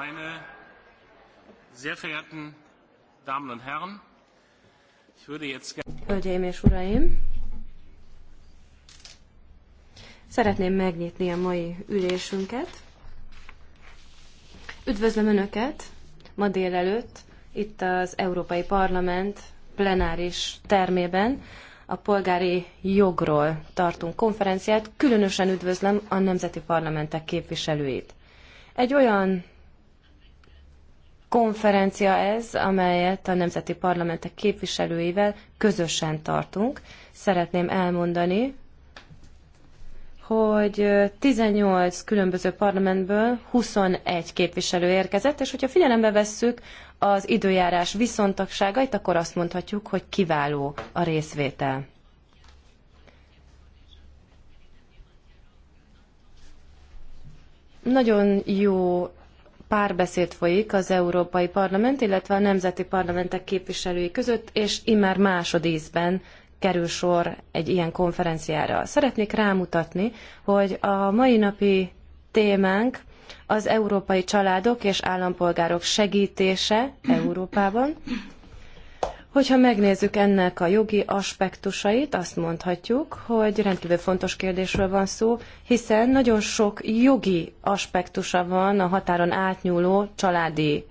Meine sehr verehrten Damen und Herren, ich würde jetzt gerne. Szeretném megnyitni a mai ülésünket. Üdvözlöm Önöket ma délelőtt itt az Európai Parlament plenáris termében a polgári jogról tartunk konferenciát. Különösen üdvözlöm a nemzeti parlamentek képviselőit. Egy olyan konferencia ez, amelyet a nemzeti parlamentek képviselőivel közösen tartunk. Szeretném elmondani, hogy 18 különböző parlamentből 21 képviselő érkezett, és hogyha figyelembe vesszük az időjárás viszontagságait, akkor azt mondhatjuk, hogy kiváló a részvétel. Nagyon jó párbeszéd folyik az Európai Parlament, illetve a nemzeti parlamentek képviselői között, és immár másodízben kerül sor egy ilyen konferenciára. Szeretnék rámutatni, hogy a mai napi témánk az európai családok és állampolgárok segítése Európában. Hogyha megnézzük ennek a jogi aspektusait, azt mondhatjuk, hogy rendkívül fontos kérdésről van szó, hiszen nagyon sok jogi aspektusa van a határon átnyúló családi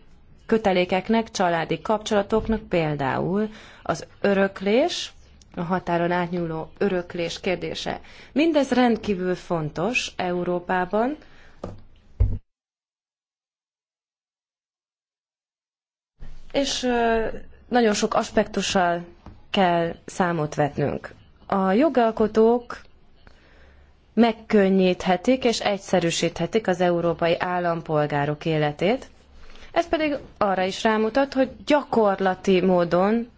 kötelékeknek, családi kapcsolatoknak, például az öröklés, a határon átnyúló öröklés kérdése. Mindez rendkívül fontos Európában, és nagyon sok aspektussal kell számot vetnünk. A jogalkotók megkönnyíthetik és egyszerűsíthetik az európai állampolgárok életét. Ez pedig arra is rámutat, hogy gyakorlati módon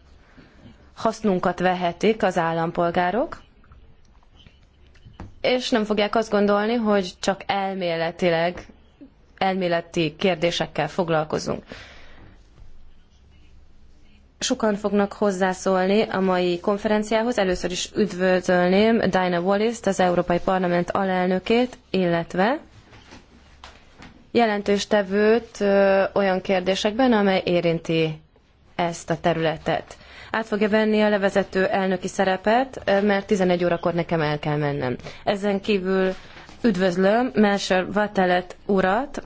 hasznunkat vehetik az állampolgárok, és nem fogják azt gondolni, hogy csak elméletileg, elméleti kérdésekkel foglalkozunk. Sokan fognak hozzászólni a mai konferenciához. Először is üdvözölném Diana Wallis-t, az Európai Parlament alelnökét, illetve jelentőstevőt olyan kérdésekben, amely érinti ezt a területet. Át fogja venni a levezető elnöki szerepet, mert 11 órakor nekem el kell mennem. Ezen kívül üdvözlöm Mercer Vatelet urat,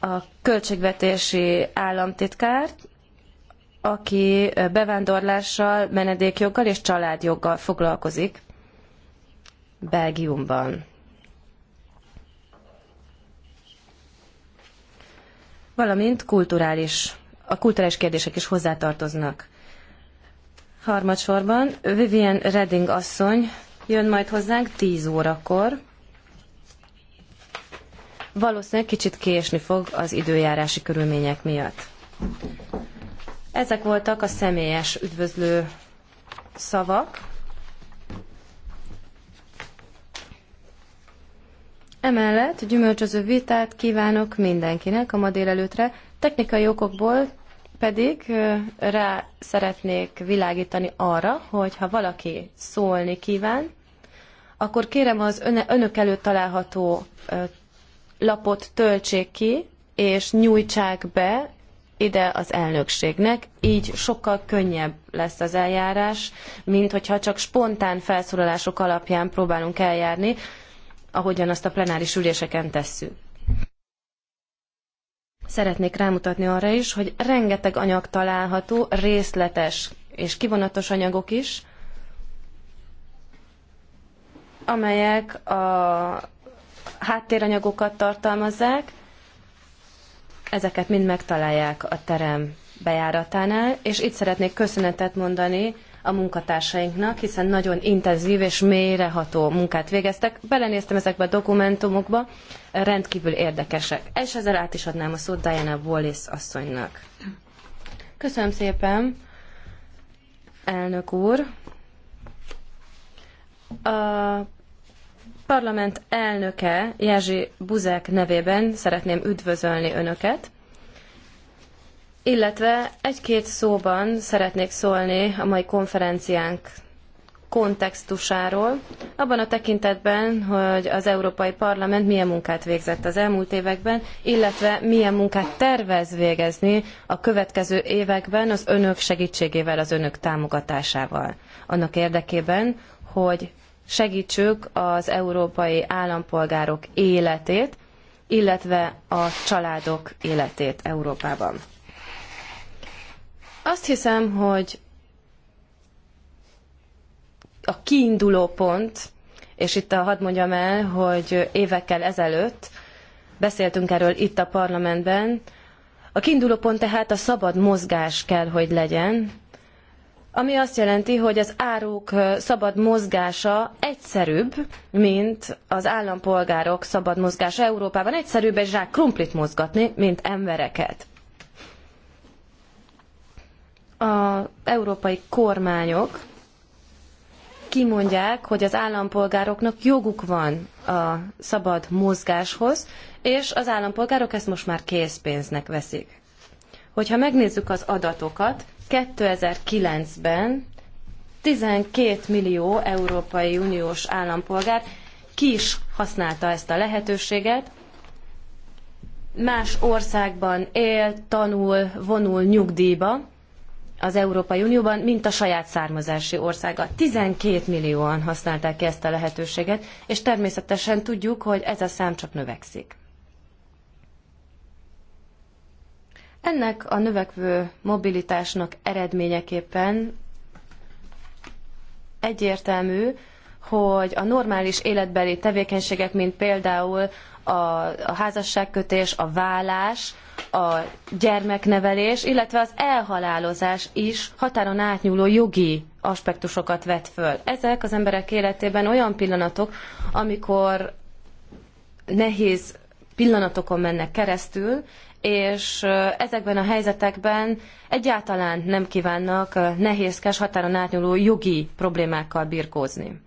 a költségvetési államtitkárt, aki bevándorlással, menedékjoggal és családjoggal foglalkozik Belgiumban. Valamint kulturális, a kulturális kérdések is hozzátartoznak. Harmadsorban Vivian Redding asszony jön majd hozzánk 10 órakor. Valószínűleg kicsit késni fog az időjárási körülmények miatt. Ezek voltak a személyes üdvözlő szavak. Emellett gyümölcsöző vitát kívánok mindenkinek a ma délelőtre, technikai okokból pedig rá szeretnék világítani arra, hogy ha valaki szólni kíván, akkor kérem az önök előtt található lapot töltsék ki, és nyújtsák be ide az elnökségnek, így sokkal könnyebb lesz az eljárás, mint hogyha csak spontán felszólalások alapján próbálunk eljárni, ahogyan azt a plenáris üléseken tesszük. Szeretnék rámutatni arra is, hogy rengeteg anyag található, részletes és kivonatos anyagok is, amelyek a háttéranyagokat tartalmazzák, Ezeket mind megtalálják a terem bejáratánál, és itt szeretnék köszönetet mondani a munkatársainknak, hiszen nagyon intenzív és mélyreható munkát végeztek. Belenéztem ezekbe a dokumentumokba, rendkívül érdekesek. És ezzel át is adnám a szót Diana Wallis asszonynak. Köszönöm szépen, elnök úr. A parlament elnöke Jerzy Buzek nevében szeretném üdvözölni Önöket, illetve egy-két szóban szeretnék szólni a mai konferenciánk kontextusáról, abban a tekintetben, hogy az Európai Parlament milyen munkát végzett az elmúlt években, illetve milyen munkát tervez végezni a következő években az önök segítségével, az önök támogatásával. Annak érdekében, hogy segítsük az európai állampolgárok életét, illetve a családok életét Európában. Azt hiszem, hogy a kiinduló pont, és itt a hadd mondjam el, hogy évekkel ezelőtt beszéltünk erről itt a parlamentben, a kiinduló pont tehát a szabad mozgás kell, hogy legyen, ami azt jelenti, hogy az áruk szabad mozgása egyszerűbb, mint az állampolgárok szabad mozgása Európában. Egyszerűbb egy zsák krumplit mozgatni, mint embereket. Az európai kormányok kimondják, hogy az állampolgároknak joguk van a szabad mozgáshoz, és az állampolgárok ezt most már készpénznek veszik. Hogyha megnézzük az adatokat, 2009-ben 12 millió Európai Uniós állampolgár ki is használta ezt a lehetőséget, más országban él, tanul, vonul nyugdíjba az Európai Unióban, mint a saját származási országa. 12 millióan használták ki ezt a lehetőséget, és természetesen tudjuk, hogy ez a szám csak növekszik. Ennek a növekvő mobilitásnak eredményeképpen egyértelmű, hogy a normális életbeli tevékenységek, mint például a, a házasságkötés, a vállás, a gyermeknevelés, illetve az elhalálozás is határon átnyúló jogi aspektusokat vet föl. Ezek az emberek életében olyan pillanatok, amikor nehéz pillanatokon mennek keresztül, és ezekben a helyzetekben egyáltalán nem kívánnak nehézkes határon átnyúló jogi problémákkal birkózni.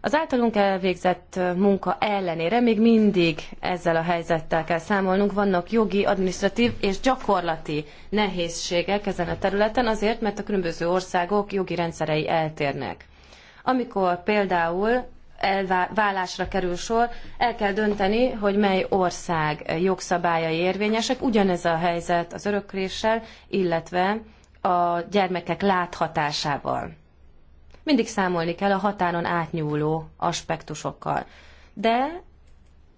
Az általunk elvégzett munka ellenére még mindig ezzel a helyzettel kell számolnunk. Vannak jogi, administratív és gyakorlati nehézségek ezen a területen, azért, mert a különböző országok jogi rendszerei eltérnek. Amikor például elválásra kerül sor, el kell dönteni, hogy mely ország jogszabályai érvényesek. Ugyanez a helyzet az örökléssel, illetve a gyermekek láthatásával. Mindig számolni kell a határon átnyúló aspektusokkal. De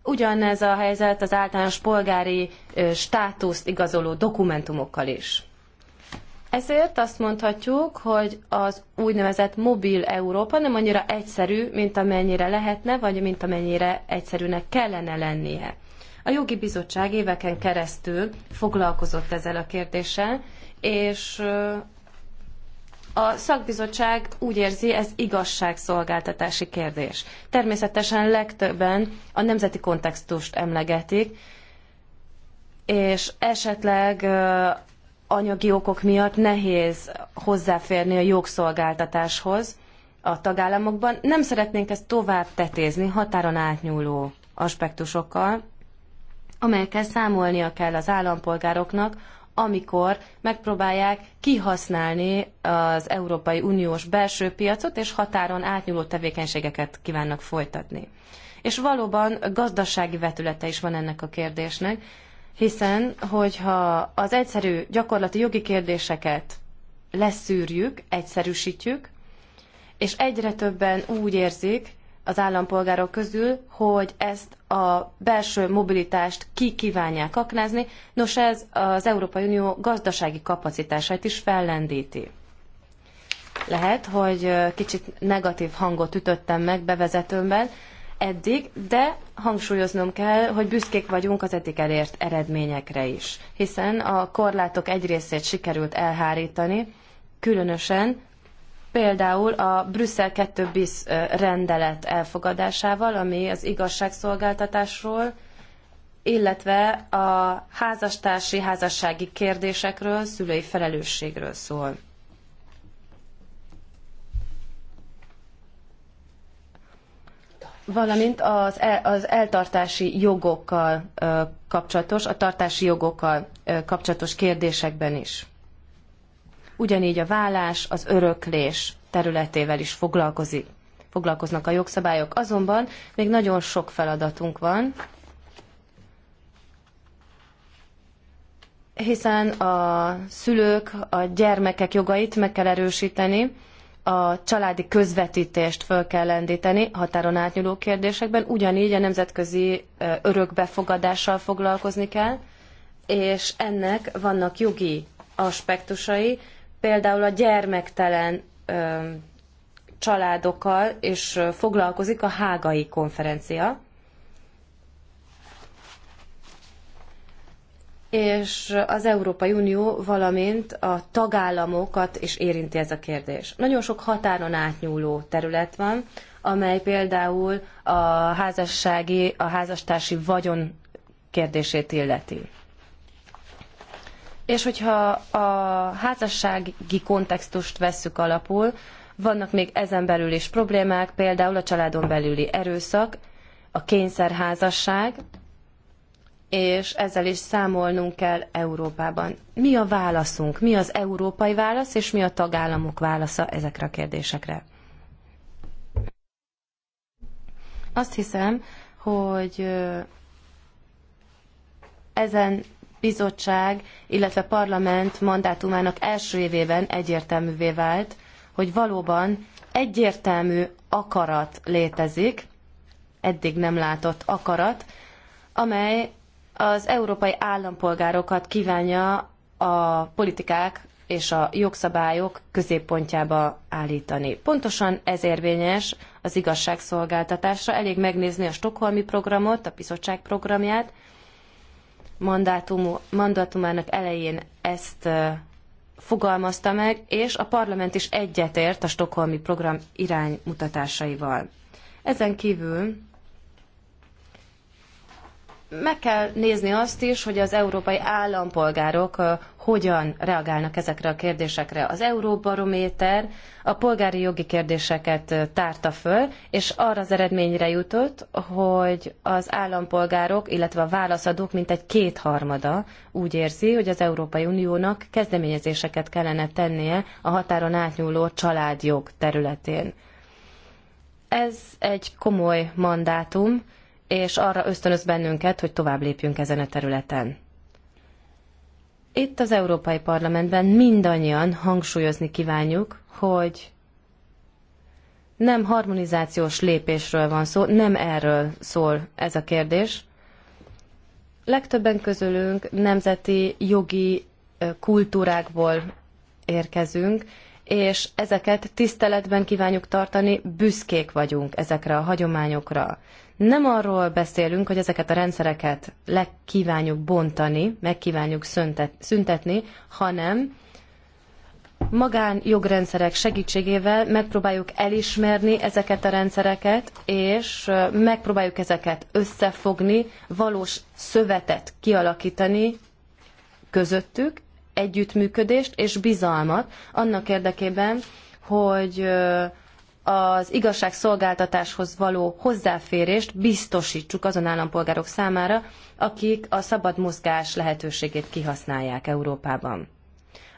ugyanez a helyzet az általános polgári státuszt igazoló dokumentumokkal is. Ezért azt mondhatjuk, hogy az úgynevezett mobil Európa nem annyira egyszerű, mint amennyire lehetne, vagy mint amennyire egyszerűnek kellene lennie. A jogi bizottság éveken keresztül foglalkozott ezzel a kérdéssel, és a szakbizottság úgy érzi, ez igazságszolgáltatási kérdés. Természetesen legtöbben a nemzeti kontextust emlegetik, és esetleg anyagi okok miatt nehéz hozzáférni a jogszolgáltatáshoz a tagállamokban. Nem szeretnénk ezt tovább tetézni határon átnyúló aspektusokkal, amelyekkel számolnia kell az állampolgároknak, amikor megpróbálják kihasználni az Európai Uniós belső piacot, és határon átnyúló tevékenységeket kívánnak folytatni. És valóban gazdasági vetülete is van ennek a kérdésnek, hiszen hogyha az egyszerű gyakorlati jogi kérdéseket leszűrjük, egyszerűsítjük, és egyre többen úgy érzik az állampolgárok közül, hogy ezt a belső mobilitást ki kívánják aknázni, nos ez az Európai Unió gazdasági kapacitását is fellendíti. Lehet, hogy kicsit negatív hangot ütöttem meg bevezetőmben, eddig, de hangsúlyoznom kell, hogy büszkék vagyunk az eddig elért eredményekre is, hiszen a korlátok egy részét sikerült elhárítani, különösen például a Brüsszel 2 bis rendelet elfogadásával, ami az igazságszolgáltatásról, illetve a házastársi házassági kérdésekről, szülői felelősségről szól. valamint az, el, az eltartási jogokkal kapcsolatos, a tartási jogokkal kapcsolatos kérdésekben is. Ugyanígy a vállás, az öröklés területével is foglalkozik, foglalkoznak a jogszabályok. Azonban még nagyon sok feladatunk van, hiszen a szülők, a gyermekek jogait meg kell erősíteni, a családi közvetítést föl kell lendíteni határon átnyúló kérdésekben, ugyanígy a nemzetközi örökbefogadással foglalkozni kell, és ennek vannak jogi aspektusai, például a gyermektelen családokkal, és foglalkozik a hágai konferencia. és az Európai Unió, valamint a tagállamokat is érinti ez a kérdés. Nagyon sok határon átnyúló terület van, amely például a házassági, a házastársi vagyon kérdését illeti. És hogyha a házassági kontextust vesszük alapul, vannak még ezen belül is problémák, például a családon belüli erőszak, a kényszerházasság, és ezzel is számolnunk kell Európában. Mi a válaszunk? Mi az európai válasz, és mi a tagállamok válasza ezekre a kérdésekre? Azt hiszem, hogy ezen bizottság, illetve parlament mandátumának első évében egyértelművé vált, hogy valóban egyértelmű akarat létezik, eddig nem látott akarat, amely az európai állampolgárokat kívánja a politikák és a jogszabályok középpontjába állítani. Pontosan ez érvényes az igazságszolgáltatásra. Elég megnézni a stokholmi programot, a bizottság programját. Mandátumú, mandátumának elején ezt fogalmazta meg, és a parlament is egyetért a stokholmi program iránymutatásaival. Ezen kívül meg kell nézni azt is, hogy az európai állampolgárok hogyan reagálnak ezekre a kérdésekre. Az Euróbarométer a polgári jogi kérdéseket tárta föl, és arra az eredményre jutott, hogy az állampolgárok, illetve a válaszadók mintegy kétharmada úgy érzi, hogy az Európai Uniónak kezdeményezéseket kellene tennie a határon átnyúló családjog területén. Ez egy komoly mandátum, és arra ösztönöz bennünket, hogy tovább lépjünk ezen a területen. Itt az Európai Parlamentben mindannyian hangsúlyozni kívánjuk, hogy nem harmonizációs lépésről van szó, nem erről szól ez a kérdés. Legtöbben közülünk nemzeti jogi kultúrákból érkezünk, és ezeket tiszteletben kívánjuk tartani, büszkék vagyunk ezekre a hagyományokra. Nem arról beszélünk, hogy ezeket a rendszereket legkívánjuk bontani, megkívánjuk szüntet, szüntetni, hanem magánjogrendszerek segítségével megpróbáljuk elismerni ezeket a rendszereket, és megpróbáljuk ezeket összefogni, valós szövetet kialakítani közöttük, együttműködést és bizalmat annak érdekében, hogy az igazságszolgáltatáshoz való hozzáférést biztosítsuk azon állampolgárok számára, akik a szabad mozgás lehetőségét kihasználják Európában.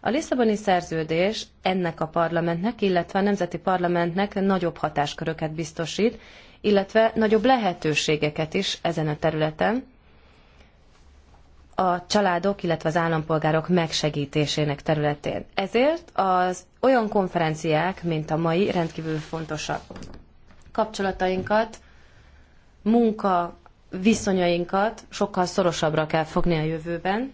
A Lisszaboni szerződés ennek a parlamentnek, illetve a nemzeti parlamentnek nagyobb hatásköröket biztosít, illetve nagyobb lehetőségeket is ezen a területen, a családok, illetve az állampolgárok megsegítésének területén. Ezért az olyan konferenciák, mint a mai, rendkívül fontosak. Kapcsolatainkat, munka viszonyainkat sokkal szorosabbra kell fogni a jövőben.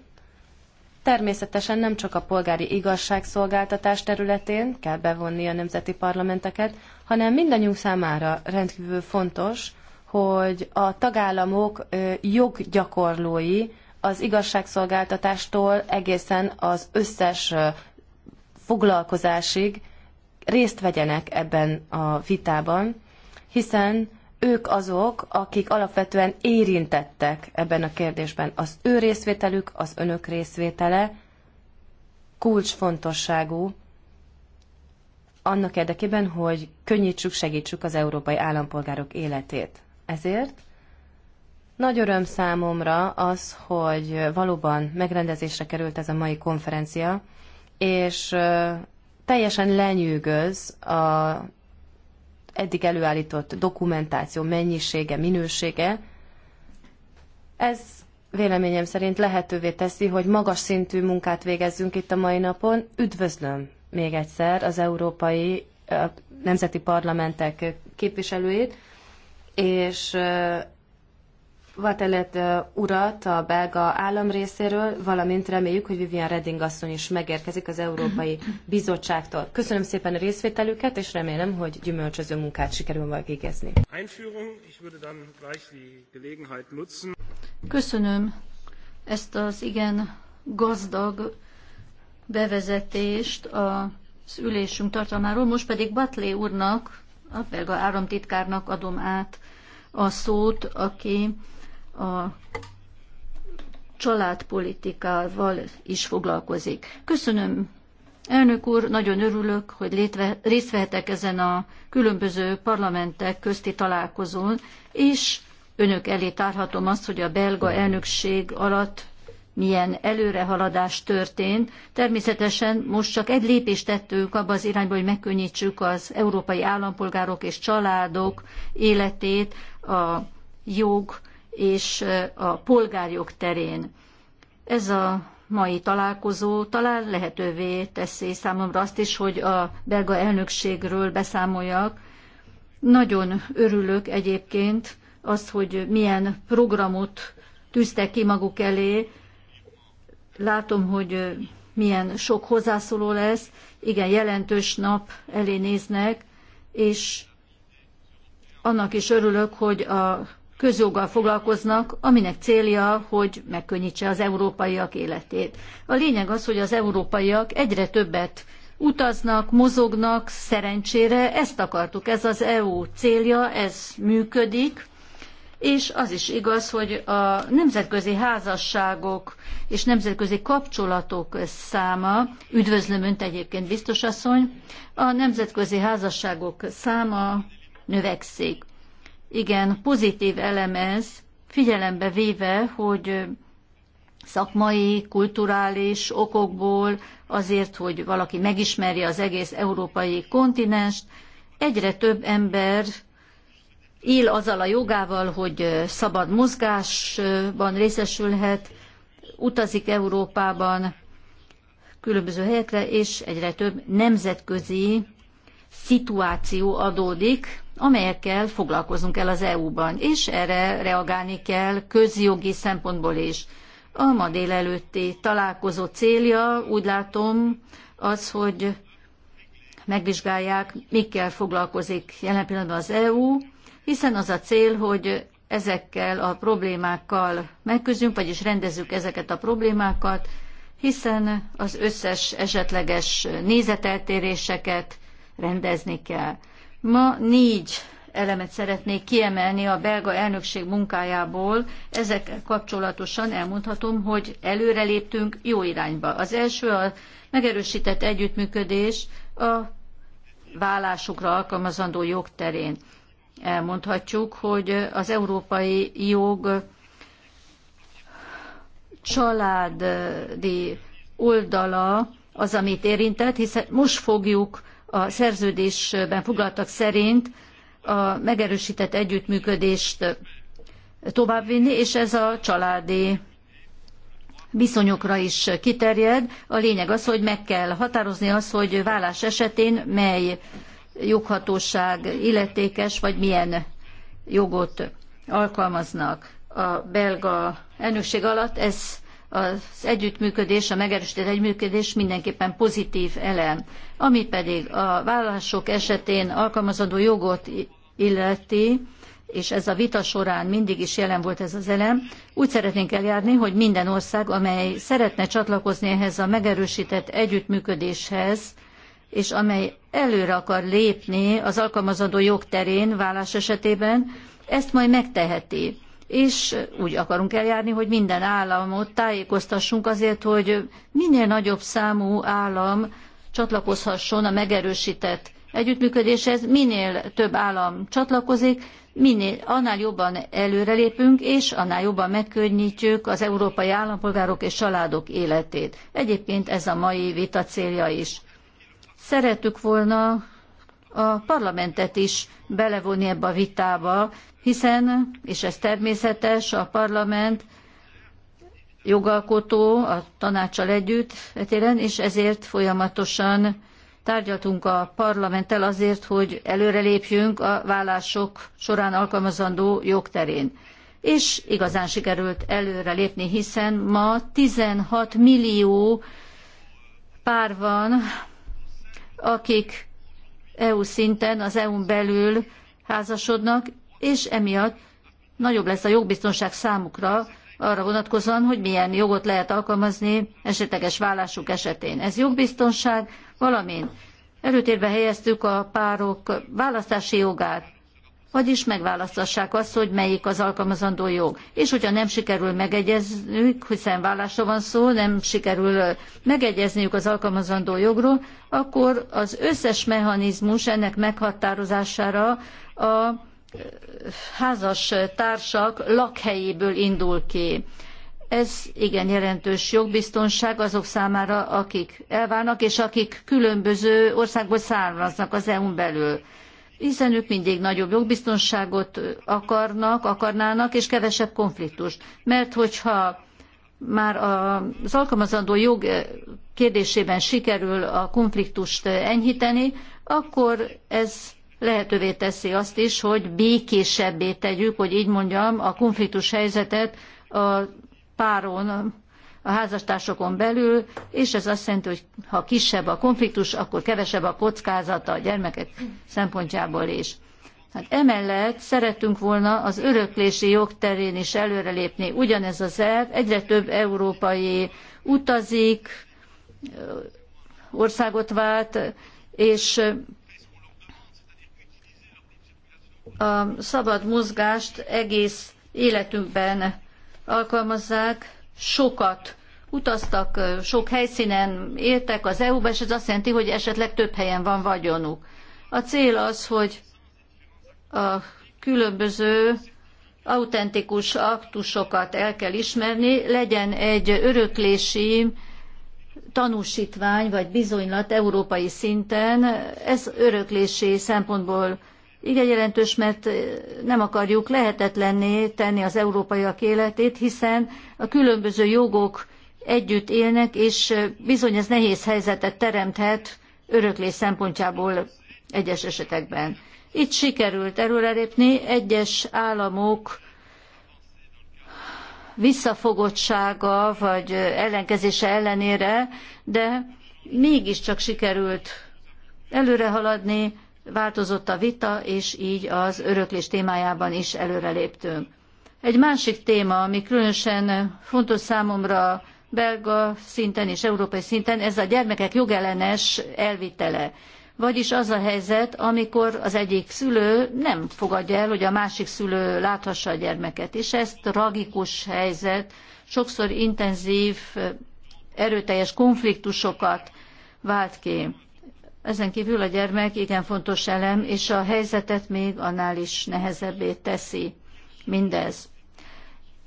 Természetesen nem csak a polgári igazságszolgáltatás területén kell bevonni a nemzeti parlamenteket, hanem mindannyiunk számára rendkívül fontos, hogy a tagállamok joggyakorlói, az igazságszolgáltatástól egészen az összes foglalkozásig részt vegyenek ebben a vitában, hiszen ők azok, akik alapvetően érintettek ebben a kérdésben. Az ő részvételük, az önök részvétele kulcsfontosságú annak érdekében, hogy könnyítsük, segítsük az európai állampolgárok életét. Ezért nagy öröm számomra az, hogy valóban megrendezésre került ez a mai konferencia, és teljesen lenyűgöz a eddig előállított dokumentáció mennyisége, minősége. Ez véleményem szerint lehetővé teszi, hogy magas szintű munkát végezzünk itt a mai napon. Üdvözlöm még egyszer az európai nemzeti parlamentek képviselőit, és Vatelet urat a belga állam részéről, valamint reméljük, hogy Vivian Redding asszony is megérkezik az Európai Bizottságtól. Köszönöm szépen a részvételüket, és remélem, hogy gyümölcsöző munkát sikerül majd végezni. Köszönöm ezt az igen gazdag bevezetést az ülésünk tartalmáról. Most pedig Batlé úrnak, a belga államtitkárnak adom át a szót, aki a családpolitikával is foglalkozik. Köszönöm, elnök úr, nagyon örülök, hogy létve, részt vehetek ezen a különböző parlamentek közti találkozón, és önök elé tárhatom azt, hogy a belga elnökség alatt milyen előrehaladás történt. Természetesen most csak egy lépést tettünk abba az irányba, hogy megkönnyítsük az európai állampolgárok és családok életét, a jog és a polgárjog terén. Ez a mai találkozó talán lehetővé teszi számomra azt is, hogy a belga elnökségről beszámoljak. Nagyon örülök egyébként az, hogy milyen programot tűztek ki maguk elé. Látom, hogy milyen sok hozzászóló lesz, igen jelentős nap elé néznek, és annak is örülök, hogy a közjoggal foglalkoznak, aminek célja, hogy megkönnyítse az európaiak életét. A lényeg az, hogy az európaiak egyre többet utaznak, mozognak, szerencsére ezt akartuk, ez az EU célja, ez működik, és az is igaz, hogy a nemzetközi házasságok és nemzetközi kapcsolatok száma, üdvözlöm Önt egyébként biztos asszony, a nemzetközi házasságok száma növekszik igen pozitív elem ez, figyelembe véve, hogy szakmai, kulturális okokból, azért, hogy valaki megismerje az egész európai kontinenst, egyre több ember él azzal a jogával, hogy szabad mozgásban részesülhet, utazik Európában különböző helyekre, és egyre több nemzetközi szituáció adódik, amelyekkel foglalkoznunk kell az EU-ban, és erre reagálni kell közjogi szempontból is. A ma délelőtti találkozó célja, úgy látom, az, hogy megvizsgálják, mikkel foglalkozik jelen pillanatban az EU, hiszen az a cél, hogy ezekkel a problémákkal megküzdjünk, vagyis rendezzük ezeket a problémákat, hiszen az összes esetleges nézeteltéréseket rendezni kell. Ma négy elemet szeretnék kiemelni a belga elnökség munkájából. Ezekkel kapcsolatosan elmondhatom, hogy előreléptünk jó irányba. Az első a megerősített együttműködés a vállásukra alkalmazandó jog terén. Elmondhatjuk, hogy az európai jog családi oldala az, amit érintett, hiszen most fogjuk a szerződésben foglaltak szerint a megerősített együttműködést továbbvinni, és ez a családi viszonyokra is kiterjed. A lényeg az, hogy meg kell határozni azt, hogy vállás esetén mely joghatóság illetékes, vagy milyen jogot alkalmaznak. A belga elnökség alatt ez az együttműködés, a megerősített együttműködés mindenképpen pozitív elem. Ami pedig a vállások esetén alkalmazandó jogot illeti, és ez a vita során mindig is jelen volt ez az elem, úgy szeretnénk eljárni, hogy minden ország, amely szeretne csatlakozni ehhez a megerősített együttműködéshez, és amely előre akar lépni az alkalmazandó jog terén vállás esetében, ezt majd megteheti és úgy akarunk eljárni, hogy minden államot tájékoztassunk azért, hogy minél nagyobb számú állam csatlakozhasson a megerősített együttműködéshez, minél több állam csatlakozik, minél, annál jobban előrelépünk, és annál jobban megkönnyítjük az európai állampolgárok és családok életét. Egyébként ez a mai vita célja is. Szerettük volna, a parlamentet is belevonni ebbe a vitába, hiszen, és ez természetes, a parlament jogalkotó a tanácsal együtt e és ezért folyamatosan tárgyaltunk a parlamenttel azért, hogy előrelépjünk a vállások során alkalmazandó jogterén. És igazán sikerült előrelépni, hiszen ma 16 millió pár van, akik EU szinten, az EU-n belül házasodnak, és emiatt nagyobb lesz a jogbiztonság számukra arra vonatkozóan, hogy milyen jogot lehet alkalmazni esetleges vállásuk esetén. Ez jogbiztonság, valamint előtérbe helyeztük a párok választási jogát, vagyis megválasztassák azt, hogy melyik az alkalmazandó jog. És hogyha nem sikerül megegyezniük, hiszen vállásra van szó, nem sikerül megegyezniük az alkalmazandó jogról, akkor az összes mechanizmus ennek meghatározására a házas társak lakhelyéből indul ki. Ez igen jelentős jogbiztonság azok számára, akik elválnak, és akik különböző országból származnak az EU-n belül hiszen ők mindig nagyobb jogbiztonságot akarnak, akarnának, és kevesebb konfliktust. Mert hogyha már az alkalmazandó jog kérdésében sikerül a konfliktust enyhíteni, akkor ez lehetővé teszi azt is, hogy békésebbé tegyük, hogy így mondjam, a konfliktus helyzetet a páron, a házastársokon belül, és ez azt jelenti, hogy ha kisebb a konfliktus, akkor kevesebb a kockázata a gyermekek szempontjából is. Hát emellett szerettünk volna az öröklési jog terén is előrelépni. Ugyanez az elv, egyre több európai utazik, országot vált, és a szabad mozgást egész életünkben alkalmazzák, sokat utaztak sok helyszínen, értek az EU-ba, és ez azt jelenti, hogy esetleg több helyen van vagyonuk. A cél az, hogy a különböző autentikus aktusokat el kell ismerni, legyen egy öröklési tanúsítvány vagy bizonylat európai szinten. Ez öröklési szempontból igen jelentős, mert nem akarjuk lehetetlenné tenni az európaiak életét, hiszen a különböző jogok együtt élnek, és bizony ez nehéz helyzetet teremthet öröklés szempontjából egyes esetekben. Itt sikerült előrelépni, egyes államok visszafogottsága vagy ellenkezése ellenére, de mégiscsak sikerült előrehaladni, változott a vita, és így az öröklés témájában is előreléptünk. Egy másik téma, ami különösen fontos számomra belga szinten és európai szinten, ez a gyermekek jogellenes elvitele. Vagyis az a helyzet, amikor az egyik szülő nem fogadja el, hogy a másik szülő láthassa a gyermeket. És ez tragikus helyzet, sokszor intenzív, erőteljes konfliktusokat vált ki. Ezen kívül a gyermek igen fontos elem, és a helyzetet még annál is nehezebbé teszi mindez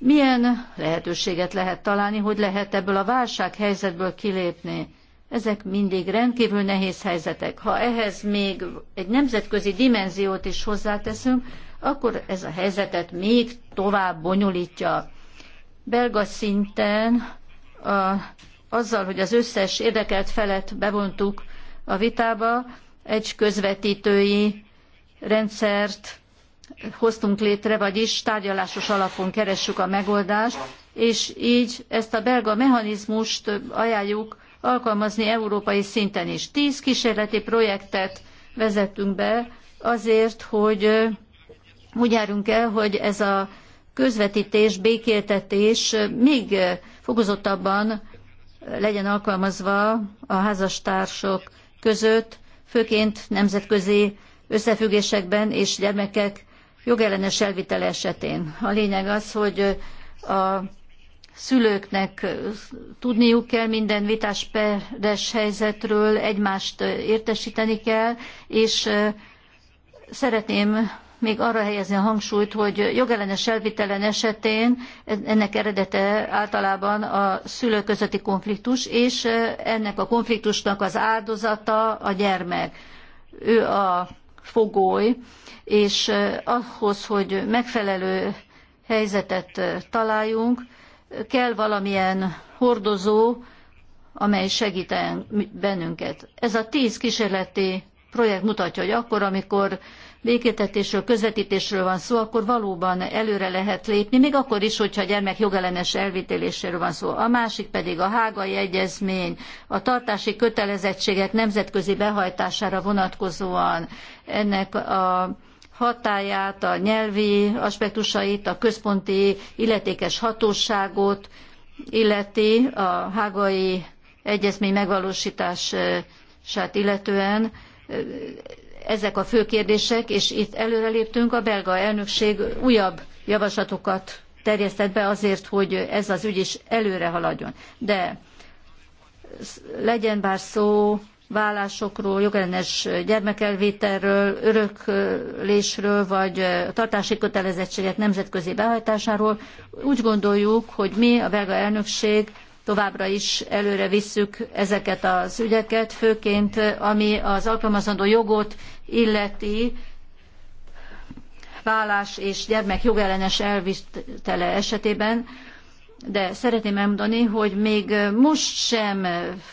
milyen lehetőséget lehet találni, hogy lehet ebből a válság helyzetből kilépni. Ezek mindig rendkívül nehéz helyzetek. Ha ehhez még egy nemzetközi dimenziót is hozzáteszünk, akkor ez a helyzetet még tovább bonyolítja. Belga szinten a, azzal, hogy az összes érdekelt felet bevontuk a vitába, egy közvetítői rendszert hoztunk létre, vagyis tárgyalásos alapon keressük a megoldást, és így ezt a belga mechanizmust ajánljuk alkalmazni európai szinten is. Tíz kísérleti projektet vezettünk be azért, hogy úgy járunk el, hogy ez a közvetítés, békéltetés még fokozottabban legyen alkalmazva a házastársak között, főként nemzetközi összefüggésekben és gyermekek jogellenes elvitele esetén. A lényeg az, hogy a szülőknek tudniuk kell minden vitásperes helyzetről, egymást értesíteni kell, és szeretném még arra helyezni a hangsúlyt, hogy jogellenes elvitelen esetén ennek eredete általában a szülő közötti konfliktus, és ennek a konfliktusnak az áldozata a gyermek. Ő a fogoly, és ahhoz, hogy megfelelő helyzetet találjunk, kell valamilyen hordozó, amely segít bennünket. Ez a tíz kísérleti projekt mutatja, hogy akkor, amikor békétetésről, közvetítésről van szó, akkor valóban előre lehet lépni, még akkor is, hogyha a gyermek jogellenes elvítéléséről van szó. A másik pedig a hágai egyezmény, a tartási kötelezettségek nemzetközi behajtására vonatkozóan ennek a hatáját, a nyelvi aspektusait, a központi illetékes hatóságot illeti a hágai egyezmény megvalósítását illetően ezek a fő kérdések, és itt előreléptünk, a belga elnökség újabb javaslatokat terjesztett be azért, hogy ez az ügy is előre haladjon. De legyen bár szó vállásokról, jogellenes gyermekelvételről, öröklésről, vagy tartási kötelezettségek nemzetközi behajtásáról. Úgy gondoljuk, hogy mi, a belga elnökség továbbra is előre visszük ezeket az ügyeket, főként ami az alkalmazandó jogot illeti, vállás és gyermek jogellenes elvitele esetében, de szeretném elmondani, hogy még most sem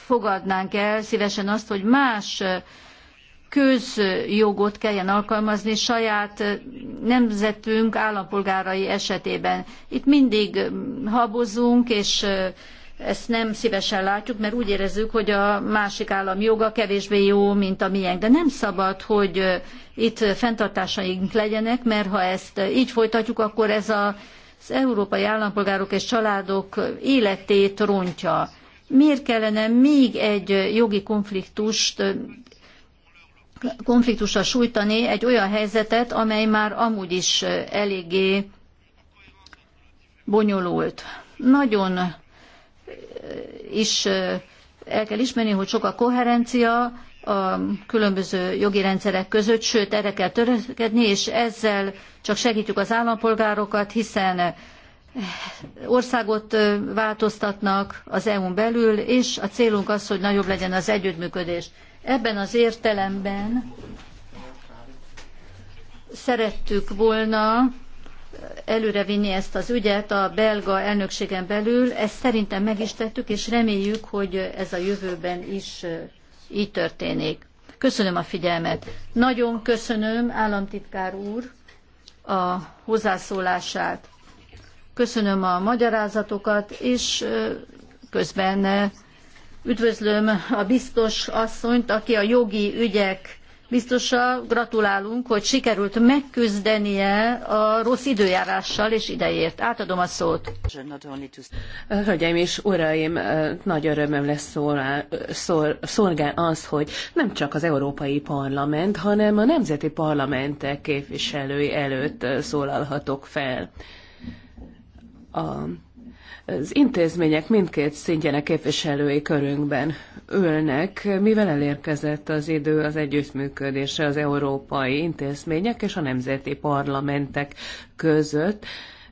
fogadnánk el szívesen azt, hogy más közjogot kelljen alkalmazni saját nemzetünk állampolgárai esetében. Itt mindig habozunk, és ezt nem szívesen látjuk, mert úgy érezzük, hogy a másik állam joga kevésbé jó, mint a miénk. De nem szabad, hogy itt fenntartásaink legyenek, mert ha ezt így folytatjuk, akkor ez a, az európai állampolgárok és családok életét rontja. Miért kellene még egy jogi konfliktust konfliktusra sújtani egy olyan helyzetet, amely már amúgy is eléggé bonyolult. Nagyon is el kell ismerni, hogy sok a koherencia a különböző jogi rendszerek között, sőt erre kell törekedni, és ezzel csak segítjük az állampolgárokat, hiszen országot változtatnak az EU-n belül, és a célunk az, hogy nagyobb legyen az együttműködés. Ebben az értelemben szerettük volna előrevinni ezt az ügyet a belga elnökségen belül. Ezt szerintem meg is tettük, és reméljük, hogy ez a jövőben is így történik. Köszönöm a figyelmet. Nagyon köszönöm, államtitkár úr, a hozzászólását. Köszönöm a magyarázatokat, és közben üdvözlöm a biztos asszonyt, aki a jogi ügyek Biztosan gratulálunk, hogy sikerült megküzdenie a rossz időjárással és idejért. Átadom a szót. Hölgyeim és uraim, nagy örömöm lesz szolgál, szol, szolgál az, hogy nem csak az Európai Parlament, hanem a nemzeti parlamentek képviselői előtt szólalhatok fel. A az intézmények mindkét szintjének képviselői körünkben ülnek, mivel elérkezett az idő az együttműködésre az európai intézmények és a nemzeti parlamentek között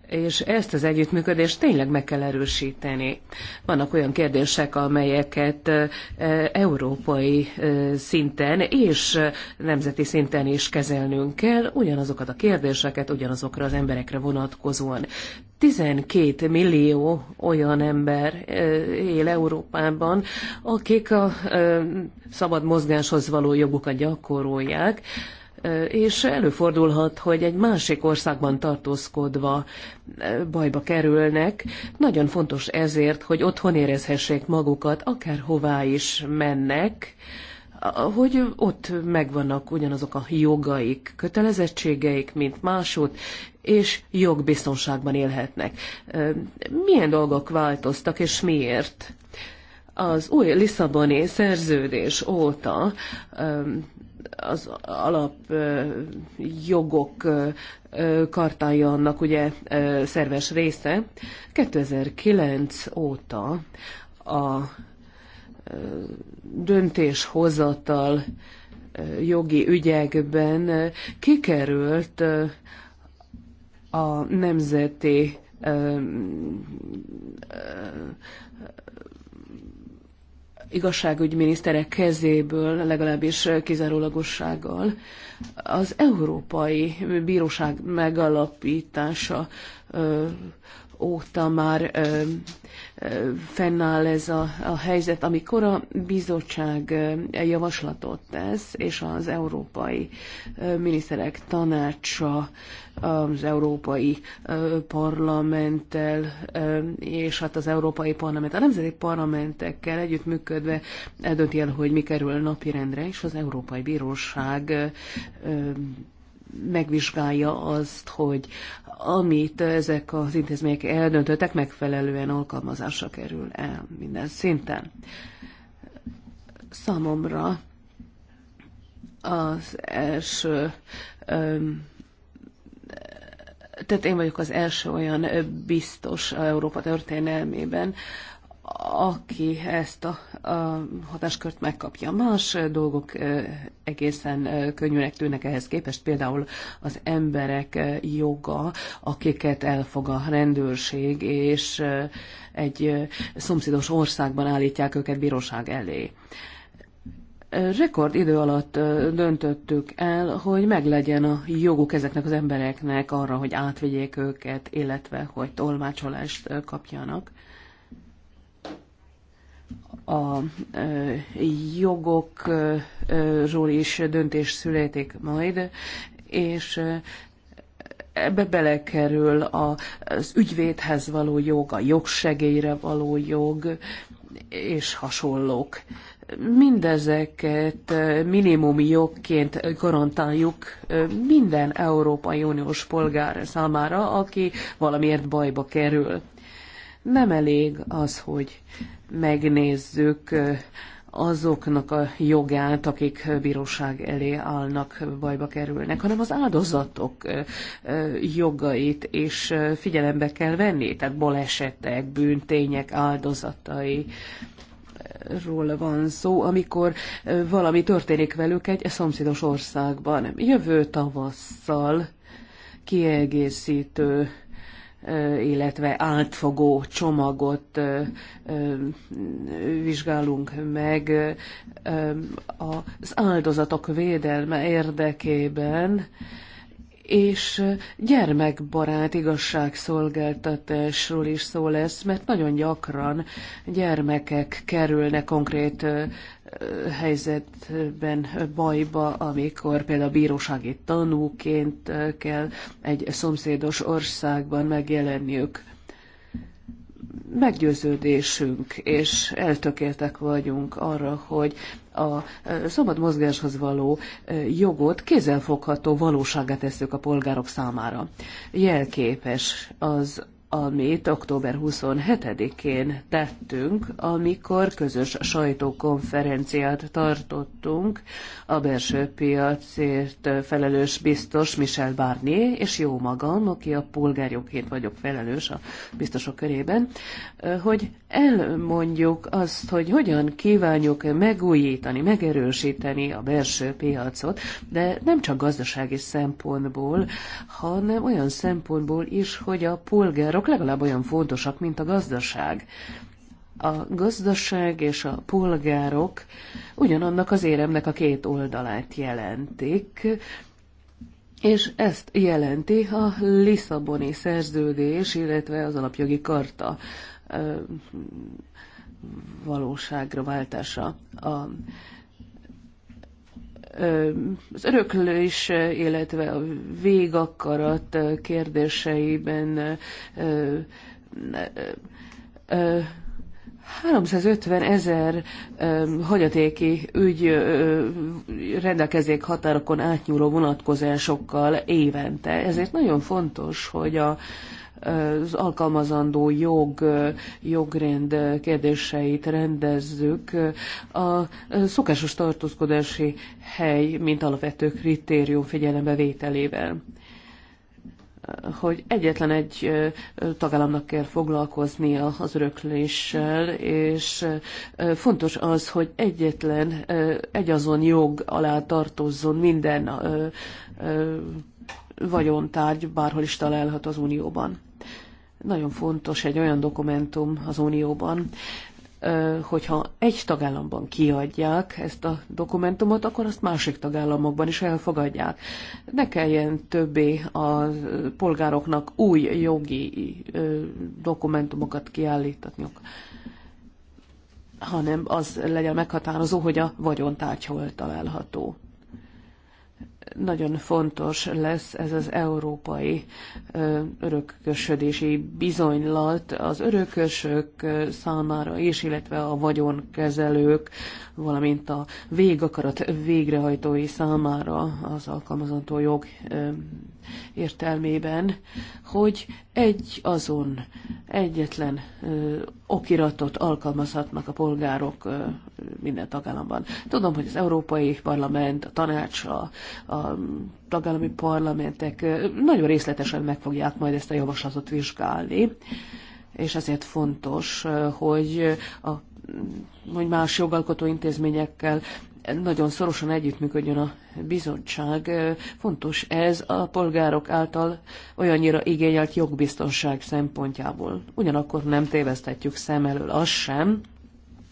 és ezt az együttműködést tényleg meg kell erősíteni. Vannak olyan kérdések, amelyeket európai szinten és nemzeti szinten is kezelnünk kell, ugyanazokat a kérdéseket ugyanazokra az emberekre vonatkozóan. 12 millió olyan ember él Európában, akik a szabad mozgáshoz való jogukat gyakorolják, és előfordulhat, hogy egy másik országban tartózkodva bajba kerülnek. Nagyon fontos ezért, hogy otthon érezhessék magukat, akárhová is mennek, hogy ott megvannak ugyanazok a jogaik, kötelezettségeik, mint másút, és jogbiztonságban élhetnek. Milyen dolgok változtak, és miért? Az új Lisszaboni szerződés óta az jogok kartája annak ugye szerves része. 2009 óta a döntéshozatal jogi ügyekben kikerült a nemzeti igazságügyminiszterek kezéből, legalábbis kizárólagossággal. Az Európai Bíróság megalapítása óta már ö, ö, fennáll ez a, a helyzet, amikor a bizottság javaslatot tesz, és az Európai Miniszterek Tanácsa az Európai Parlamenttel, és hát az Európai Parlament, a nemzeti parlamentekkel együttműködve eldönti el, hogy mi kerül napirendre, és az Európai Bíróság megvizsgálja azt, hogy amit ezek az intézmények eldöntöttek, megfelelően alkalmazásra kerül el minden szinten. Számomra az első tehát én vagyok az első olyan biztos Európa történelmében, aki ezt a, a hatáskört megkapja. Más dolgok egészen könnyűnek tűnnek ehhez képest, például az emberek joga, akiket elfog a rendőrség, és egy szomszédos országban állítják őket bíróság elé rekord idő alatt döntöttük el, hogy meglegyen a joguk ezeknek az embereknek arra, hogy átvigyék őket, illetve hogy tolmácsolást kapjanak. A jogokról is döntés születik majd, és ebbe belekerül az ügyvédhez való jog, a jogsegélyre való jog, és hasonlók mindezeket minimum jogként garantáljuk minden Európai Uniós polgár számára, aki valamiért bajba kerül. Nem elég az, hogy megnézzük azoknak a jogát, akik bíróság elé állnak, bajba kerülnek, hanem az áldozatok jogait is figyelembe kell venni, tehát balesetek, bűntények áldozatai, ról van szó, amikor valami történik velük egy szomszédos országban. Jövő tavasszal kiegészítő illetve átfogó csomagot vizsgálunk meg az áldozatok védelme érdekében és gyermekbarát igazságszolgáltatásról is szó lesz, mert nagyon gyakran gyermekek kerülnek konkrét helyzetben bajba, amikor például bírósági tanúként kell egy szomszédos országban megjelenniük meggyőződésünk, és eltökéltek vagyunk arra, hogy a szabad mozgáshoz való jogot kézzelfogható valóságát tesszük a polgárok számára. Jelképes az amit október 27-én tettünk, amikor közös sajtókonferenciát tartottunk a belső piacért felelős biztos Michel Barnier, és jó magam, aki a polgárjogként vagyok felelős a biztosok körében, hogy elmondjuk azt, hogy hogyan kívánjuk megújítani, megerősíteni a belső piacot, de nem csak gazdasági szempontból, hanem olyan szempontból is, hogy a polgárok polgárok legalább olyan fontosak, mint a gazdaság. A gazdaság és a polgárok ugyanannak az éremnek a két oldalát jelentik, és ezt jelenti a Lisszaboni szerződés, illetve az alapjogi karta valóságra váltása. A az öröklés, illetve a végakarat kérdéseiben 350 ezer hagyatéki ügy ö, rendelkezik határokon átnyúló vonatkozásokkal évente, ezért nagyon fontos, hogy a az alkalmazandó jog, jogrend kérdéseit rendezzük. A szokásos tartózkodási hely, mint alapvető kritérium vételével hogy egyetlen egy tagállamnak kell foglalkoznia az örökléssel, és fontos az, hogy egyetlen egyazon jog alá tartozzon minden vagyontárgy bárhol is találhat az Unióban. Nagyon fontos egy olyan dokumentum az Unióban, hogyha egy tagállamban kiadják ezt a dokumentumot, akkor azt másik tagállamokban is elfogadják. Ne kelljen többé a polgároknak új jogi dokumentumokat kiállítatniuk, hanem az legyen meghatározó, hogy a vagyontárgy hol található nagyon fontos lesz ez az európai örökösödési bizonylat az örökösök számára is, illetve a vagyonkezelők valamint a végakarat végrehajtói számára az alkalmazandó jog értelmében, hogy egy azon egyetlen okiratot alkalmazhatnak a polgárok minden tagállamban. Tudom, hogy az Európai Parlament, a tanács, a, a tagállami parlamentek nagyon részletesen meg fogják majd ezt a javaslatot vizsgálni, és ezért fontos, hogy a hogy más jogalkotó intézményekkel nagyon szorosan együttműködjön a bizottság. Fontos ez a polgárok által olyannyira igényelt jogbiztonság szempontjából. Ugyanakkor nem tévesztetjük szem elől azt sem,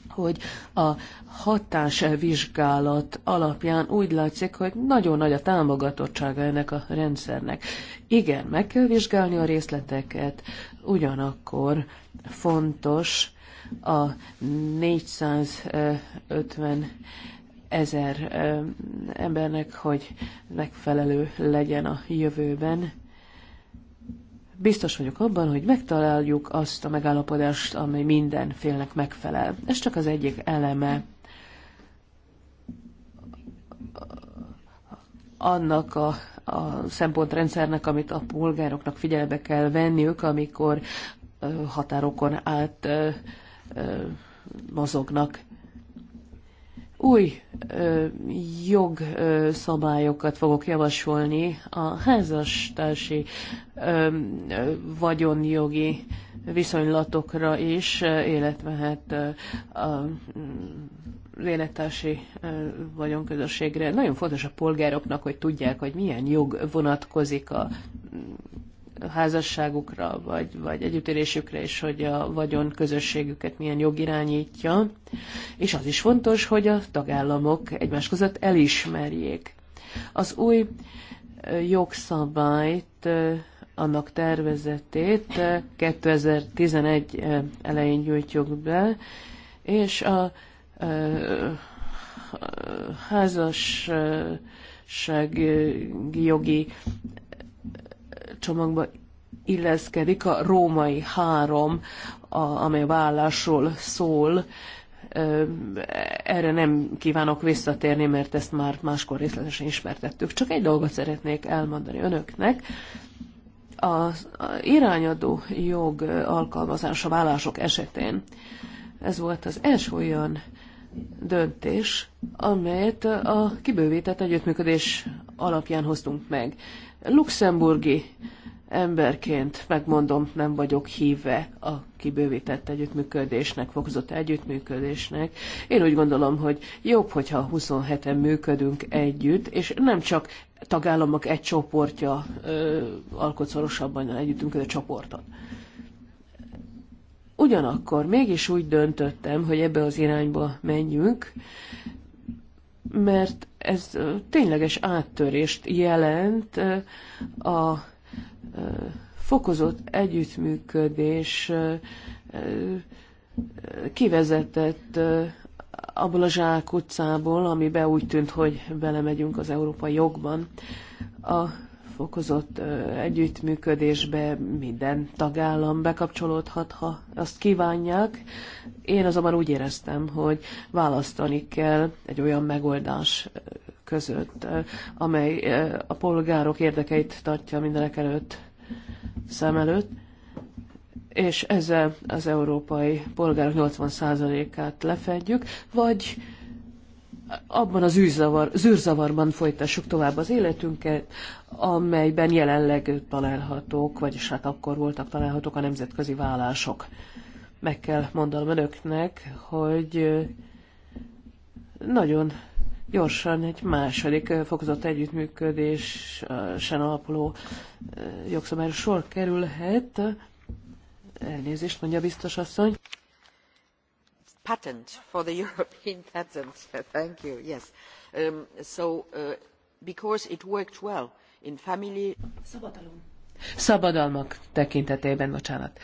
hogy a hatásvizsgálat alapján úgy látszik, hogy nagyon nagy a támogatottsága ennek a rendszernek. Igen, meg kell vizsgálni a részleteket, ugyanakkor fontos a 450 ezer embernek, hogy megfelelő legyen a jövőben. Biztos vagyok abban, hogy megtaláljuk azt a megállapodást, ami mindenfélnek megfelel. Ez csak az egyik eleme annak a, a szempontrendszernek, amit a polgároknak figyelbe kell venniük, amikor határokon át mozognak. Új ö, jogszabályokat fogok javasolni a házastársi ö, ö, vagyonjogi viszonylatokra is, illetve hát a mm, élettársi vagyonközösségre. Nagyon fontos a polgároknak, hogy tudják, hogy milyen jog vonatkozik a mm, házasságukra, vagy, vagy együttérésükre és hogy a vagyon közösségüket milyen jog irányítja. És az is fontos, hogy a tagállamok egymás között elismerjék. Az új jogszabályt, annak tervezetét 2011 elején gyújtjuk be, és a, házasság jogi csomagba illeszkedik a római három, a, amely a vállásról szól. Erre nem kívánok visszatérni, mert ezt már máskor részletesen ismertettük. Csak egy dolgot szeretnék elmondani önöknek. Az irányadó jog alkalmazása vállások esetén ez volt az első olyan döntés, amelyet a kibővített együttműködés alapján hoztunk meg. Luxemburgi emberként megmondom, nem vagyok híve a kibővített együttműködésnek, fokozott együttműködésnek. Én úgy gondolom, hogy jobb, hogyha 27-en működünk együtt, és nem csak tagállamok egy csoportja ö, alkot szorosabban együttműködő Ugyanakkor mégis úgy döntöttem, hogy ebbe az irányba menjünk, mert ez tényleges áttörést jelent a fokozott együttműködés kivezetett abból a zsákutcából, amibe úgy tűnt, hogy belemegyünk az európai jogban. A fokozott együttműködésbe minden tagállam bekapcsolódhat, ha azt kívánják. Én azonban úgy éreztem, hogy választani kell egy olyan megoldás között, amely a polgárok érdekeit tartja mindenek előtt szem előtt, és ezzel az európai polgárok 80%-át lefedjük, vagy abban az űrzavar, zűrzavarban folytassuk tovább az életünket, amelyben jelenleg találhatók, vagyis hát akkor voltak találhatók a nemzetközi vállások. Meg kell mondanom önöknek, hogy nagyon gyorsan egy második fokozott együttműködésen alapuló jogszabályra sor kerülhet. Elnézést mondja biztos asszony patent for the european patent. thank you yes um, so uh, because it worked well in family szabadalom szabadalmak tekintetében bocsánat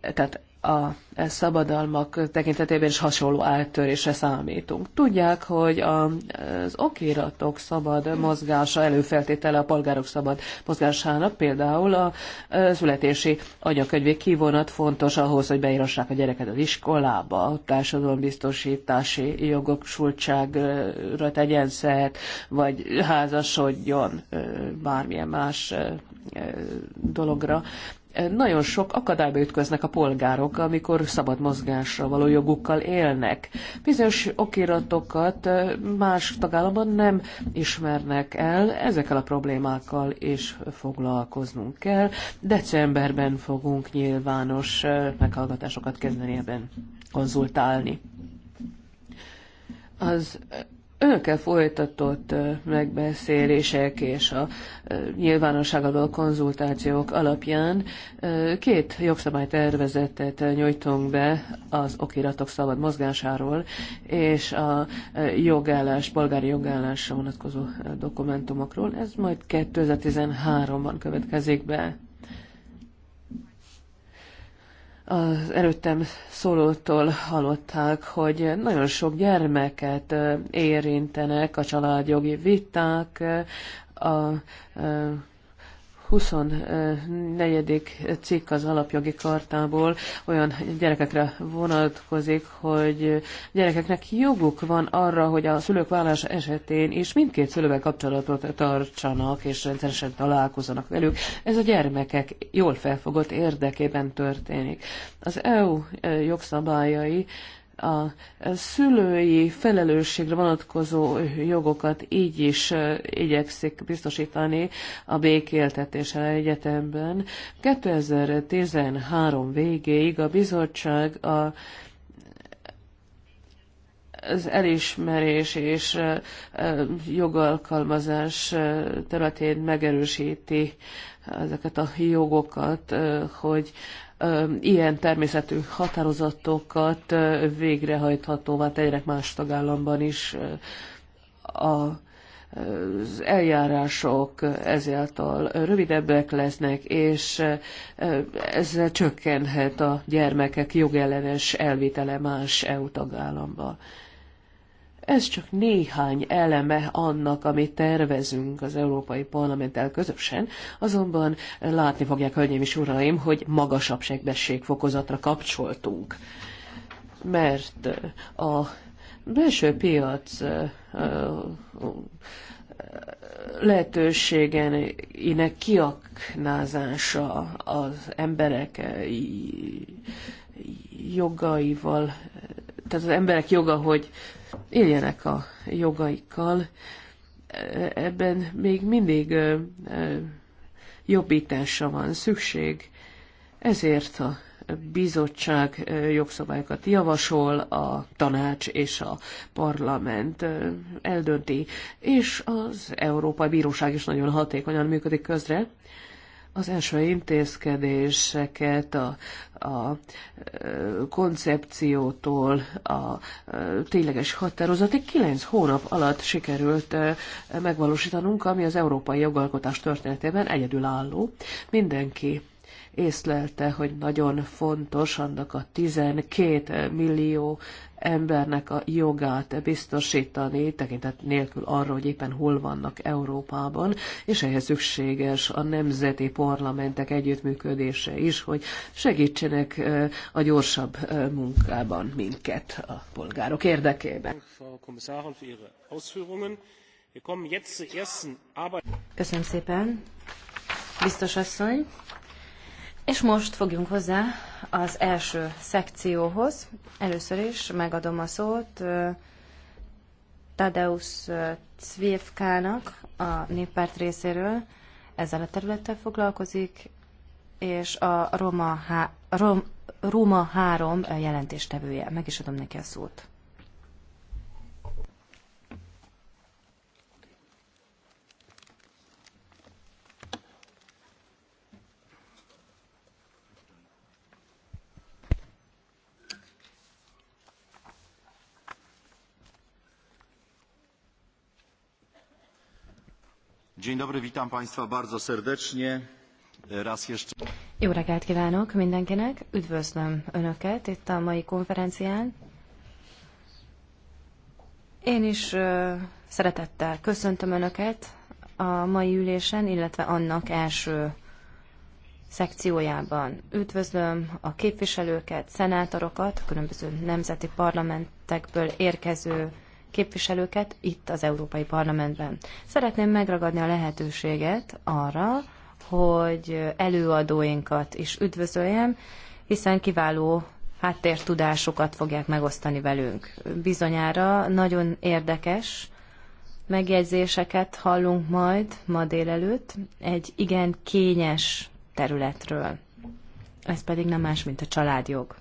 tehát a szabadalmak tekintetében is hasonló áttörésre számítunk. Tudják, hogy az okiratok szabad mozgása előfeltétele a polgárok szabad mozgásának, például a, születési anyakönyvi kivonat fontos ahhoz, hogy beírassák a gyereket az iskolába, a társadalombiztosítási jogosultságra tegyen szert, vagy házasodjon bármilyen más dologra nagyon sok akadályba ütköznek a polgárok, amikor szabad mozgásra való jogukkal élnek. Bizonyos okiratokat más tagállamban nem ismernek el, ezekkel a problémákkal is foglalkoznunk kell. Decemberben fogunk nyilvános meghallgatásokat kezdeni ebben konzultálni. Az önökkel folytatott megbeszélések és a nyilvánosság adó konzultációk alapján két jogszabálytervezetet nyújtunk be az okiratok szabad mozgásáról és a jogállás, polgári jogállásra vonatkozó dokumentumokról. Ez majd 2013-ban következik be az előttem szólótól hallották, hogy nagyon sok gyermeket érintenek a családjogi viták, a, a 24. cikk az alapjogi kartából olyan gyerekekre vonatkozik, hogy gyerekeknek joguk van arra, hogy a szülők vállás esetén is mindkét szülővel kapcsolatot tartsanak és rendszeresen találkozanak velük. Ez a gyermekek jól felfogott érdekében történik. Az EU eh, jogszabályai a szülői felelősségre vonatkozó jogokat így is igyekszik biztosítani a békéltetéssel egyetemben. 2013 végéig a bizottság a az elismerés és jogalkalmazás területén megerősíti ezeket a jogokat, hogy ilyen természetű határozatokat végrehajthatóvá tegyenek más tagállamban is a az eljárások ezáltal rövidebbek lesznek, és ezzel csökkenhet a gyermekek jogellenes elvitele más EU tagállamba. Ez csak néhány eleme annak, amit tervezünk az Európai Parlamenttel közösen, azonban látni fogják, hölgyeim és uraim, hogy magasabb fokozatra kapcsoltunk. Mert eh, a belső piac eh, eh, lehetőségeinek kiaknázása az emberek jogaival, tehát az emberek joga, hogy éljenek a jogaikkal. Ebben még mindig jobbításra van szükség, ezért a bizottság jogszabályokat javasol, a tanács és a parlament eldönti, és az Európai Bíróság is nagyon hatékonyan működik közre az első intézkedéseket a, a koncepciótól a tényleges határozatig kilenc hónap alatt sikerült megvalósítanunk, ami az európai jogalkotás történetében egyedülálló. Mindenki észlelte, hogy nagyon fontos annak a 12 millió embernek a jogát biztosítani, tekintet nélkül arra, hogy éppen hol vannak Európában, és ehhez szükséges a nemzeti parlamentek együttműködése is, hogy segítsenek a gyorsabb munkában minket a polgárok érdekében. Köszönöm szépen, biztos asszony! És most fogjunk hozzá az első szekcióhoz. Először is megadom a szót Tadeusz Cvivkának a néppárt részéről. Ezzel a területtel foglalkozik, és a Roma, há- Rom- Roma 3 jelentéstevője. Meg is adom neki a szót. Jó reggelt kívánok mindenkinek, üdvözlöm Önöket itt a mai konferencián. Én is szeretettel köszöntöm Önöket a mai ülésen, illetve annak első szekciójában. Üdvözlöm a képviselőket, szenátorokat, a különböző nemzeti parlamentekből érkező képviselőket itt az Európai Parlamentben. Szeretném megragadni a lehetőséget arra, hogy előadóinkat is üdvözöljem, hiszen kiváló háttértudásokat fogják megosztani velünk. Bizonyára nagyon érdekes megjegyzéseket hallunk majd ma délelőtt egy igen kényes területről. Ez pedig nem más, mint a családjog.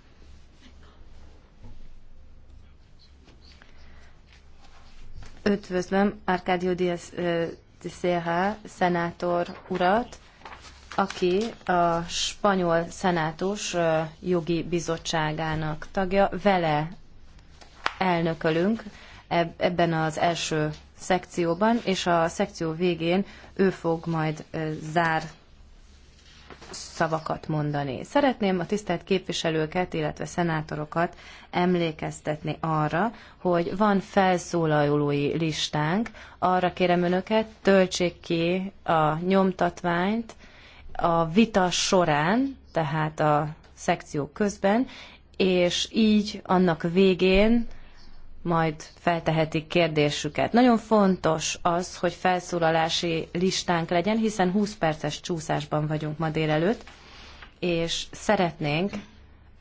Üdvözlöm Arcadio Díaz de szenátor urat, aki a spanyol szenátus jogi bizottságának tagja. Vele elnökölünk ebben az első szekcióban, és a szekció végén ő fog majd zár szavakat mondani. Szeretném a tisztelt képviselőket, illetve szenátorokat emlékeztetni arra, hogy van felszólalói listánk. Arra kérem önöket, töltsék ki a nyomtatványt a vita során, tehát a szekció közben, és így annak végén majd feltehetik kérdésüket. Nagyon fontos az, hogy felszólalási listánk legyen, hiszen 20 perces csúszásban vagyunk ma délelőtt, és szeretnénk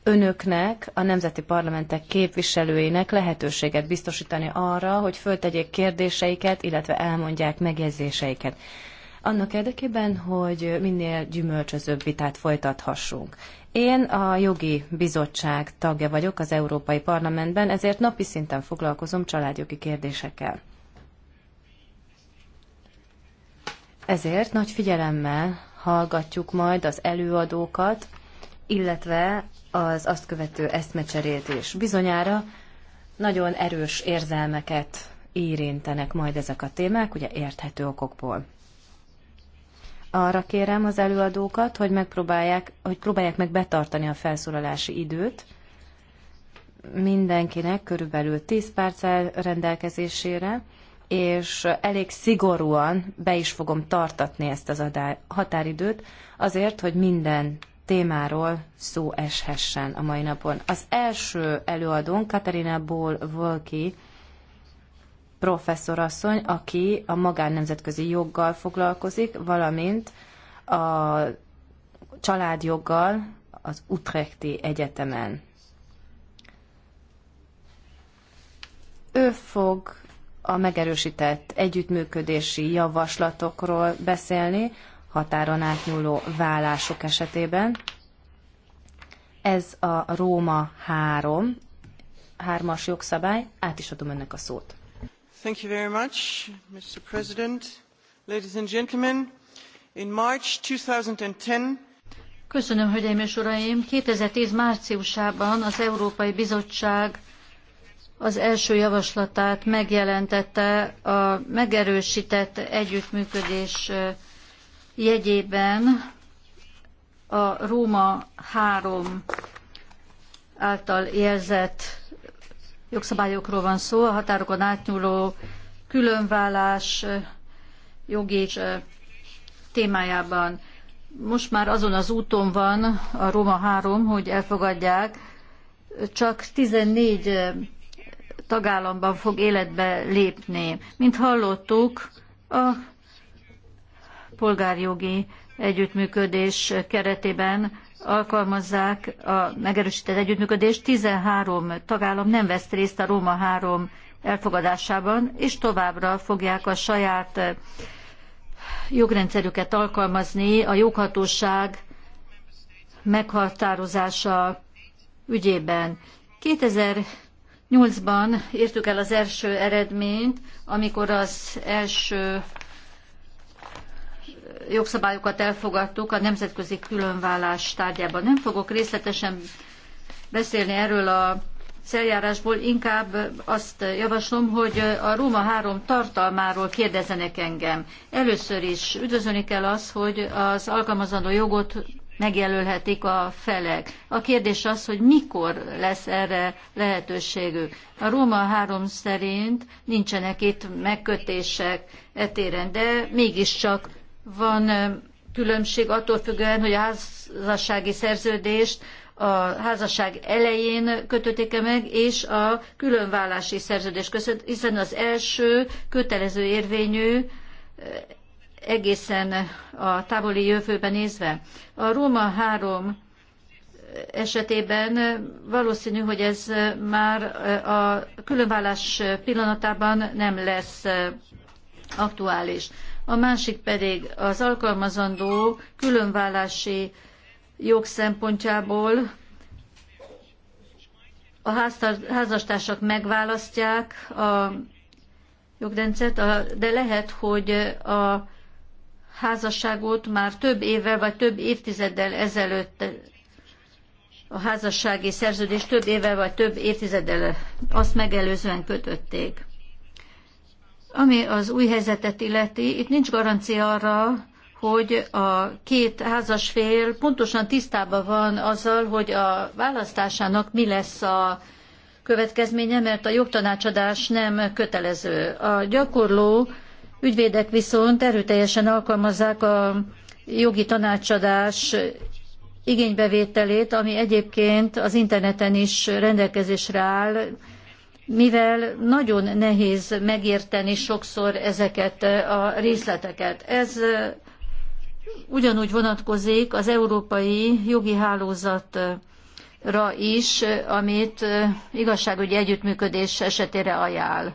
önöknek, a nemzeti parlamentek képviselőinek lehetőséget biztosítani arra, hogy föltegyék kérdéseiket, illetve elmondják megjegyzéseiket annak érdekében, hogy minél gyümölcsözőbb vitát folytathassunk. Én a jogi bizottság tagja vagyok az Európai Parlamentben, ezért napi szinten foglalkozom családjogi kérdésekkel. Ezért nagy figyelemmel hallgatjuk majd az előadókat, illetve az azt követő eszmecserét is. Bizonyára nagyon erős érzelmeket érintenek majd ezek a témák, ugye érthető okokból. Arra kérem az előadókat, hogy megpróbálják, hogy próbálják meg betartani a felszólalási időt. Mindenkinek körülbelül 10 perc rendelkezésére, és elég szigorúan be is fogom tartatni ezt az határidőt, azért, hogy minden témáról szó eshessen a mai napon. Az első előadónk Katarina Ból-Volki, professzorasszony, aki a magánnemzetközi joggal foglalkozik, valamint a családjoggal az Utrechti Egyetemen. Ő fog a megerősített együttműködési javaslatokról beszélni, határon átnyúló vállások esetében. Ez a Róma 3, hármas jogszabály, át is adom önnek a szót. Thank you very much, Mr. President. Ladies and gentlemen, in March 2010, Köszönöm, Hölgyeim és Uraim! 2010 márciusában az Európai Bizottság az első javaslatát megjelentette a megerősített együttműködés jegyében a Róma 3 által jelzett jogszabályokról van szó, a határokon átnyúló különvállás jogi témájában. Most már azon az úton van a Roma 3, hogy elfogadják, csak 14 tagállamban fog életbe lépni. Mint hallottuk, a polgárjogi együttműködés keretében alkalmazzák a megerősített együttműködést. 13 tagállam nem vesz részt a Róma 3 elfogadásában, és továbbra fogják a saját eh, jogrendszerüket alkalmazni a joghatóság meghatározása ügyében. 2008-ban értük el az első eredményt, amikor az első jogszabályokat elfogadtuk a nemzetközi különvállás tárgyában. Nem fogok részletesen beszélni erről a eljárásból, inkább azt javaslom, hogy a Róma 3 tartalmáról kérdezenek engem. Először is üdvözölni kell az, hogy az alkalmazandó jogot megjelölhetik a felek. A kérdés az, hogy mikor lesz erre lehetőségük. A Róma 3 szerint nincsenek itt megkötések etéren, de mégiscsak van különbség attól függően, hogy a házassági szerződést a házasság elején kötötték -e meg, és a különvállási szerződés között, hiszen az első kötelező érvényű egészen a távoli jövőben nézve. A Róma 3 esetében valószínű, hogy ez már a különvállás pillanatában nem lesz aktuális a másik pedig az alkalmazandó különvállási jog szempontjából a házastársak megválasztják a jogrendszert, de lehet, hogy a házasságot már több évvel vagy több évtizeddel ezelőtt a házassági szerződést több évvel vagy több évtizeddel azt megelőzően kötötték. Ami az új helyzetet illeti, itt nincs garancia arra, hogy a két házas fél pontosan tisztában van azzal, hogy a választásának mi lesz a következménye, mert a jogtanácsadás nem kötelező. A gyakorló ügyvédek viszont erőteljesen alkalmazzák a jogi tanácsadás igénybevételét, ami egyébként az interneten is rendelkezésre áll, mivel nagyon nehéz megérteni sokszor ezeket eh, a részleteket. Ez eh, ugyanúgy vonatkozik az európai jogi hálózatra is, eh, amit igazságügyi együttműködés esetére ajánl.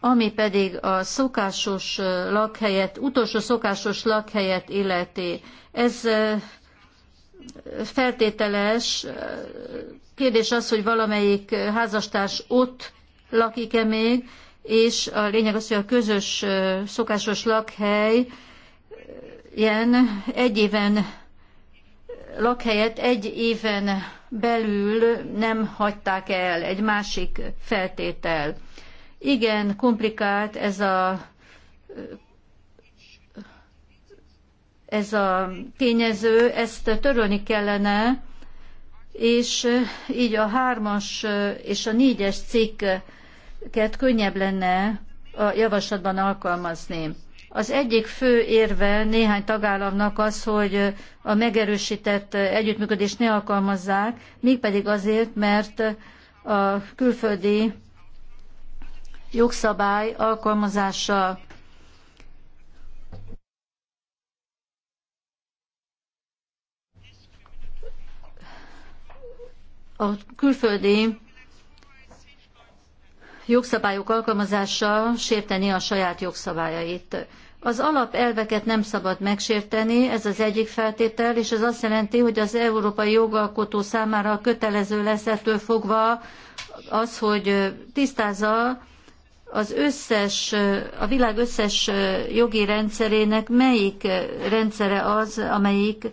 Ami pedig a szokásos lakhelyet, utolsó szokásos lakhelyet illeti, ez feltételes. Kérdés az, hogy valamelyik házastárs ott lakik-e még, és a lényeg az, hogy a közös szokásos lakhely ilyen egy éven lakhelyet egy éven belül nem hagyták el, egy másik feltétel. Igen, komplikált ez a ez a tényező, ezt törölni kellene, és így a hármas és a négyes cikket könnyebb lenne a javaslatban alkalmazni. Az egyik fő érve néhány tagállamnak az, hogy a megerősített együttműködést ne alkalmazzák, mégpedig azért, mert a külföldi jogszabály alkalmazása A külföldi jogszabályok alkalmazása sérteni a saját jogszabályait. Az alapelveket nem szabad megsérteni, ez az egyik feltétel, és ez azt jelenti, hogy az európai jogalkotó számára kötelező lesz ettől fogva az, hogy tisztázza az összes, a világ összes jogi rendszerének melyik rendszere az, amelyik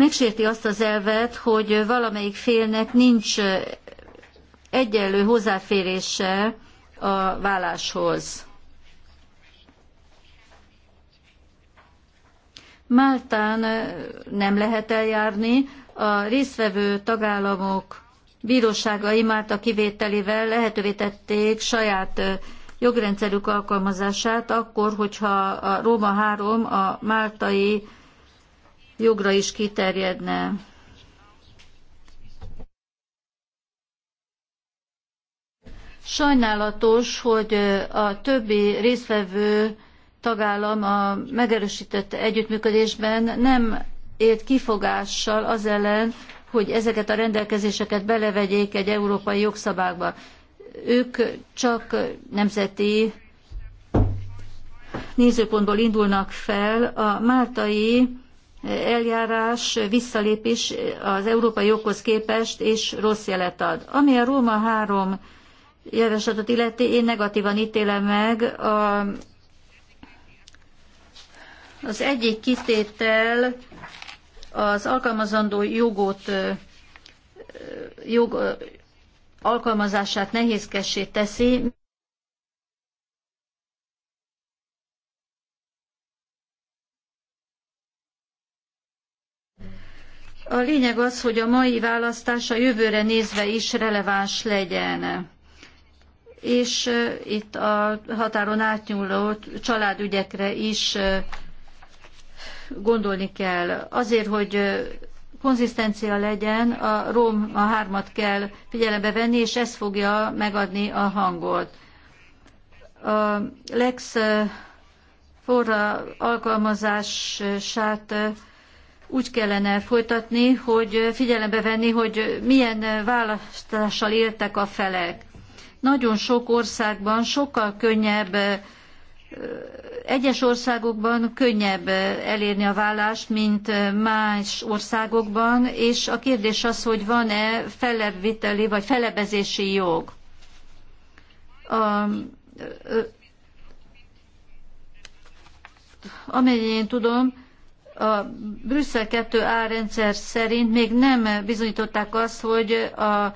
megsérti azt az elvet, hogy valamelyik félnek nincs egyenlő hozzáférése a válláshoz. Máltán nem lehet eljárni, a résztvevő tagállamok bíróságai Málta kivételével lehetővé tették saját jogrendszerük alkalmazását akkor, hogyha a Róma 3 a máltai jogra is kiterjedne. Sajnálatos, hogy a többi résztvevő tagállam a megerősített együttműködésben nem élt kifogással az ellen, hogy ezeket a rendelkezéseket belevegyék egy európai jogszabályba. Ők csak nemzeti nézőpontból indulnak fel. A máltai eljárás visszalépés az európai joghoz képest, és rossz jelet ad. Ami a Róma 3 javaslatot illeti, én negatívan ítélem meg. A, az egyik kitétel az alkalmazandó jogot, jog alkalmazását nehézkessé teszi, A lényeg az, hogy a mai választás a jövőre nézve is releváns legyen és itt a határon átnyúló családügyekre is gondolni kell. Azért, hogy konzisztencia legyen, a Róm a hármat kell figyelembe venni, és ez fogja megadni a hangot. A Lex forra alkalmazását úgy kellene folytatni, hogy figyelembe venni, hogy milyen választással éltek a felek. Nagyon sok országban sokkal könnyebb, egyes országokban könnyebb elérni a vállást, mint más országokban, és a kérdés az, hogy van-e fellebbviteli vagy felebezési jog. A, amennyire én tudom, a Brüsszel 2A rendszer szerint még nem bizonyították azt, hogy a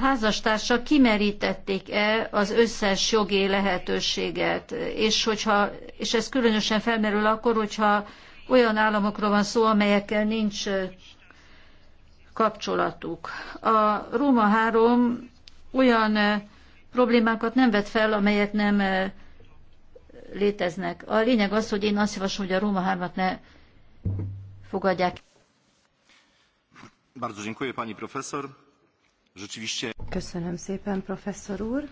házastársa kimerítették-e az összes jogi lehetőséget, és, hogyha, és ez különösen felmerül akkor, hogyha olyan államokról van szó, amelyekkel nincs kapcsolatuk. A Róma 3 olyan problémákat nem vet fel, amelyek nem léteznek. A lényeg az, hogy én azt javaslom, hogy a Róma 3-at ne fogadják. Bardzo dziękuję, pani profesor. Rzeczywiście... Köszönöm szépen, professzor úr.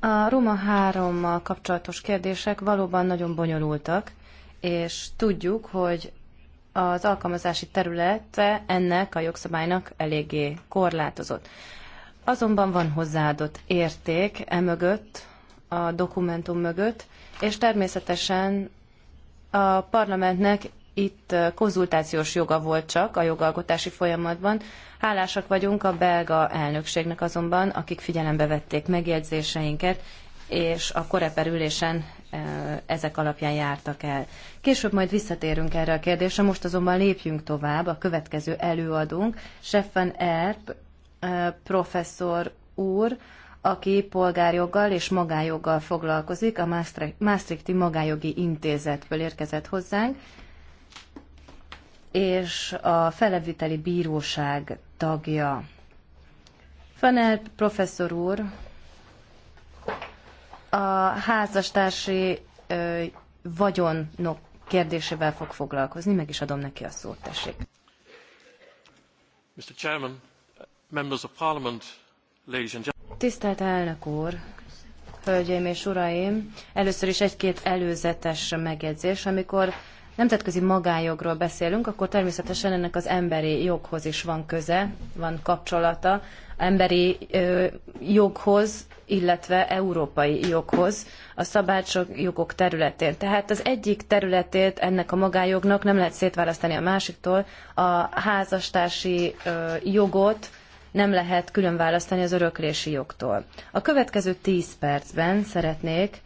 A Roma 3-mal kapcsolatos kérdések valóban nagyon bonyolultak, és tudjuk, hogy az alkalmazási területe ennek a jogszabálynak eléggé korlátozott. Azonban van hozzáadott érték e mögött, a dokumentum mögött, és természetesen a parlamentnek itt konzultációs joga volt csak a jogalkotási folyamatban. Hálásak vagyunk a belga elnökségnek azonban, akik figyelembe vették megjegyzéseinket, és a koreperülésen ezek alapján jártak el. Később majd visszatérünk erre a kérdésre, most azonban lépjünk tovább. A következő előadónk, Seffen Erb professzor úr, aki polgárjoggal és magánjoggal foglalkozik, a Maastrichti Magájogi Intézetből érkezett hozzánk, és a feleviteli bíróság tagja. Fanel professzor úr a házastársi ö, vagyonok kérdésével fog foglalkozni, meg is adom neki a szót, tessék. Mr. Chairman, Tisztelt elnök úr, hölgyeim és uraim! Először is egy-két előzetes megjegyzés. Amikor nemzetközi magánjogról beszélünk, akkor természetesen ennek az emberi joghoz is van köze, van kapcsolata, emberi ö, joghoz, illetve európai joghoz a szabályjogok területén. Tehát az egyik területét ennek a magánjognak nem lehet szétválasztani a másiktól, a házastársi ö, jogot, nem lehet külön választani az öröklési jogtól. A következő 10 percben szeretnék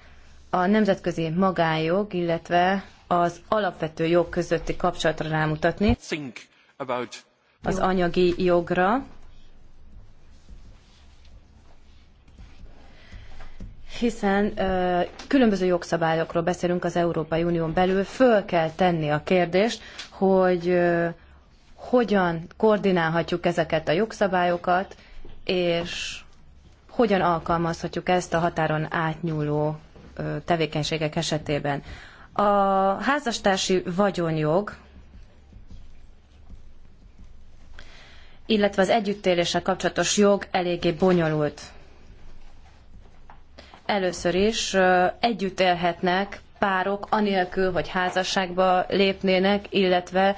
a nemzetközi magájog, illetve az alapvető jog közötti kapcsolatra rámutatni, az anyagi jogra, hiszen ö, különböző jogszabályokról beszélünk az Európai Unión belül, föl kell tenni a kérdést, hogy ö, hogyan koordinálhatjuk ezeket a jogszabályokat, és hogyan alkalmazhatjuk ezt a határon átnyúló tevékenységek esetében. A házastársi vagyonjog, illetve az együttéléssel kapcsolatos jog eléggé bonyolult. Először is együtt élhetnek párok anélkül, hogy házasságba lépnének, illetve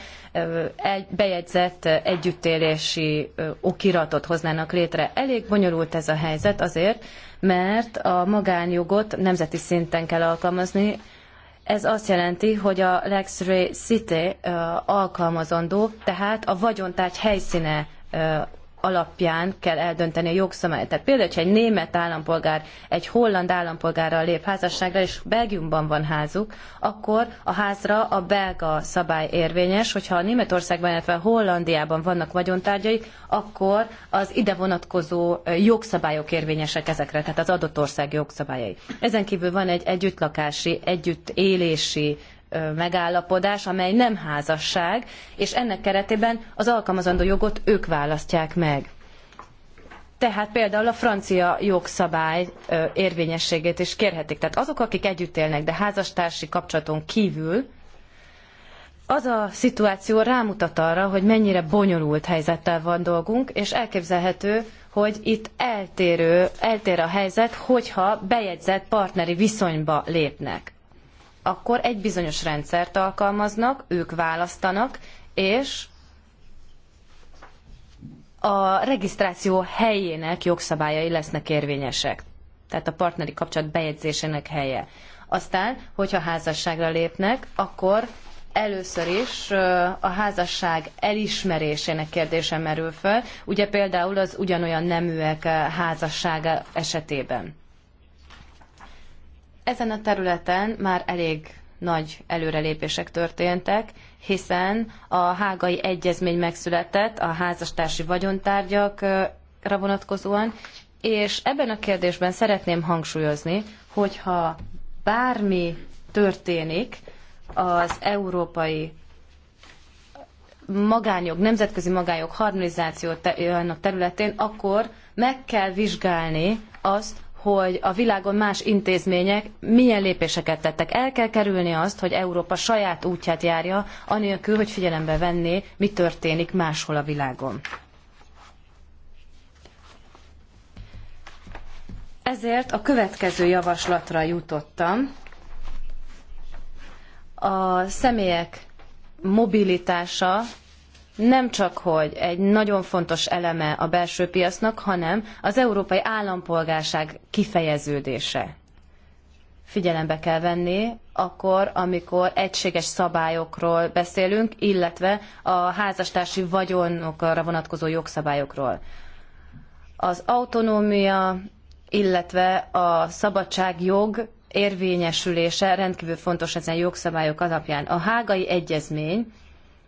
egy bejegyzett együttélési okiratot hoznának létre. Elég bonyolult ez a helyzet azért, mert a magánjogot nemzeti szinten kell alkalmazni, ez azt jelenti, hogy a Lex Ray City alkalmazandó, tehát a vagyontárgy helyszíne alapján kell eldönteni a jogszabályt. Tehát például, hogyha egy német állampolgár egy holland állampolgárral lép házasságra, és Belgiumban van házuk, akkor a házra a belga szabály érvényes, hogyha a Németországban, illetve Hollandiában vannak vagyontárgyaik, akkor az ide vonatkozó jogszabályok érvényesek ezekre, tehát az adott ország jogszabályai. Ezen kívül van egy együttlakási, együttélési megállapodás, amely nem házasság, és ennek keretében az alkalmazandó jogot ők választják meg. Tehát például a francia jogszabály érvényességét is kérhetik. Tehát azok, akik együtt élnek, de házastársi kapcsolaton kívül, az a szituáció rámutat arra, hogy mennyire bonyolult helyzettel van dolgunk, és elképzelhető, hogy itt eltérő, eltér a helyzet, hogyha bejegyzett partneri viszonyba lépnek akkor egy bizonyos rendszert alkalmaznak, ők választanak, és a regisztráció helyének jogszabályai lesznek érvényesek. Tehát a partneri kapcsolat bejegyzésének helye. Aztán, hogyha házasságra lépnek, akkor először is a házasság elismerésének kérdése merül föl, ugye például az ugyanolyan neműek házassága esetében. Ezen a területen már elég nagy előrelépések történtek, hiszen a hágai egyezmény megszületett a házastársi vagyontárgyakra vonatkozóan, és ebben a kérdésben szeretném hangsúlyozni, hogyha bármi történik az európai magányog, nemzetközi magánjog harmonizáció területén, akkor meg kell vizsgálni azt, hogy a világon más intézmények milyen lépéseket tettek. El kell kerülni azt, hogy Európa saját útját járja, anélkül, hogy figyelembe venné, mi történik máshol a világon. Ezért a következő javaslatra jutottam. A személyek mobilitása nem csak hogy egy nagyon fontos eleme a belső piacnak, hanem az európai állampolgárság kifejeződése. Figyelembe kell venni akkor, amikor egységes szabályokról beszélünk, illetve a házastársi vagyonokra vonatkozó jogszabályokról. Az autonómia, illetve a szabadságjog érvényesülése rendkívül fontos ezen jogszabályok alapján. A hágai egyezmény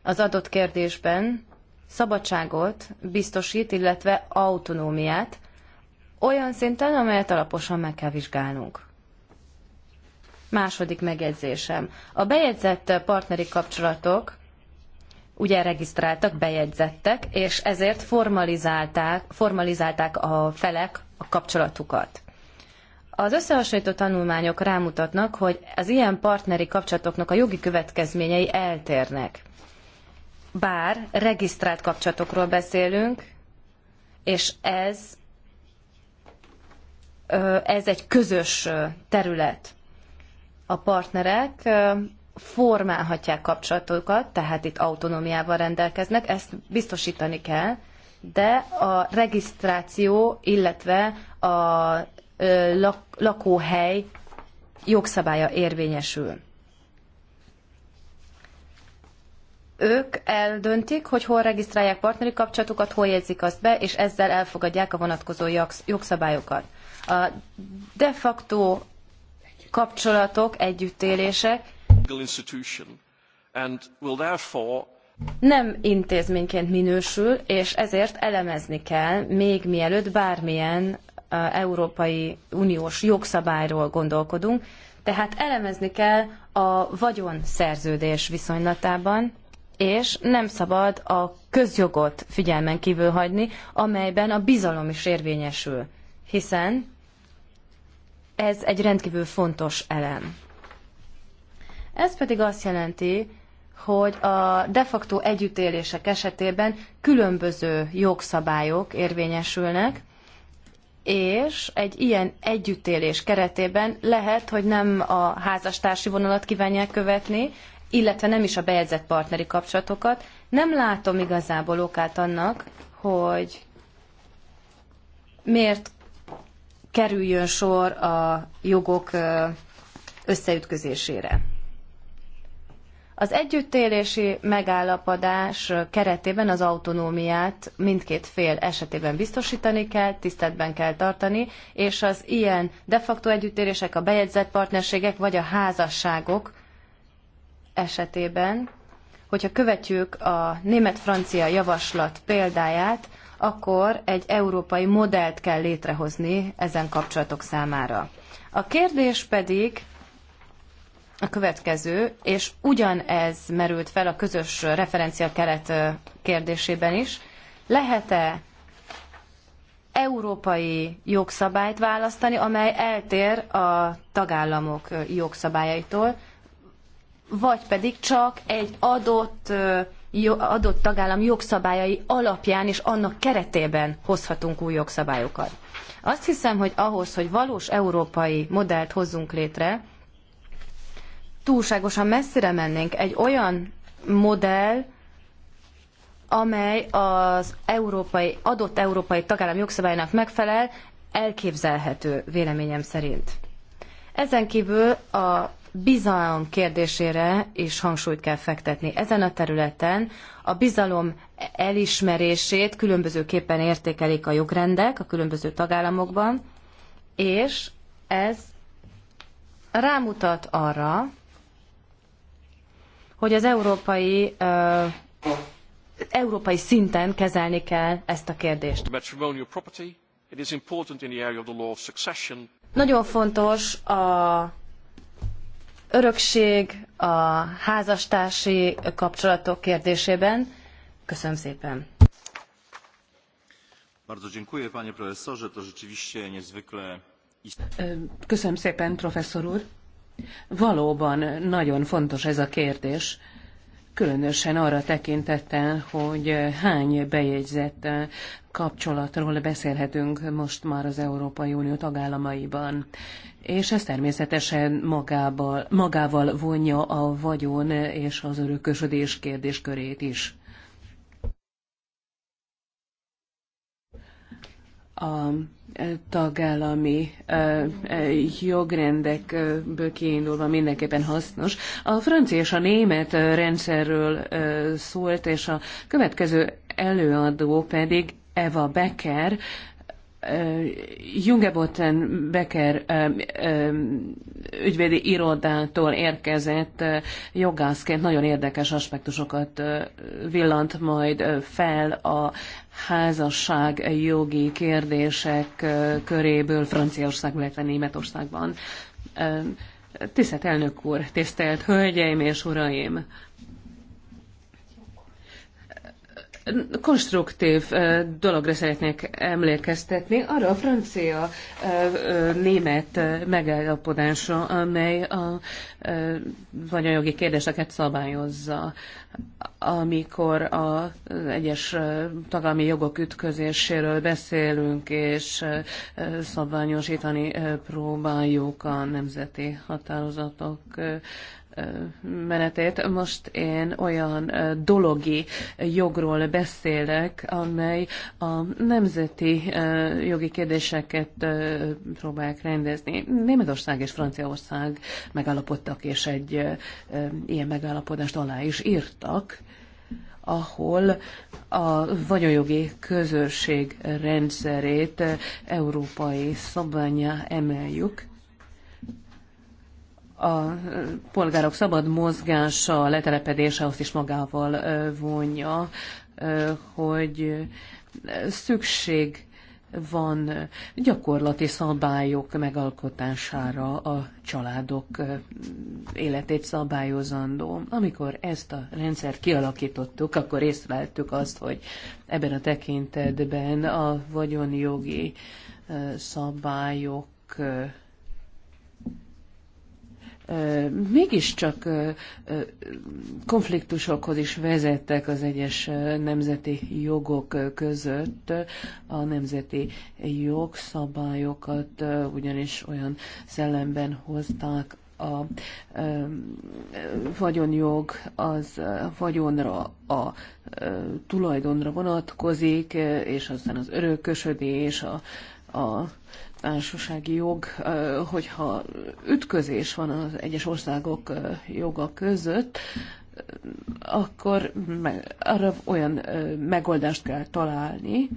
az adott kérdésben szabadságot biztosít, illetve autonómiát, olyan szinten, amelyet alaposan meg kell vizsgálnunk. Második megjegyzésem. A bejegyzett partneri kapcsolatok ugye regisztráltak, bejegyzettek, és ezért formalizálták, formalizálták a felek a kapcsolatukat. Az összehasonlító tanulmányok rámutatnak, hogy az ilyen partneri kapcsolatoknak a jogi következményei eltérnek bár regisztrált kapcsolatokról beszélünk, és ez, ez egy közös terület. A partnerek formálhatják kapcsolatokat, tehát itt autonómiával rendelkeznek, ezt biztosítani kell, de a regisztráció, illetve a lakóhely jogszabálya érvényesül. ők eldöntik, hogy hol regisztrálják partneri kapcsolatukat, hol jegyzik azt be, és ezzel elfogadják a vonatkozó jogszabályokat. A de facto kapcsolatok, együttélések nem intézményként minősül, és ezért elemezni kell, még mielőtt bármilyen Európai Uniós jogszabályról gondolkodunk, tehát elemezni kell a vagyonszerződés viszonylatában, és nem szabad a közjogot figyelmen kívül hagyni, amelyben a bizalom is érvényesül, hiszen ez egy rendkívül fontos elem. Ez pedig azt jelenti, hogy a de facto együttélések esetében különböző jogszabályok érvényesülnek, és egy ilyen együttélés keretében lehet, hogy nem a házastársi vonalat kívánják követni, illetve nem is a bejegyzett partneri kapcsolatokat. Nem látom igazából okát annak, hogy miért kerüljön sor a jogok összeütközésére. Az együttélési megállapodás keretében az autonómiát mindkét fél esetében biztosítani kell, tiszteletben kell tartani, és az ilyen de facto együttélések, a bejegyzett partnerségek vagy a házasságok esetében, hogyha követjük a német-francia javaslat példáját, akkor egy európai modellt kell létrehozni ezen kapcsolatok számára. A kérdés pedig a következő, és ugyanez merült fel a közös referencia keret kérdésében is, lehet-e európai jogszabályt választani, amely eltér a tagállamok jogszabályaitól, vagy pedig csak egy adott, adott tagállam jogszabályai alapján és annak keretében hozhatunk új jogszabályokat. Azt hiszem, hogy ahhoz, hogy valós európai modellt hozzunk létre, túlságosan messzire mennénk egy olyan modell, amely az európai, adott európai tagállam jogszabályainak megfelel, elképzelhető véleményem szerint. Ezen kívül a bizalom kérdésére is hangsúlyt kell fektetni. Ezen a területen a bizalom elismerését különbözőképpen értékelik a jogrendek a különböző tagállamokban, és ez rámutat arra, hogy az európai uh, európai szinten kezelni kell ezt a kérdést. Nagyon fontos a örökség, a házastársi kapcsolatok kérdésében. Köszönöm szépen. Bardzo dziękuję, panie profesorze. To rzeczywiście niezwykle... Köszönöm szépen, professzor úr. Valóban nagyon fontos ez a kérdés különösen arra tekintettel, hogy hány bejegyzett kapcsolatról beszélhetünk most már az Európai Unió tagállamaiban. És ez természetesen magával, magával vonja a vagyon és az örökösödés kérdéskörét is. A tagállami jogrendekből kiindulva mindenképpen hasznos. A francia és a német rendszerről szólt, és a következő előadó pedig Eva Becker, Jungeboten Becker ügyvédi irodától érkezett jogászként nagyon érdekes aspektusokat villant majd fel a házasság jogi kérdések köréből Franciaországban, illetve Németországban. Tisztelt elnök úr, tisztelt hölgyeim és uraim! konstruktív dologra szeretnék emlékeztetni, arra a francia-német megállapodásra, amely a vagyonjogi kérdéseket szabályozza, amikor az egyes tagalmi jogok ütközéséről beszélünk, és szabványosítani próbáljuk a nemzeti határozatok menetét. Most én olyan dologi jogról beszélek, amely a nemzeti jogi kérdéseket próbálják rendezni. Németország és Franciaország megállapodtak, és egy ilyen megállapodást alá is írtak ahol a vagyonjogi közösség rendszerét európai szabványá emeljük, a polgárok szabad mozgása, a letelepedése azt is magával vonja, hogy szükség van gyakorlati szabályok megalkotására a családok életét szabályozandó. Amikor ezt a rendszert kialakítottuk, akkor észleltük azt, hogy ebben a tekintetben a vagyonjogi szabályok mégiscsak konfliktusokhoz is vezettek az egyes nemzeti jogok között. A nemzeti jogszabályokat ugyanis olyan szellemben hozták a vagyonjog az vagyonra, a tulajdonra vonatkozik, és aztán az örökösödés, a, a társasági jog, hogyha ütközés van az egyes országok joga között, akkor meg, arra olyan megoldást kell találni,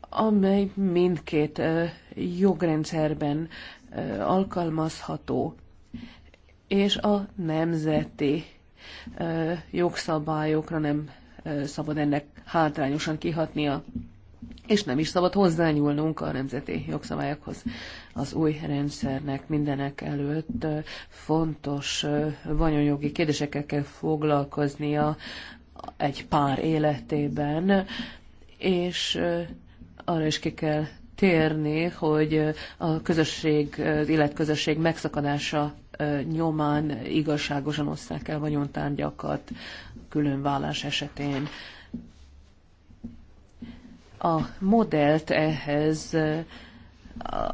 amely mindkét jogrendszerben alkalmazható, és a nemzeti jogszabályokra nem szabad ennek hátrányosan kihatnia és nem is szabad hozzányúlnunk a nemzeti jogszabályokhoz. Az új rendszernek mindenek előtt fontos vanyonjogi kérdésekkel kell foglalkoznia egy pár életében, és arra is ki kell térni, hogy a közösség, az életközösség megszakadása nyomán igazságosan osszák el vagyontárgyakat különvállás esetén a modellt ehhez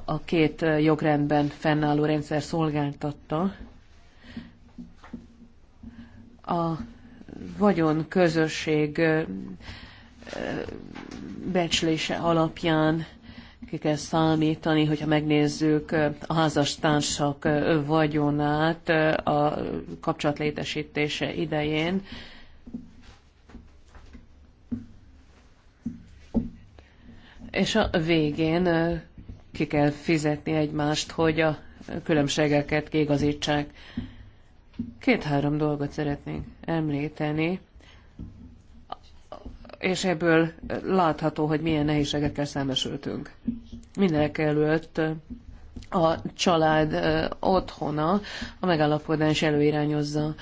a két jogrendben fennálló rendszer szolgáltatta. A vagyon közösség becslése alapján ki kell számítani, hogyha megnézzük a házastársak vagyonát a kapcsolatlétesítése idején, és a végén ki kell fizetni egymást, hogy a különbségeket kiigazítsák. Két-három dolgot szeretnénk említeni, és ebből látható, hogy milyen nehézségekkel szembesültünk. Mindenek előtt a család otthona a megállapodás előirányozza,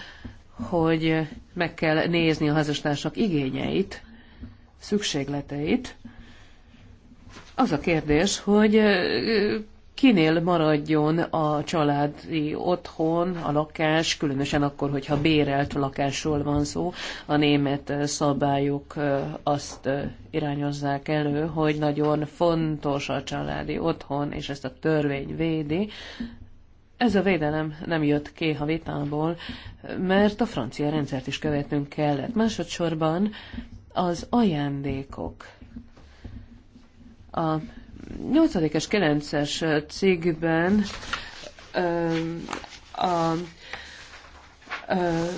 hogy meg kell nézni a házastársak igényeit, szükségleteit, az a kérdés, hogy kinél maradjon a családi otthon, a lakás, különösen akkor, hogyha bérelt lakásról van szó. A német szabályok azt irányozzák elő, hogy nagyon fontos a családi otthon, és ezt a törvény védi. Ez a védelem nem jött ki a vitából, mert a francia rendszert is követnünk kellett. Másodszorban az ajándékok a 8. és 9-es a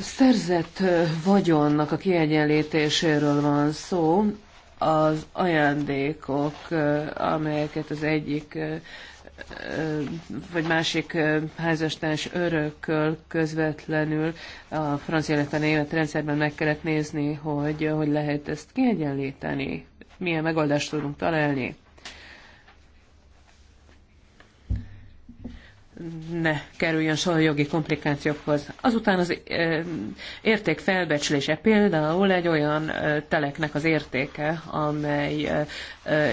szerzett vagyonnak a kiegyenlítéséről van szó, az ajándékok, amelyeket az egyik vagy másik házastárs örököl közvetlenül a francia életen élet rendszerben meg kellett nézni, hogy hogy lehet ezt kiegyenlíteni, milyen megoldást tudunk találni. ne kerüljön soha jogi komplikációkhoz. Azután az érték felbecslése, például egy olyan teleknek az értéke, amely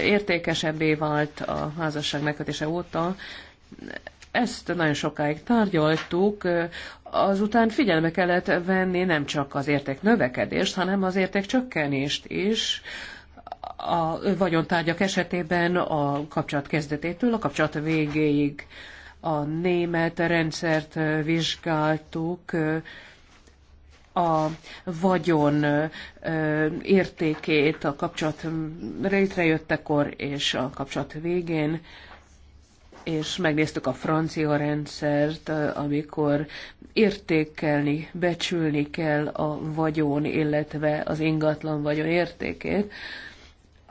értékesebbé vált a házasság megkötése óta, ezt nagyon sokáig tárgyaltuk, azután figyelme kellett venni nem csak az érték növekedést, hanem az érték csökkenést is, a vagyontárgyak esetében a kapcsolat kezdetétől a kapcsolat végéig a német rendszert vizsgáltuk, a vagyon értékét a kapcsolat létrejöttekor és a kapcsolat végén, és megnéztük a francia rendszert, amikor értékelni, becsülni kell a vagyon, illetve az ingatlan vagyon értékét.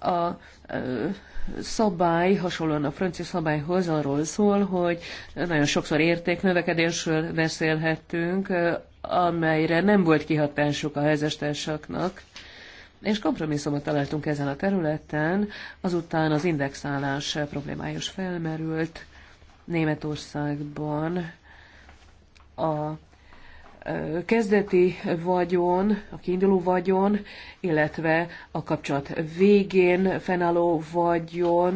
A szabály, hasonlóan a francia szabályhoz arról szól, hogy nagyon sokszor értéknövekedésről beszélhettünk, amelyre nem volt kihatásuk a házastársaknak, és kompromisszumot találtunk ezen a területen, azután az indexálás problémájus felmerült Németországban, a kezdeti vagyon, a kiinduló vagyon, illetve a kapcsolat végén fennálló vagyon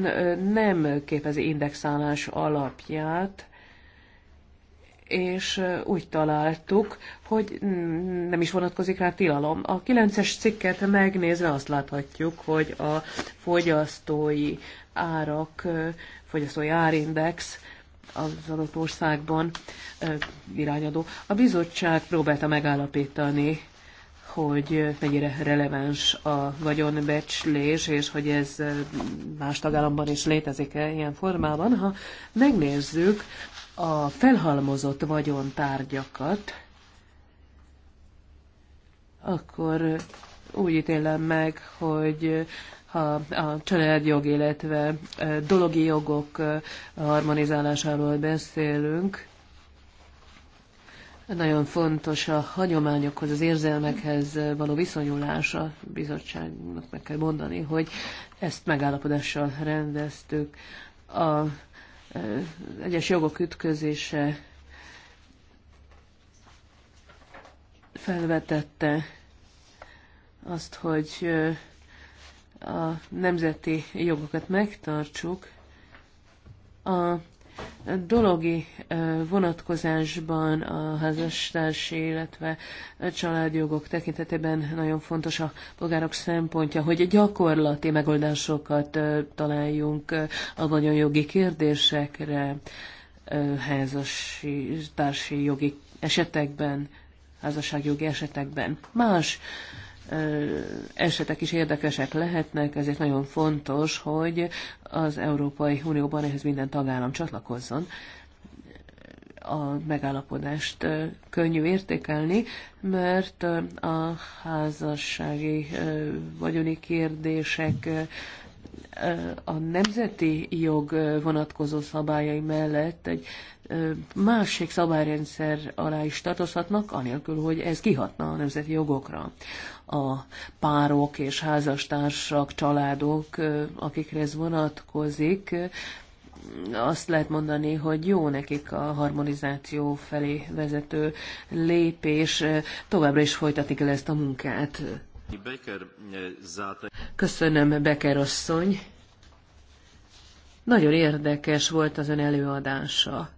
nem képezi indexálás alapját, és úgy találtuk, hogy nem is vonatkozik rá tilalom. A 9-es cikket megnézve azt láthatjuk, hogy a fogyasztói árak, fogyasztói árindex az adott országban irányadó. A bizottság próbálta megállapítani, hogy mennyire releváns a vagyonbecslés, és hogy ez más tagállamban is létezik-e ilyen formában. Ha megnézzük a felhalmozott vagyontárgyakat, akkor úgy ítélem meg, hogy a a családjog, illetve dologi jogok harmonizálásáról beszélünk, nagyon fontos a hagyományokhoz, az érzelmekhez való viszonyulás a bizottságnak meg kell mondani, hogy ezt megállapodással rendeztük. A egyes jogok ütközése felvetette azt, hogy a nemzeti jogokat megtartsuk, a dologi vonatkozásban a házastársi, illetve a családjogok tekintetében nagyon fontos a polgárok szempontja, hogy gyakorlati megoldásokat találjunk a vagyonjogi kérdésekre, házastársi jogi esetekben, házasságjogi esetekben. Más esetek is érdekesek lehetnek, ezért nagyon fontos, hogy az Európai Unióban ehhez minden tagállam csatlakozzon. A megállapodást könnyű értékelni, mert a házassági vagyoni kérdések a nemzeti jog vonatkozó szabályai mellett egy másik szabályrendszer alá is tartozhatnak, anélkül, hogy ez kihatna a nemzeti jogokra. A párok és házastársak, családok, akikre ez vonatkozik, azt lehet mondani, hogy jó nekik a harmonizáció felé vezető lépés, továbbra is folytatik el ezt a munkát. Köszönöm, Becker asszony. Nagyon érdekes volt az ön előadása.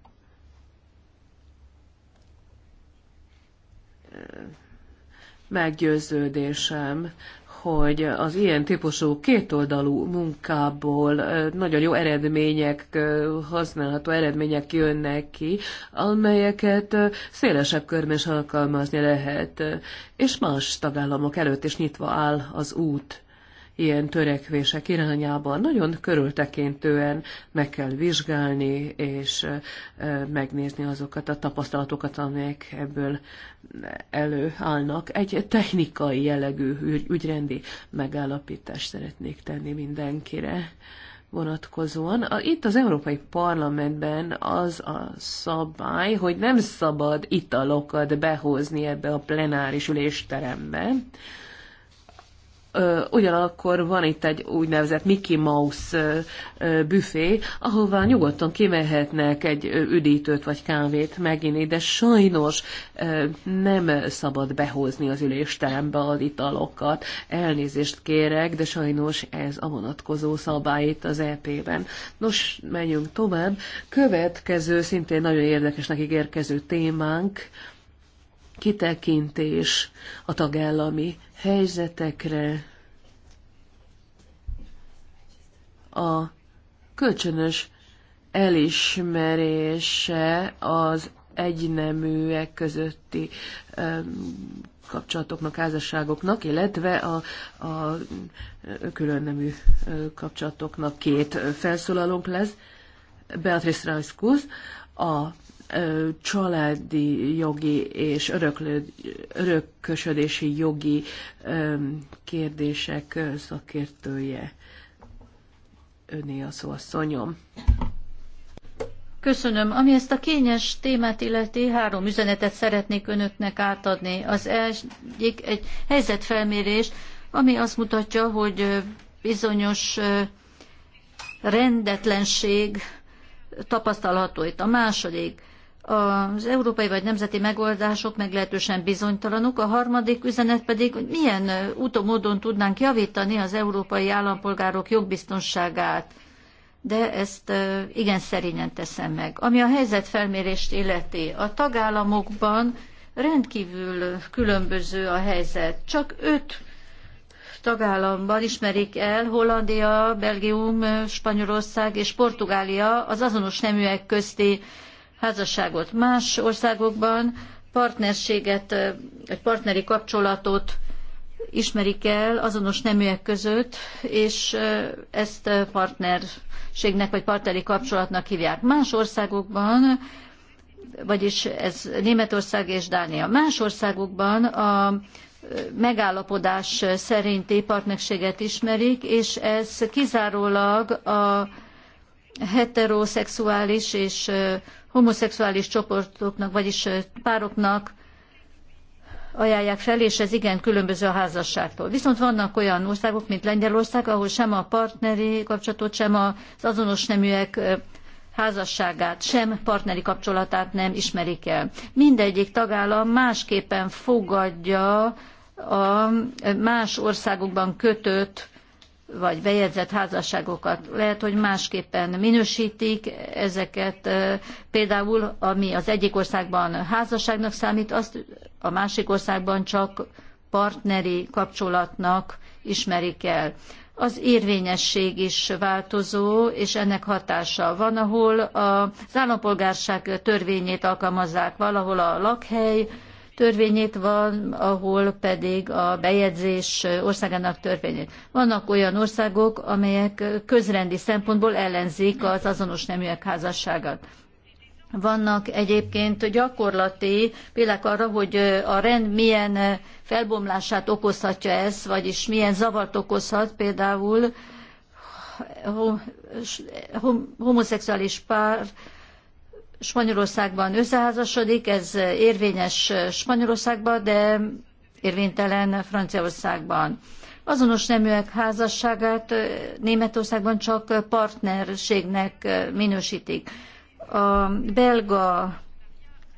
meggyőződésem, hogy az ilyen típusú kétoldalú munkából nagyon jó eredmények, használható eredmények jönnek ki, amelyeket szélesebb körben is alkalmazni lehet, és más tagállamok előtt is nyitva áll az út ilyen törekvések irányában nagyon körültekintően meg kell vizsgálni, és megnézni azokat a tapasztalatokat, amelyek ebből előállnak. Egy technikai jellegű ügyrendi megállapítást szeretnék tenni mindenkire vonatkozóan. Itt az Európai Parlamentben az a szabály, hogy nem szabad italokat behozni ebbe a plenáris ülésterembe, ugyanakkor van itt egy úgynevezett Mickey Mouse büfé, ahová nyugodtan kimehetnek egy üdítőt vagy kávét meginni, de sajnos nem szabad behozni az ülésterembe az italokat. Elnézést kérek, de sajnos ez a vonatkozó szabály itt az EP-ben. Nos, menjünk tovább. Következő, szintén nagyon érdekesnek ígérkező témánk, kitekintés a tagállami helyzetekre a kölcsönös elismerése az egyneműek közötti kapcsolatoknak, házasságoknak, illetve a, a különnemű kapcsolatoknak két felszólalónk lesz. Beatrice Rajskusz, a családi jogi és öröklő, örökösödési jogi kérdések szakértője. Öné a szó, asszonyom. Köszönöm. Ami ezt a kényes témát illeti, három üzenetet szeretnék önöknek átadni. Az egyik egy helyzetfelmérés, ami azt mutatja, hogy bizonyos rendetlenség tapasztalható itt. A második az európai vagy nemzeti megoldások meglehetősen bizonytalanok, a harmadik üzenet pedig, hogy milyen úton, módon tudnánk javítani az európai állampolgárok jogbiztonságát, de ezt igen szerényen teszem meg. Ami a helyzetfelmérést illeti, a tagállamokban rendkívül különböző a helyzet. Csak öt tagállamban ismerik el Hollandia, Belgium, Spanyolország és Portugália az azonos neműek közti házasságot más országokban, partnerséget, egy partneri kapcsolatot ismerik el azonos neműek között, és ezt partnerségnek vagy partneri kapcsolatnak hívják. Más országokban, vagyis ez Németország és Dánia. Más országokban a megállapodás szerinti partnerséget ismerik, és ez kizárólag a heteroszexuális és homoszexuális csoportoknak, vagyis pároknak ajánlják fel, és ez igen különböző a házasságtól. Viszont vannak olyan országok, mint Lengyelország, ahol sem a partneri kapcsolatot, sem az azonos neműek házasságát, sem partneri kapcsolatát nem ismerik el. Mindegyik tagállam másképpen fogadja a más országokban kötött vagy bejegyzett házasságokat. Lehet, hogy másképpen minősítik ezeket. Például, ami az egyik országban házasságnak számít, azt a másik országban csak partneri kapcsolatnak ismerik el. Az érvényesség is változó, és ennek hatása van, ahol az állampolgárság törvényét alkalmazzák, valahol a lakhely, törvényét van, ahol pedig a bejegyzés országának törvényét. Vannak olyan országok, amelyek közrendi szempontból ellenzik az azonos neműek házasságát. Vannak egyébként gyakorlati példák arra, hogy a rend milyen felbomlását okozhatja ez, vagyis milyen zavart okozhat például homoszexuális pár Spanyolországban összeházasodik, ez érvényes Spanyolországban, de érvénytelen Franciaországban. Azonos neműek házasságát Németországban csak partnerségnek minősítik. A belga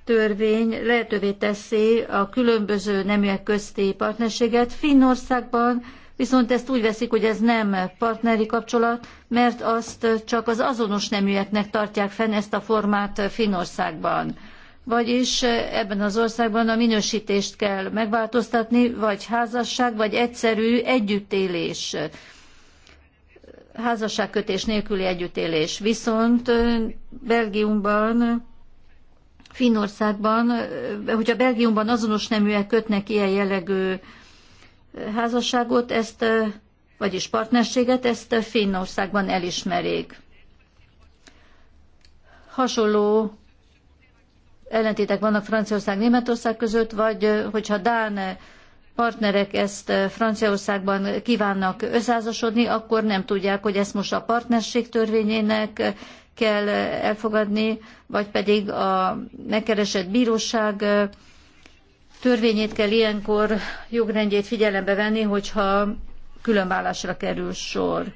törvény lehetővé teszi a különböző neműek közti partnerséget. Finnországban viszont ezt úgy veszik, hogy ez nem partneri kapcsolat, mert azt csak az azonos neműeknek tartják fenn ezt a formát Finországban. Vagyis ebben az országban a minősítést kell megváltoztatni, vagy házasság, vagy egyszerű együttélés házasságkötés nélküli együttélés. Viszont Belgiumban, Finnországban, hogyha Belgiumban azonos neműek kötnek ilyen jellegű házasságot, ezt, vagyis partnerséget, ezt Finnországban elismerik. Hasonló ellentétek vannak Franciaország, Németország között, vagy hogyha Dán partnerek ezt Franciaországban kívánnak összeházasodni, akkor nem tudják, hogy ezt most a partnerség törvényének kell elfogadni, vagy pedig a megkeresett bíróság törvényét kell ilyenkor jogrendjét figyelembe venni, hogyha különvállásra kerül sor.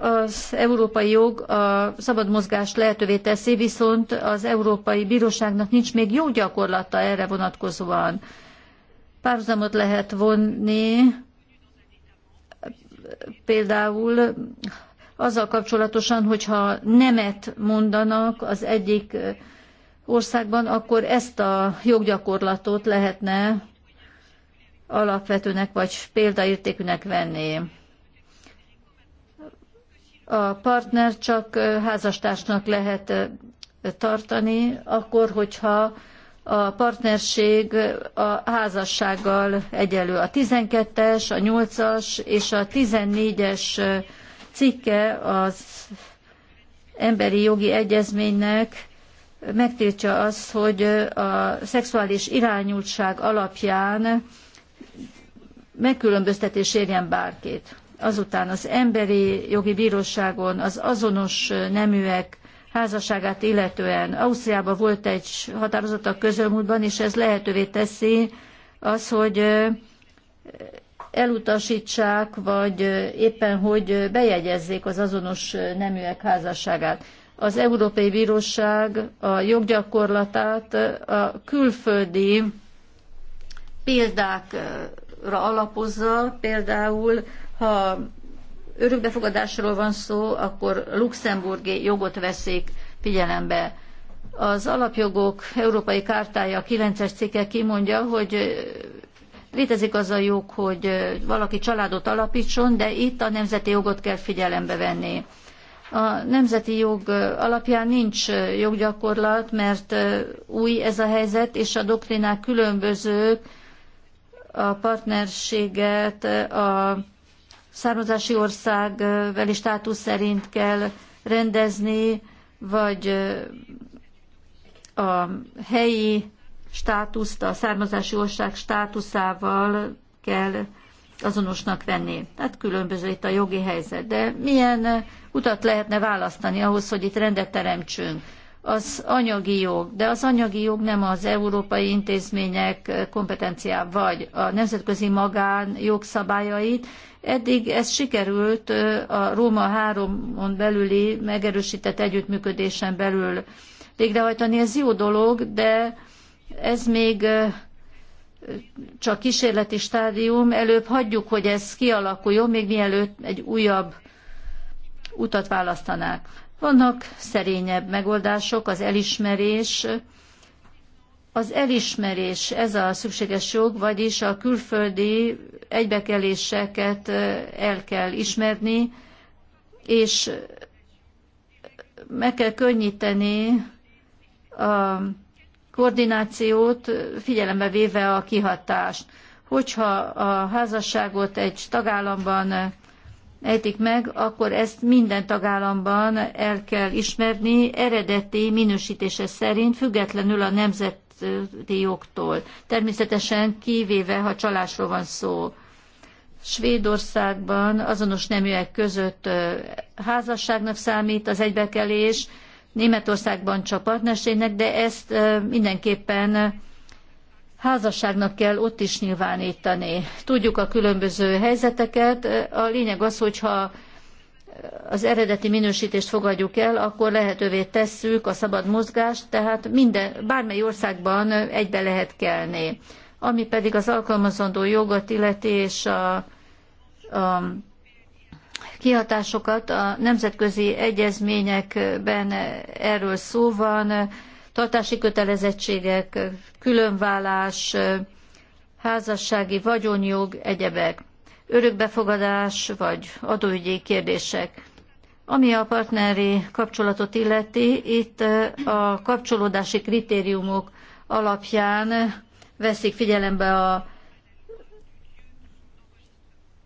Az európai jog a szabad mozgást lehetővé teszi, viszont az Európai Bíróságnak nincs még jó gyakorlata erre vonatkozóan. Párhuzamot lehet vonni például azzal kapcsolatosan, hogyha nemet mondanak az egyik országban, akkor ezt a joggyakorlatot lehetne alapvetőnek vagy példaértékűnek venni. A partner csak házastársnak lehet tartani, akkor, hogyha a partnerség a házassággal egyelő. A 12-es, a 8-as és a 14-es cikke az emberi jogi egyezménynek megtiltja az, hogy a szexuális irányultság alapján megkülönböztetés érjen bárkit. Azután az emberi jogi bíróságon az azonos neműek házasságát illetően. Ausztriában volt egy határozat a közelmúltban, és ez lehetővé teszi az, hogy elutasítsák, vagy éppen hogy bejegyezzék az azonos neműek házasságát az Európai Bíróság a joggyakorlatát a külföldi példákra alapozza, például ha örökbefogadásról van szó, akkor luxemburgi jogot veszik figyelembe. Az alapjogok Európai Kártája 9-es cikke kimondja, hogy létezik az a jog, hogy valaki családot alapítson, de itt a nemzeti jogot kell figyelembe venni. A nemzeti jog alapján nincs joggyakorlat, mert új ez a helyzet, és a doktrinák különbözők, a partnerséget a származási országbeli státusz szerint kell rendezni, vagy a helyi státuszt, a származási ország státuszával kell azonosnak venni. Tehát különböző itt a jogi helyzet. De milyen eh, utat lehetne választani ahhoz, hogy itt rendet teremtsünk? Az anyagi jog, de az anyagi jog nem az európai intézmények eh, kompetenciá, vagy a nemzetközi magán jogszabályait. Eddig ez sikerült eh, a Róma 3-on belüli megerősített együttműködésen belül végrehajtani. Ez jó dolog, de ez még csak kísérleti stádium, előbb hagyjuk, hogy ez kialakuljon, még mielőtt egy újabb utat választanák. Vannak szerényebb megoldások, az elismerés, az elismerés, ez a szükséges jog, vagyis a külföldi egybekeléseket el kell ismerni, és meg kell könnyíteni a koordinációt figyelembe véve a kihatást. Hogyha a házasságot egy tagállamban ejtik meg, akkor ezt minden tagállamban el kell ismerni eredeti minősítése szerint, függetlenül a nemzeti jogtól. Természetesen kivéve, ha csalásról van szó. Svédországban azonos neműek között házasságnak számít az egybekelés, Németországban csak partnerségnek, de ezt mindenképpen házasságnak kell ott is nyilvánítani. Tudjuk a különböző helyzeteket. A lényeg az, hogyha az eredeti minősítést fogadjuk el, akkor lehetővé tesszük a szabad mozgást, tehát minden, bármely országban egybe lehet kelni. Ami pedig az alkalmazandó jogot illeti és a, a kihatásokat. A nemzetközi egyezményekben erről szó van, tartási kötelezettségek, különvállás, házassági vagyonjog, egyebek, örökbefogadás vagy adóügyi kérdések. Ami a partneri kapcsolatot illeti, itt a kapcsolódási kritériumok alapján veszik figyelembe a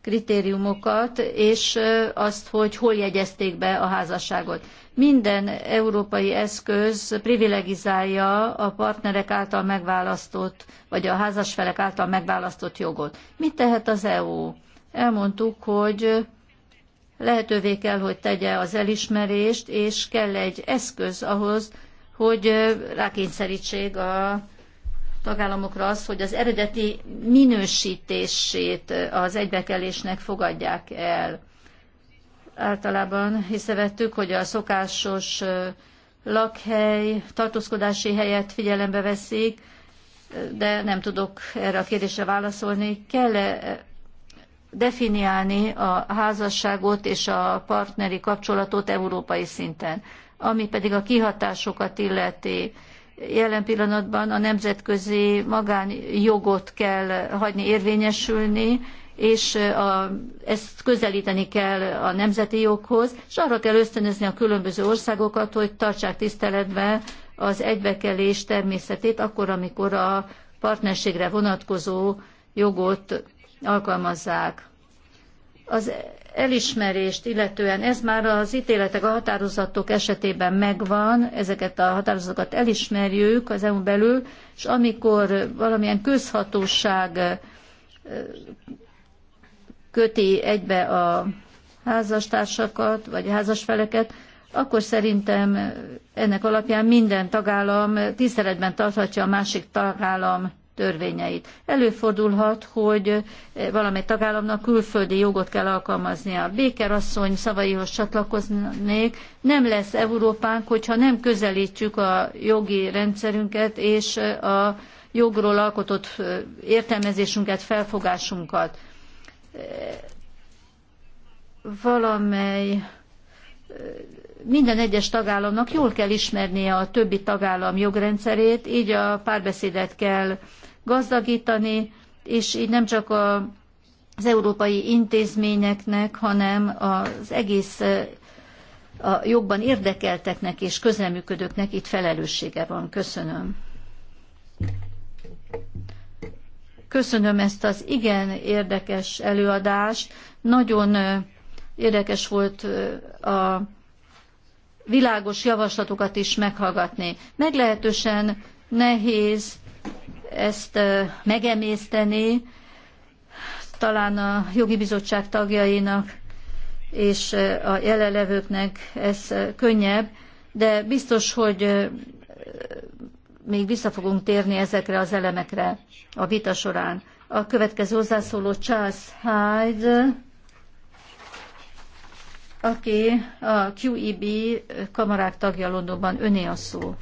kritériumokat, és azt, hogy hol jegyezték be a házasságot. Minden európai eszköz privilegizálja a partnerek által megválasztott, vagy a házasfelek által megválasztott jogot. Mit tehet az EU? Elmondtuk, hogy lehetővé kell, hogy tegye az elismerést, és kell egy eszköz ahhoz, hogy rákényszerítsék a tagállamokra az, hogy az eredeti minősítését az egybekelésnek fogadják el. Általában észrevettük, hogy a szokásos lakhely, tartózkodási helyet figyelembe veszik, de nem tudok erre a kérdésre válaszolni. kell -e definiálni a házasságot és a partneri kapcsolatot európai szinten? Ami pedig a kihatásokat illeti, jelen pillanatban a nemzetközi magánjogot kell hagyni érvényesülni, és a, ezt közelíteni kell a nemzeti joghoz, és arra kell ösztönözni a különböző országokat, hogy tartsák tiszteletben az egybekelés természetét, akkor, amikor a partnerségre vonatkozó jogot alkalmazzák az elismerést illetően ez már az ítéletek, a határozatok esetében megvan, ezeket a határozatokat elismerjük az EU belül, és amikor valamilyen közhatóság köti egybe a házastársakat, vagy házasfeleket, akkor szerintem ennek alapján minden tagállam tiszteletben tarthatja a másik tagállam törvényeit. Előfordulhat, hogy eh, valamely tagállamnak külföldi jogot kell alkalmaznia. Béker békerasszony szavaihoz csatlakoznék, nem lesz Európánk, hogyha nem közelítjük a jogi rendszerünket és eh, a jogról alkotott eh, értelmezésünket, felfogásunkat. Valamely minden egyes tagállamnak jól kell ismernie a többi tagállam jogrendszerét, így a párbeszédet kell gazdagítani, és így nem csak a, az európai intézményeknek, hanem az egész a jogban érdekelteknek és közreműködőknek itt felelőssége van. Köszönöm. Köszönöm ezt az igen érdekes előadást. Nagyon érdekes volt a világos javaslatokat is meghallgatni. Meglehetősen nehéz ezt megemészteni, talán a jogi bizottság tagjainak és a jelenlevőknek ez könnyebb, de biztos, hogy még vissza fogunk térni ezekre az elemekre a vita során. A következő hozzászóló Charles Hyde, aki a QEB kamarák tagja Londonban, öné a szó.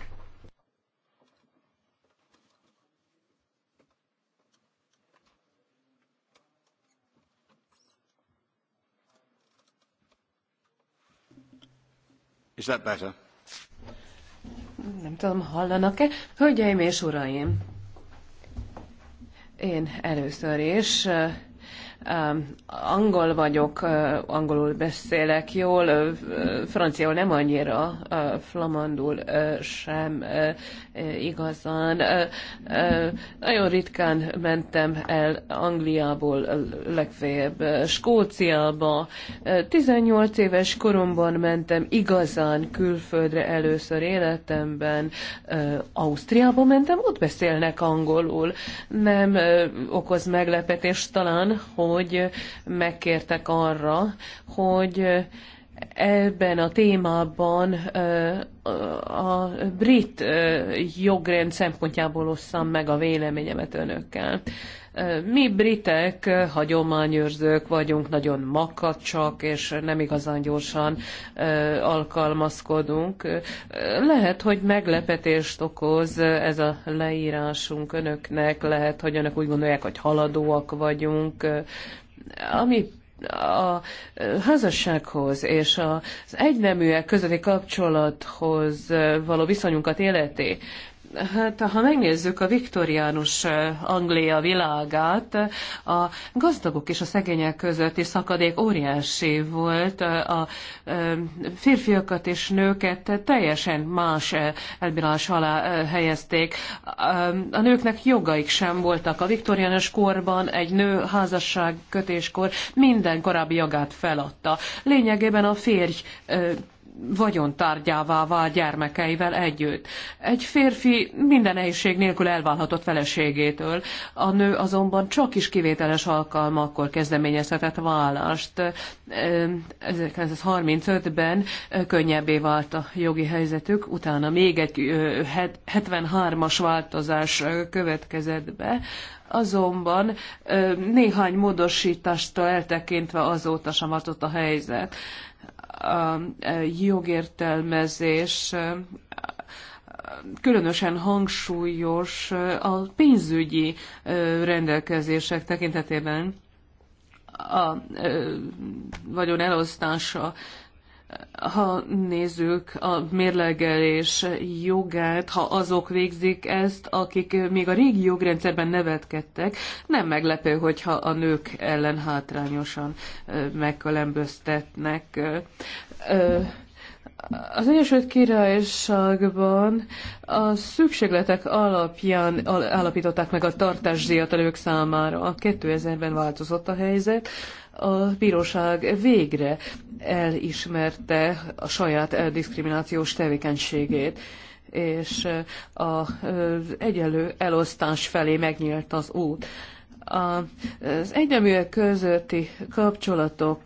Is that better? Nem tudom, hallanak-e? Hölgyeim és uraim! Én először is angol vagyok, angolul beszélek jól, franciául nem annyira, flamandul sem igazán. Nagyon ritkán mentem el Angliából legfeljebb Skóciába. 18 éves koromban mentem igazán külföldre először életemben. Ausztriába mentem, ott beszélnek angolul. Nem okoz meglepetést talán, hogy hogy megkértek arra, hogy ebben a témában a brit jogrend szempontjából osszam meg a véleményemet önökkel. Mi britek hagyományőrzők vagyunk, nagyon makacsak, és nem igazán gyorsan alkalmazkodunk. Lehet, hogy meglepetést okoz ez a leírásunk önöknek, lehet, hogy önök úgy gondolják, hogy haladóak vagyunk. Ami a házassághoz és az egyneműek közötti kapcsolathoz való viszonyunkat életé, Hát, ha megnézzük a viktoriánus Anglia világát, a gazdagok és a szegények közötti szakadék óriási volt, a férfiakat és nőket teljesen más elbírás alá helyezték. A nőknek jogaik sem voltak. A viktoriánus korban egy nő házasság kötéskor minden korábbi jogát feladta. Lényegében a férj vagyontárgyává vált gyermekeivel együtt. Egy férfi minden nehézség nélkül elválhatott feleségétől, a nő azonban csak is kivételes alkalmakkor kezdeményezhetett vállást. 1935-ben könnyebbé vált a jogi helyzetük, utána még egy 73-as változás következett be, azonban néhány módosítástól eltekintve azóta sem változott a helyzet a jogértelmezés különösen hangsúlyos a pénzügyi rendelkezések tekintetében a vagyon elosztása ha nézzük a mérlegelés jogát, ha azok végzik ezt, akik még a régi jogrendszerben nevetkedtek, nem meglepő, hogyha a nők ellen hátrányosan megkülönböztetnek. Az Egyesült Királyságban a szükségletek alapján állapították meg a tartásdíjat a nők számára. A 2000-ben változott a helyzet, a bíróság végre elismerte a saját diszkriminációs tevékenységét és az egyenlő elosztás felé megnyílt az út. Az egyneműek közötti kapcsolatok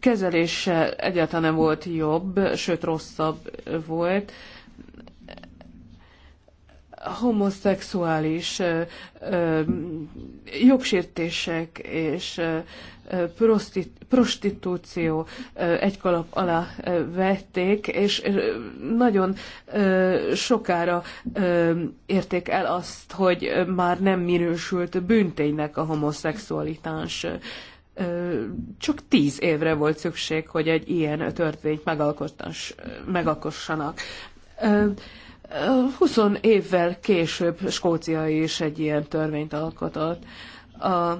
kezelése egyáltalán nem volt jobb, sőt rosszabb volt homoszexuális jogsértések és prostitúció egy kalap alá vették, és nagyon sokára érték el azt, hogy már nem minősült bűnténynek a homoszexualitás. Csak tíz évre volt szükség, hogy egy ilyen törvényt megalkossanak 20 évvel később Skócia is egy ilyen törvényt alkotott. A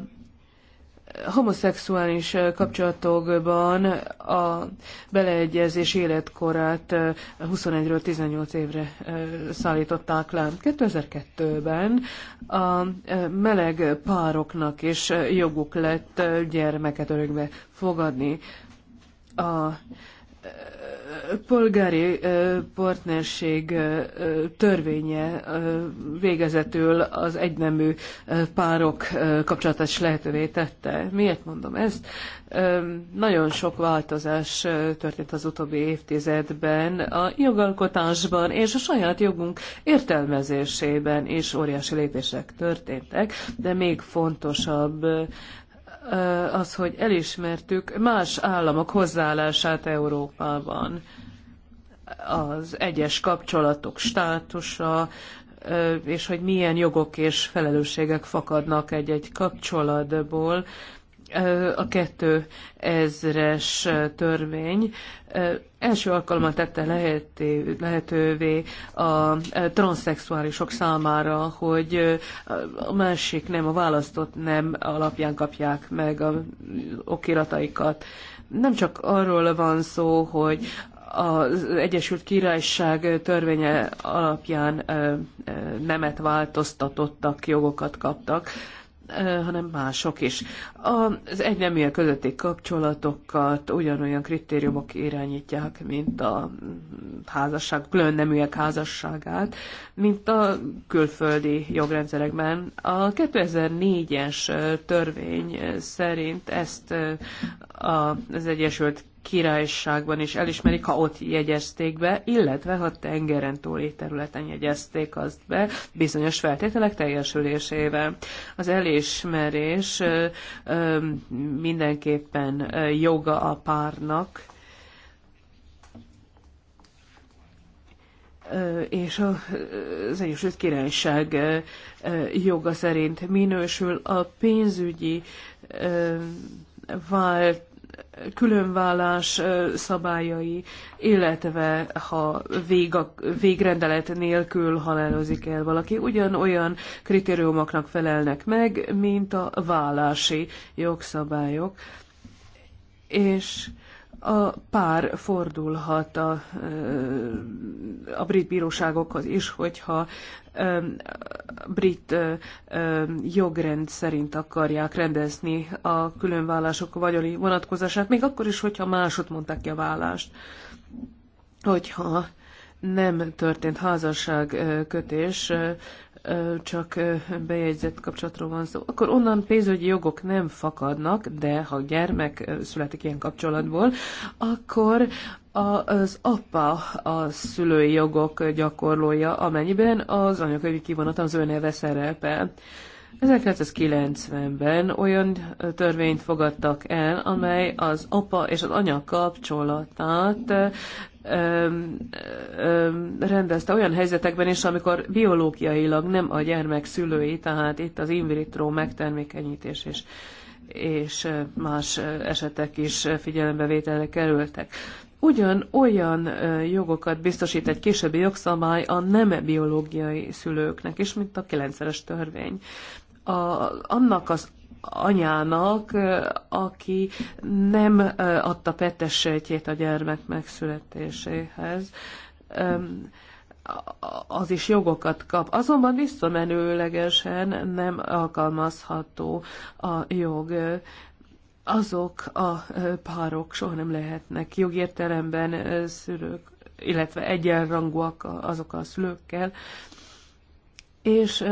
homoszexuális kapcsolatokban a beleegyezés életkorát 21-ről 18 évre szállították le. 2002-ben a meleg pároknak is joguk lett gyermeket örökbe fogadni. A polgári partnerség törvénye végezetül az egynemű párok kapcsolatát is lehetővé tette. Miért mondom ezt? Nagyon sok változás történt az utóbbi évtizedben a jogalkotásban és a saját jogunk értelmezésében is óriási lépések történtek, de még fontosabb az, hogy elismertük más államok hozzáállását Európában. Az egyes kapcsolatok státusa, és hogy milyen jogok és felelősségek fakadnak egy-egy kapcsolatból, a 2000-es törvény első alkalommal tette lehetővé a transzexuálisok számára, hogy a másik nem, a választott nem alapján kapják meg a okirataikat. Nem csak arról van szó, hogy az Egyesült Királyság törvénye alapján nemet változtatottak, jogokat kaptak, hanem mások is. Az egyneműek közötti kapcsolatokat ugyanolyan kritériumok irányítják, mint a házasság, külön neműek házasságát, mint a külföldi jogrendszerekben. A 2004-es törvény szerint ezt az Egyesült Királyságban is elismerik, ha ott jegyezték be, illetve ha tengeren túli területen jegyezték azt be, bizonyos feltételek teljesülésével. Az elismerés mindenképpen joga a párnak, és az Egyesült Királyság joga szerint minősül a pénzügyi vált különvállás szabályai, illetve ha véga, végrendelet nélkül halálozik el valaki, ugyanolyan kritériumoknak felelnek meg, mint a vállási jogszabályok. És a pár fordulhat a, a brit bíróságokhoz is, hogyha brit jogrend szerint akarják rendezni a különvállások vagyoni vonatkozását, még akkor is, hogyha másod mondták ki a vállást. Hogyha nem történt házasságkötés csak bejegyzett kapcsolatról van szó, akkor onnan pénzügyi jogok nem fakadnak, de ha gyermek születik ilyen kapcsolatból, akkor az apa a szülői jogok gyakorlója, amennyiben az anyakönyvi kivonat az ő neve szerepel. 1990-ben olyan törvényt fogadtak el, amely az apa és az anya kapcsolatát rendezte olyan helyzetekben is, amikor biológiailag nem a gyermek szülői, tehát itt az in vitro megtermékenyítés és, és más esetek is figyelembevételre kerültek. Ugyan olyan jogokat biztosít egy későbbi jogszabály a nem biológiai szülőknek is, mint a 9-es törvény. A, annak az anyának, aki nem adta petesejtjét a gyermek megszületéséhez az is jogokat kap. Azonban visszamenőlegesen nem alkalmazható a jog. Azok a párok soha nem lehetnek jogértelemben szülők, illetve egyenrangúak azok a szülőkkel, és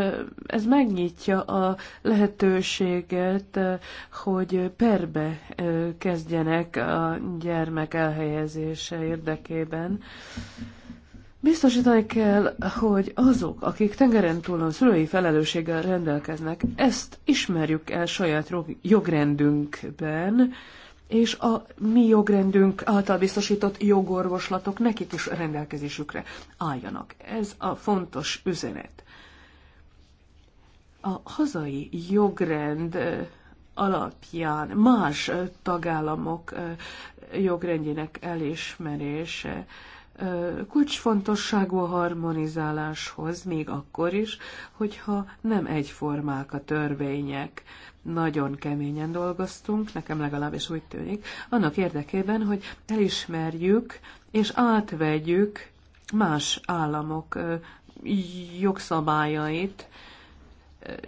ez megnyitja a lehetőséget, hogy perbe kezdjenek a gyermek elhelyezése érdekében. Biztosítani kell, hogy azok, akik tengeren a szülői felelősséggel rendelkeznek, ezt ismerjük el saját jogrendünkben, és a mi jogrendünk által biztosított jogorvoslatok nekik is rendelkezésükre álljanak. Ez a fontos üzenet a hazai jogrend alapján más tagállamok jogrendjének elismerése kulcsfontosságú a harmonizáláshoz, még akkor is, hogyha nem egyformák a törvények. Nagyon keményen dolgoztunk, nekem legalábbis úgy tűnik, annak érdekében, hogy elismerjük és átvegyük más államok jogszabályait,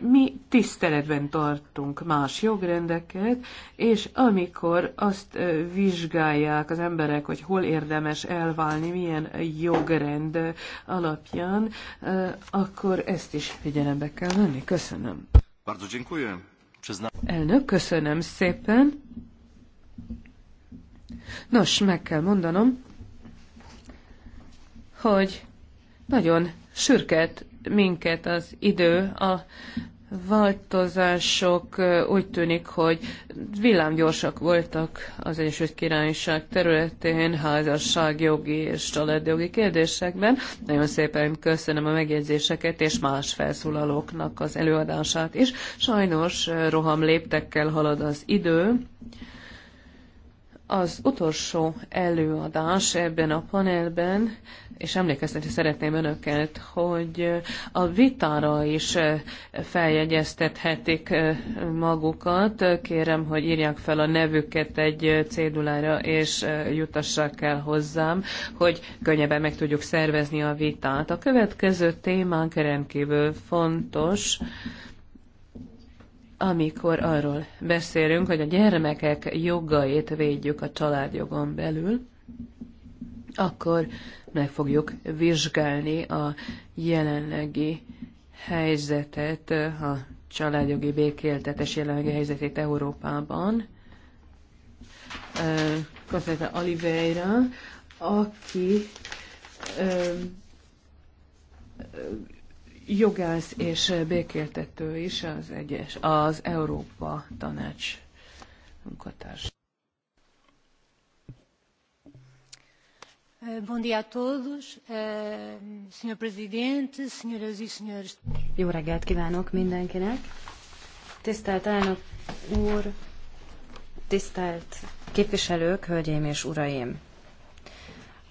mi tiszteletben tartunk más jogrendeket, és amikor azt vizsgálják az emberek, hogy hol érdemes elválni, milyen jogrend alapján, akkor ezt is figyelembe kell venni. Köszönöm. Bardzo dziękuję. Elnök, köszönöm szépen. Nos, meg kell mondanom, hogy nagyon sürket minket az idő, a változások úgy tűnik, hogy villámgyorsak voltak az Egyesült Királyság területén, házasság, jogi és családjogi kérdésekben. Nagyon szépen köszönöm a megjegyzéseket és más felszólalóknak az előadását is. Sajnos roham léptekkel halad az idő, az utolsó előadás ebben a panelben, és emlékeztetni szeretném önöket, hogy a vitára is eh, feljegyeztethetik eh, magukat. Kérem, hogy írják fel a nevüket egy eh, cédulára, és jutassák el hozzám, hogy könnyebben meg tudjuk szervezni a vitát. A következő témánk rendkívül fontos amikor arról beszélünk, hogy a gyermekek jogait védjük a családjogon belül, akkor meg fogjuk vizsgálni a jelenlegi helyzetet, a családjogi békéltetés jelenlegi helyzetét Európában. Kozeta Oliveira, aki jogász és békéltető is az egyes, az Európa Tanács munkatárs. Eh, bom dia a todos, eh, Sr. Presidente, Sras. e Srs. Jó reggelt kívánok mindenkinek! Tisztelt elnök úr, tisztelt képviselők, hölgyeim és uraim!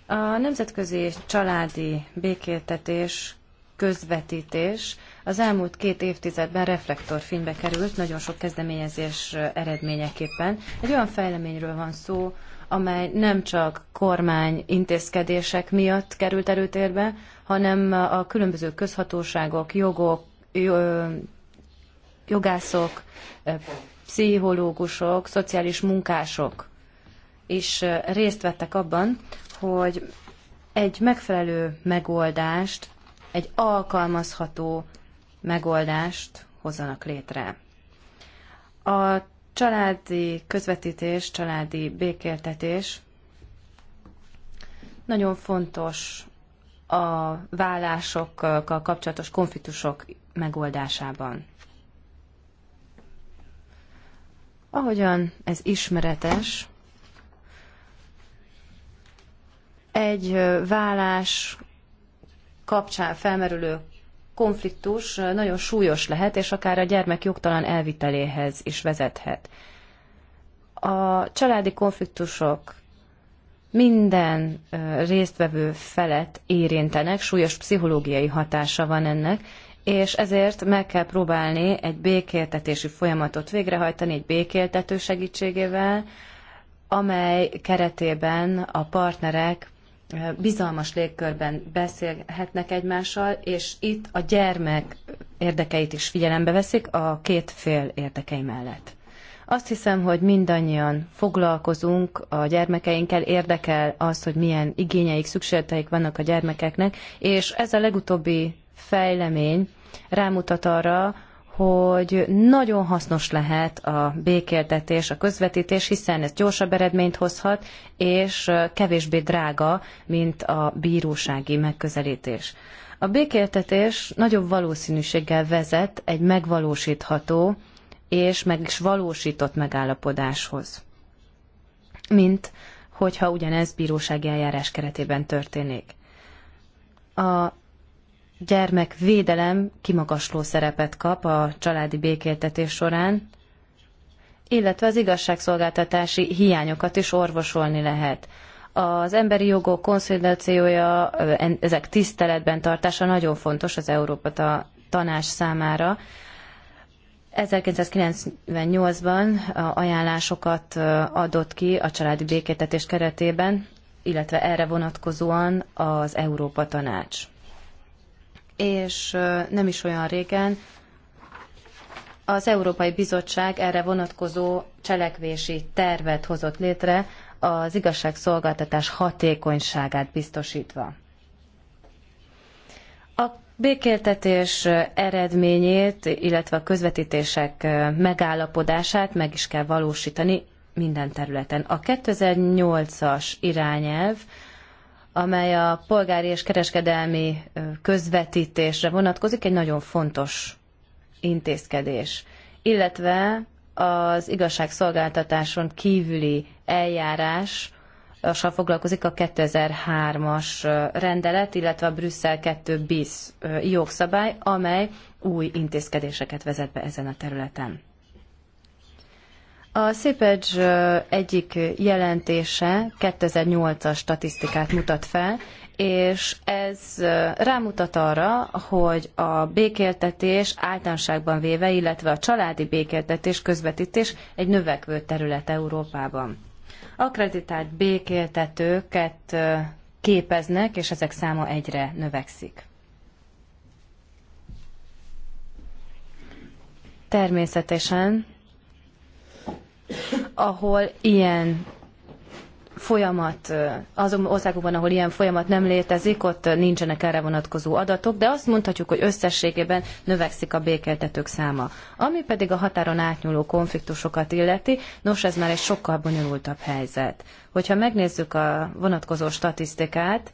A nemzetközi családi békéltetés közvetítés az elmúlt két évtizedben reflektorfénybe került, nagyon sok kezdeményezés eredményeképpen. Egy olyan fejleményről van szó, amely nem csak kormány intézkedések miatt került előtérbe, hanem a különböző közhatóságok, jogok, jogászok, pszichológusok, szociális munkások is részt vettek abban, hogy egy megfelelő megoldást egy alkalmazható megoldást hozzanak létre. A családi közvetítés, családi békéltetés nagyon fontos a vállásokkal kapcsolatos konfliktusok megoldásában. Ahogyan ez ismeretes, egy vállás kapcsán felmerülő konfliktus nagyon súlyos lehet, és akár a gyermek jogtalan elviteléhez is vezethet. A családi konfliktusok minden résztvevő felett érintenek, súlyos pszichológiai hatása van ennek, és ezért meg kell próbálni egy békéltetési folyamatot végrehajtani, egy békéltető segítségével, amely keretében a partnerek bizalmas légkörben beszélhetnek egymással, és itt a gyermek érdekeit is figyelembe veszik a két fél érdekei mellett. Azt hiszem, hogy mindannyian foglalkozunk a gyermekeinkkel, érdekel az, hogy milyen igényeik, szükségleteik vannak a gyermekeknek, és ez a legutóbbi fejlemény rámutat arra, hogy nagyon hasznos lehet a békéltetés, a közvetítés, hiszen ez gyorsabb eredményt hozhat, és kevésbé drága, mint a bírósági megközelítés. A békéltetés nagyobb valószínűséggel vezet egy megvalósítható és meg is valósított megállapodáshoz, mint hogyha ugyanez bírósági eljárás keretében történik. A gyermekvédelem kimagasló szerepet kap a családi békéltetés során, illetve az igazságszolgáltatási hiányokat is orvosolni lehet. Az emberi jogok konszolidációja, ezek tiszteletben tartása nagyon fontos az Európa Tanács számára. 1998-ban ajánlásokat adott ki a családi békétetés keretében, illetve erre vonatkozóan az Európa Tanács és nem is olyan régen az Európai Bizottság erre vonatkozó cselekvési tervet hozott létre az igazságszolgáltatás hatékonyságát biztosítva. A békéltetés eredményét, illetve a közvetítések megállapodását meg is kell valósítani minden területen. A 2008-as irányelv amely a polgári és kereskedelmi közvetítésre vonatkozik, egy nagyon fontos intézkedés. Illetve az igazságszolgáltatáson kívüli eljárás, azzal foglalkozik a 2003-as rendelet, illetve a Brüsszel 2 bis jogszabály, amely új intézkedéseket vezet be ezen a területen. A CPEG egyik jelentése 2008-as statisztikát mutat fel, és ez rámutat arra, hogy a békéltetés általánosságban véve, illetve a családi békéltetés közvetítés egy növekvő terület Európában. Akreditált békéltetőket képeznek, és ezek száma egyre növekszik. Természetesen ahol ilyen folyamat, azon országokban, ahol ilyen folyamat nem létezik, ott nincsenek erre vonatkozó adatok, de azt mondhatjuk, hogy összességében növekszik a békeltetők száma. Ami pedig a határon átnyúló konfliktusokat illeti, nos, ez már egy sokkal bonyolultabb helyzet. Hogyha megnézzük a vonatkozó statisztikát,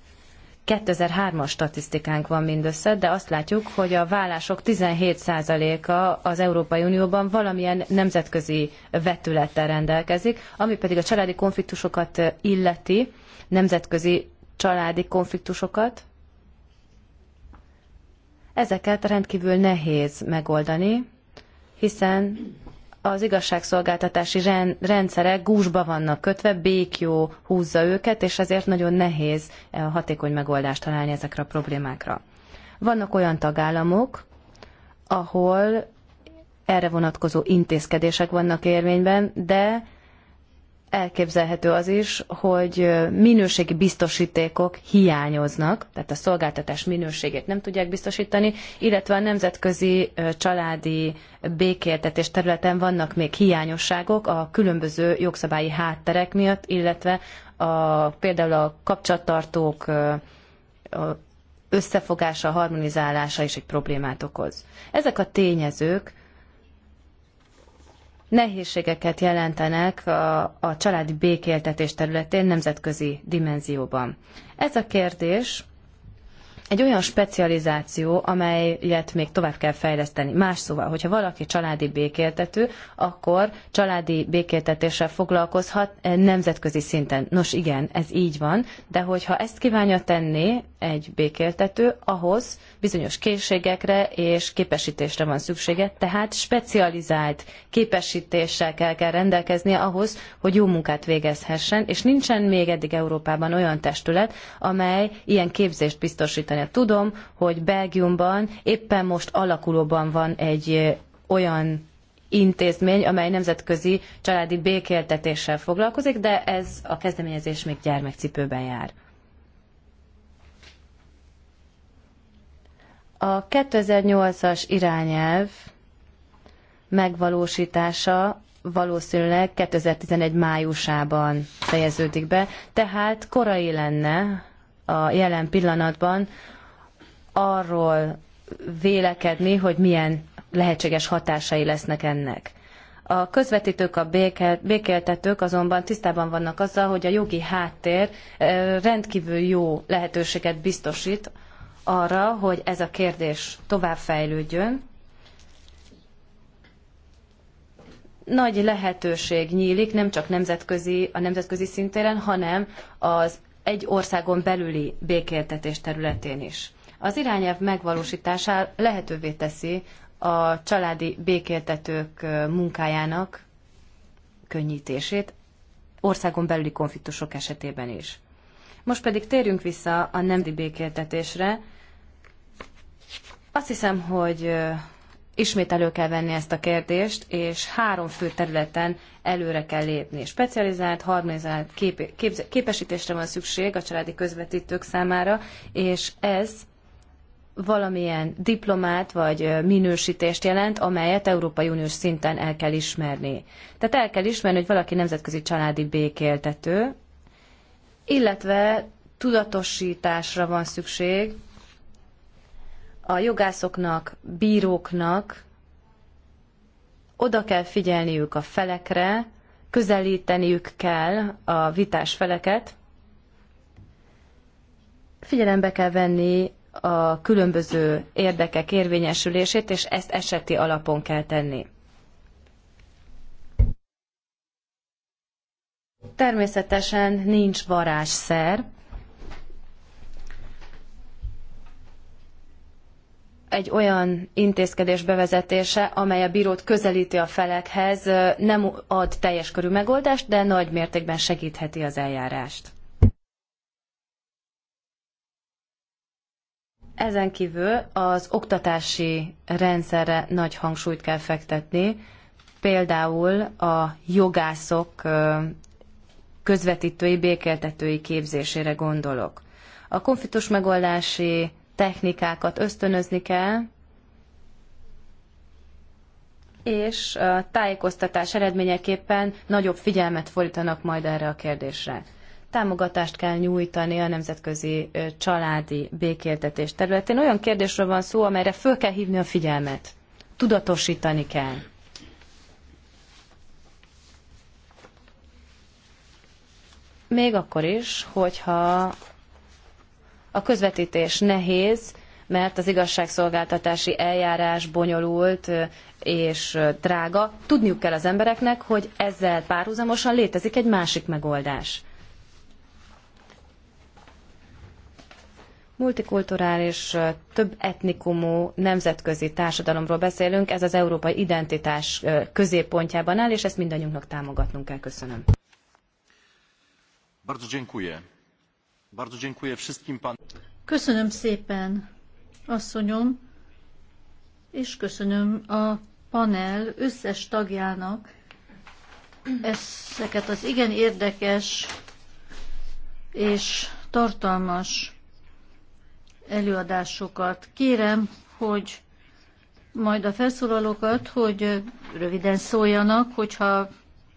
2003-as statisztikánk van mindössze, de azt látjuk, hogy a vállások 17%-a az Európai Unióban valamilyen nemzetközi vetülettel rendelkezik, ami pedig a családi konfliktusokat illeti, nemzetközi családi konfliktusokat. Ezeket rendkívül nehéz megoldani, hiszen az igazságszolgáltatási rendszerek gúzsba vannak kötve, békjó húzza őket, és ezért nagyon nehéz eh, hatékony megoldást találni ezekre a problémákra. Vannak olyan tagállamok, ahol erre vonatkozó intézkedések vannak érvényben, de elképzelhető az is, hogy minőségi biztosítékok hiányoznak, tehát a szolgáltatás minőségét nem tudják biztosítani, illetve a nemzetközi családi békéltetés területen vannak még hiányosságok a különböző jogszabályi hátterek miatt, illetve a, például a kapcsolattartók összefogása, harmonizálása is egy problémát okoz. Ezek a tényezők nehézségeket jelentenek a, a családi békéltetés területén nemzetközi dimenzióban. Ez a kérdés egy olyan specializáció, amelyet még tovább kell fejleszteni. Más szóval, hogyha valaki családi békéltető, akkor családi békéltetéssel foglalkozhat eh, nemzetközi szinten. Nos igen, ez így van, de hogyha ezt kívánja tenni egy békéltető, ahhoz bizonyos készségekre és képesítésre van szüksége, tehát specializált képesítéssel kell, kell rendelkeznie ahhoz, hogy jó munkát végezhessen, és nincsen még eddig Európában olyan testület, amely ilyen képzést biztosítani mert tudom, hogy Belgiumban éppen most alakulóban van egy olyan intézmény, amely nemzetközi családi békéltetéssel foglalkozik, de ez a kezdeményezés még gyermekcipőben jár. A 2008-as irányelv megvalósítása valószínűleg 2011 májusában fejeződik be, tehát korai lenne a jelen pillanatban arról vélekedni, hogy milyen lehetséges hatásai lesznek ennek. A közvetítők, a békéltetők azonban tisztában vannak azzal, hogy a jogi háttér rendkívül jó lehetőséget biztosít arra, hogy ez a kérdés továbbfejlődjön. Nagy lehetőség nyílik nem csak nemzetközi, a nemzetközi szintéren, hanem az egy országon belüli békéltetés területén is. Az irányelv megvalósítása lehetővé teszi a családi békéltetők munkájának könnyítését, országon belüli konfliktusok esetében is. Most pedig térjünk vissza a nemdi békéltetésre. Azt hiszem, hogy ismét elő kell venni ezt a kérdést, és három fő területen előre kell lépni. Specializált, harmonizált kép, képesítésre van szükség a családi közvetítők számára, és ez valamilyen diplomát vagy minősítést jelent, amelyet Európai Uniós szinten el kell ismerni. Tehát el kell ismerni, hogy valaki nemzetközi családi békéltető, illetve tudatosításra van szükség a jogászoknak, bíróknak, oda kell figyelniük a felekre, közelíteniük kell a vitás feleket, figyelembe kell venni a különböző érdekek érvényesülését, és ezt eseti alapon kell tenni. Természetesen nincs varázsszer. Egy olyan intézkedés bevezetése, amely a bírót közelíti a felekhez, nem ad teljes körű megoldást, de nagy mértékben segítheti az eljárást. Ezen kívül az oktatási rendszerre nagy hangsúlyt kell fektetni, például a jogászok közvetítői, békéltetői képzésére gondolok. A konfliktus megoldási technikákat ösztönözni kell, és a tájékoztatás eredményeképpen nagyobb figyelmet fordítanak majd erre a kérdésre támogatást kell nyújtani a nemzetközi családi békéltetés területén. Olyan kérdésről van szó, amelyre föl kell hívni a figyelmet. Tudatosítani kell. Még akkor is, hogyha a közvetítés nehéz, mert az igazságszolgáltatási eljárás bonyolult és drága. Tudniuk kell az embereknek, hogy ezzel párhuzamosan létezik egy másik megoldás multikulturális, több etnikumú nemzetközi társadalomról beszélünk, ez az európai identitás középpontjában áll, és ezt mindannyiunknak támogatnunk kell. Köszönöm. Bardzo dziękuję. Bardzo dziękuję wszystkim pan... Köszönöm szépen, asszonyom, és köszönöm a panel összes tagjának ezeket az igen érdekes és tartalmas előadásokat. Kérem, hogy majd a felszólalókat, hogy röviden szóljanak, hogyha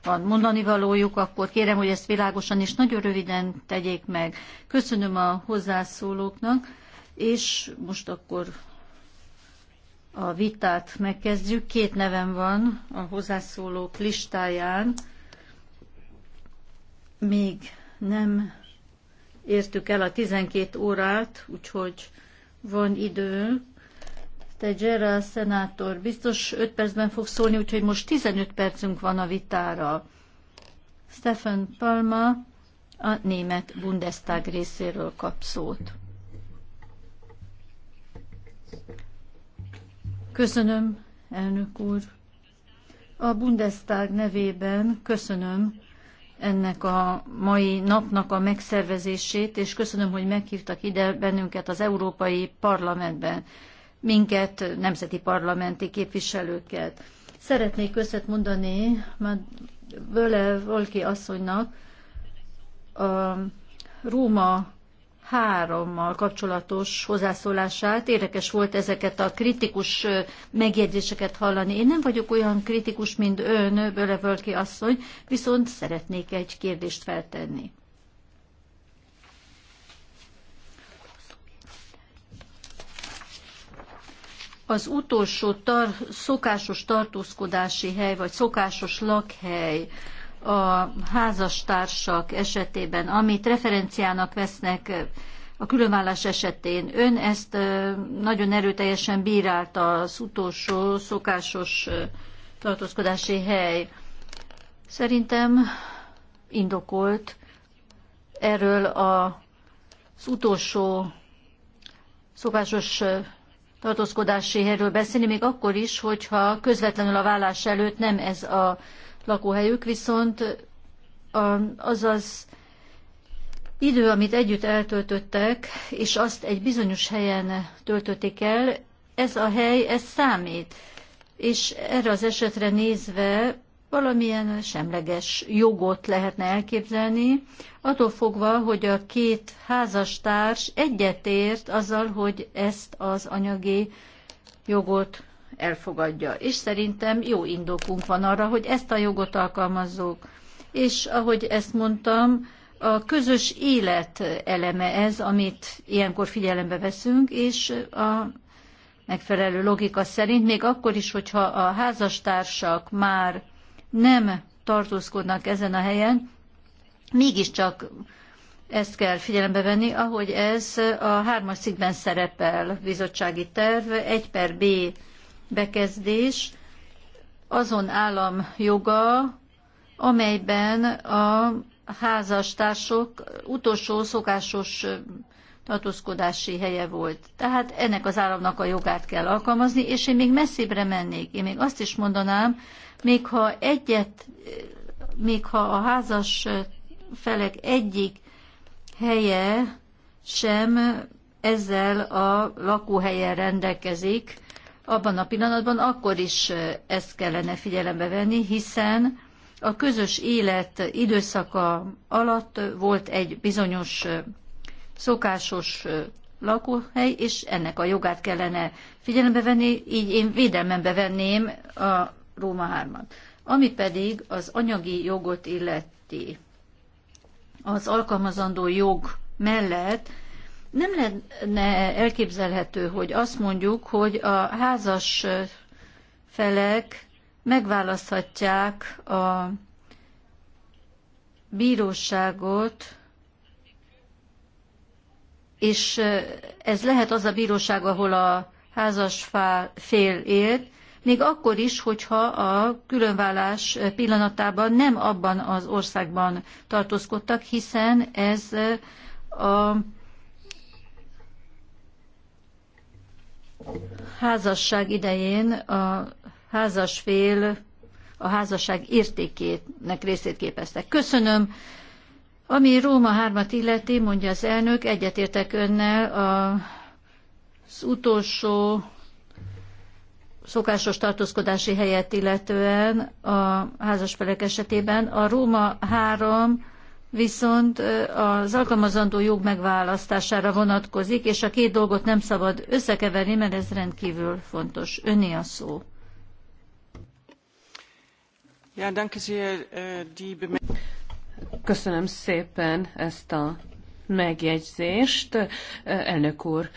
van mondani valójuk, akkor kérem, hogy ezt világosan és nagyon röviden tegyék meg. Köszönöm a hozzászólóknak, és most akkor a vitát megkezdjük. Két nevem van a hozzászólók listáján. Még nem értük el a 12 órát, úgyhogy van idő. Tejera szenátor biztos 5 percben fog szólni, úgyhogy most 15 percünk van a vitára. Stefan Palma a német Bundestag részéről kap szót. Köszönöm, elnök úr. A Bundestag nevében köszönöm ennek a mai napnak a megszervezését, és köszönöm, hogy meghívtak ide bennünket az Európai Parlamentben, minket, nemzeti parlamenti képviselőket. Szeretnék köszönet mondani mert Böle Volki asszonynak, a Róma hárommal kapcsolatos hozzászólását. Érdekes volt ezeket a kritikus megjegyzéseket hallani. Én nem vagyok olyan kritikus, mint ön, Bölevölki asszony, viszont szeretnék egy kérdést feltenni. Az utolsó tar- szokásos tartózkodási hely, vagy szokásos lakhely, a házastársak esetében, amit referenciának vesznek a különvállás esetén. Ön ezt nagyon erőteljesen bírálta az utolsó szokásos tartózkodási hely. Szerintem indokolt erről az utolsó szokásos tartózkodási helyről beszélni, még akkor is, hogyha közvetlenül a vállás előtt nem ez a lakóhelyük, viszont az az idő, amit együtt eltöltöttek, és azt egy bizonyos helyen töltötték el, ez a hely, ez számít. És erre az esetre nézve valamilyen semleges jogot lehetne elképzelni, attól fogva, hogy a két házastárs egyetért azzal, hogy ezt az anyagi jogot elfogadja. És szerintem jó indokunk van arra, hogy ezt a jogot alkalmazzuk. És ahogy ezt mondtam, a közös élet eleme ez, amit ilyenkor figyelembe veszünk, és a megfelelő logika szerint, még akkor is, hogyha a házastársak már nem tartózkodnak ezen a helyen, mégiscsak ezt kell figyelembe venni, ahogy ez a hármas cikkben szerepel bizottsági terv, 1 per B bekezdés azon állam joga, amelyben a házastársok utolsó szokásos tartózkodási helye volt. Tehát ennek az államnak a jogát kell alkalmazni, és én még messzibbre mennék. Én még azt is mondanám, még ha egyet, még ha a házas felek egyik helye sem ezzel a lakóhelyen rendelkezik, abban a pillanatban akkor is ezt kellene figyelembe venni, hiszen a közös élet időszaka alatt volt egy bizonyos szokásos lakóhely, és ennek a jogát kellene figyelembe venni, így én védelmembe venném a Róma 3-at. Ami pedig az anyagi jogot illeti, az alkalmazandó jog mellett nem lenne elképzelhető, hogy azt mondjuk, hogy a házas felek megválaszthatják a bíróságot, és ez lehet az a bíróság, ahol a házas fél élt, még akkor is, hogyha a különvállás pillanatában nem abban az országban tartózkodtak, hiszen ez a házasság idején a házasfél a házasság értékének részét képezte. Köszönöm. Ami Róma 3-at illeti, mondja az elnök, egyetértek önnel a, az utolsó szokásos tartózkodási helyet illetően a házasfelek esetében. A Róma 3 viszont az alkalmazandó jog megválasztására vonatkozik, és a két dolgot nem szabad összekeverni, mert ez rendkívül fontos. Öné a szó. Ja, Köszönöm szépen ezt a megjegyzést. Elnök úr,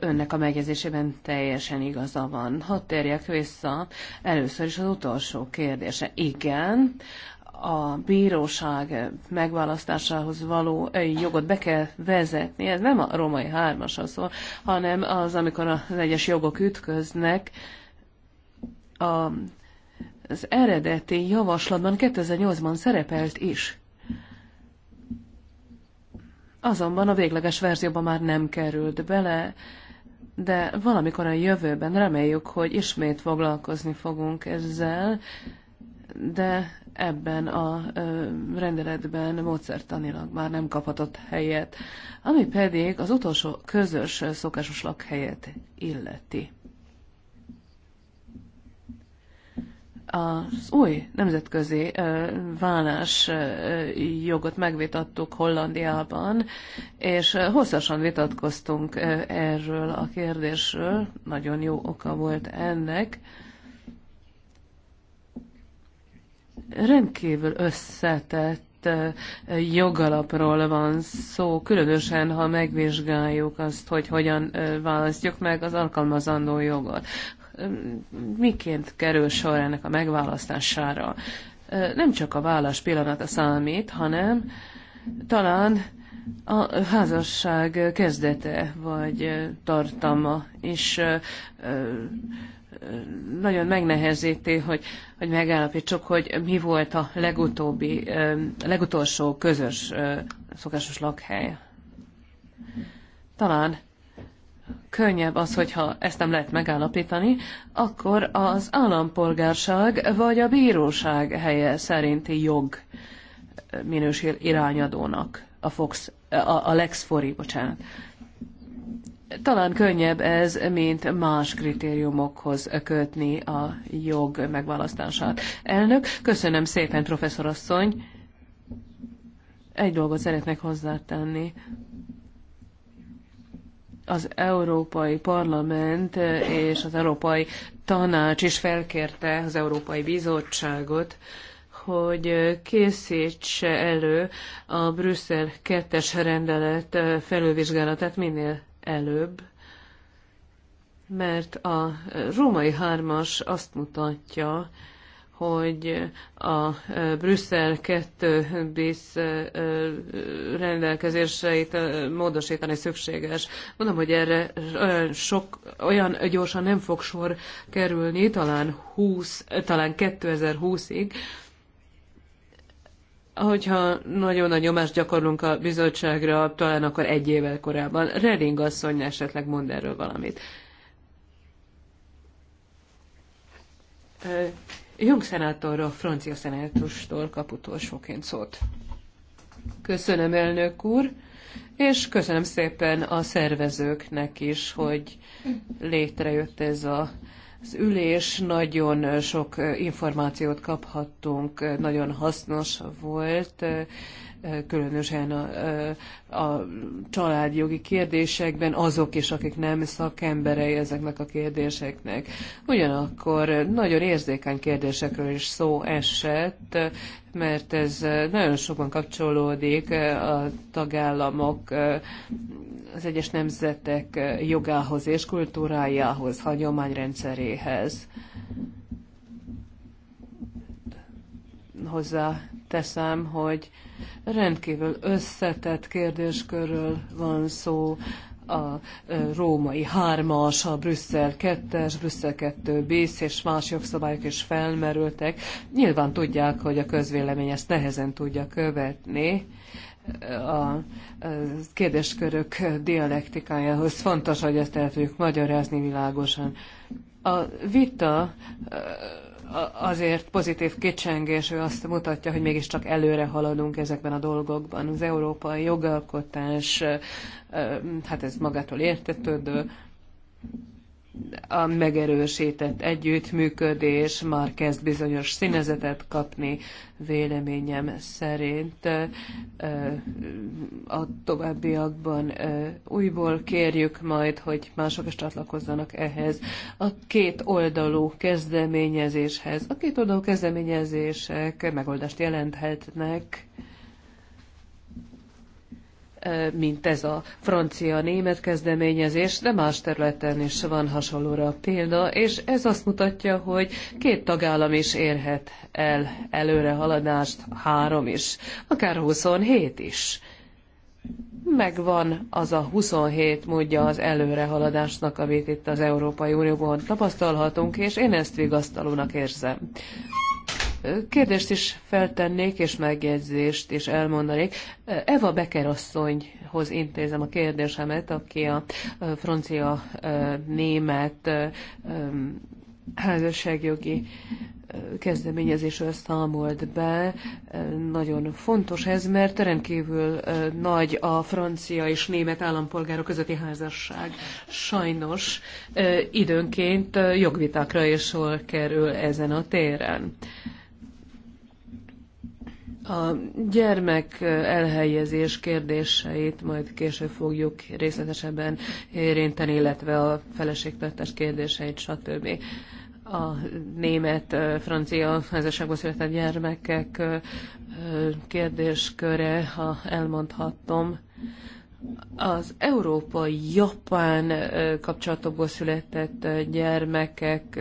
önnek a megjegyzésében teljesen igaza van. Hadd térjek vissza először is az utolsó kérdése. Igen, a bíróság megválasztásához való jogot be kell vezetni. Ez nem a romai hármas az, hanem az, amikor az egyes jogok ütköznek, a, az eredeti javaslatban 2008-ban szerepelt is. Azonban a végleges verzióban már nem került bele, de valamikor a jövőben reméljük, hogy ismét foglalkozni fogunk ezzel, de ebben a rendeletben módszertanilag már nem kaphatott helyet, ami pedig az utolsó közös szokásos lakhelyet illeti. az új nemzetközi vállás jogot megvitattuk Hollandiában, és hosszasan vitatkoztunk erről a kérdésről, nagyon jó oka volt ennek, rendkívül összetett eh, jogalapról van szó, különösen ha megvizsgáljuk azt, hogy hogyan eh, választjuk meg az alkalmazandó jogot. Hm, miként kerül sor ennek a megválasztására? Eh, nem csak a válasz pillanata számít, hanem talán a házasság kezdete vagy tartama is nagyon megnehezíti, hogy, hogy megállapítsuk, hogy mi volt a legutóbbi, legutolsó közös szokásos lakhely. Talán könnyebb az, hogyha ezt nem lehet megállapítani, akkor az állampolgárság vagy a bíróság helye szerinti jog minősül irányadónak a, Fox, a, a Lex Fori, bocsánat. Talán könnyebb ez, mint más kritériumokhoz kötni a jog megválasztását. Elnök, köszönöm szépen, professzor asszony. Egy dolgot szeretnék hozzátenni az Európai Parlament és az Európai Tanács is felkérte az Európai Bizottságot, hogy készítse elő a Brüsszel kettes rendelet felülvizsgálatát minél előbb, mert a római hármas azt mutatja, hogy a Brüsszel 2 bis rendelkezéseit módosítani szükséges. Mondom, hogy erre olyan, sok, olyan gyorsan nem fog sor kerülni, talán 20, talán 2020-ig, hogyha nagyon nagy nyomást gyakorlunk a bizottságra, talán akkor egy évvel korábban. Reding asszony esetleg mond erről valamit. Jung szenátorra, francia szenátustól kap utolsóként szót. Köszönöm, elnök úr, és köszönöm szépen a szervezőknek is, hogy létrejött ez a az ülés nagyon sok információt kaphattunk, nagyon hasznos volt különösen a, a családjogi kérdésekben azok is, akik nem szakemberei ezeknek a kérdéseknek. Ugyanakkor nagyon érzékeny kérdésekről is szó esett, mert ez nagyon sokan kapcsolódik a tagállamok, az egyes nemzetek jogához és kultúrájához, hagyományrendszeréhez hozzá teszem, hogy rendkívül összetett kérdéskörről van szó, a római hármas, a Brüsszel kettes, Brüsszel kettő bész, és más jogszabályok is felmerültek. Nyilván tudják, hogy a közvélemény ezt nehezen tudja követni. A kérdéskörök dialektikájához fontos, hogy ezt el tudjuk magyarázni világosan. A vita azért pozitív kicsengésű azt mutatja, hogy mégiscsak előre haladunk ezekben a dolgokban. Az európai jogalkotás, hát ez magától értetődő, a megerősített együttműködés már kezd bizonyos színezetet kapni, véleményem szerint. A továbbiakban újból kérjük majd, hogy mások is csatlakozzanak ehhez a két oldalú kezdeményezéshez. A két oldalú kezdeményezések megoldást jelenthetnek mint ez a francia-német kezdeményezés, de más területen is van hasonlóra a példa, és ez azt mutatja, hogy két tagállam is érhet el előrehaladást, három is, akár 27 is. Megvan az a 27 módja az előrehaladásnak, amit itt az Európai Unióban tapasztalhatunk, és én ezt vigasztalónak érzem. Kérdést is feltennék, és megjegyzést is elmondanék. Eva Bekerasszonyhoz intézem a kérdésemet, aki a francia-német házasságjogi kezdeményezésről számolt be. Nagyon fontos ez, mert rendkívül nagy a francia és német állampolgárok közötti házasság. Sajnos időnként jogvitákra is sor kerül ezen a téren. A gyermek elhelyezés kérdéseit majd később fogjuk részletesebben érinteni, illetve a feleségtartás kérdéseit, stb. A német, francia házasságban született gyermekek kérdésköre, ha elmondhatom, az európai-japán kapcsolatokból született gyermekek,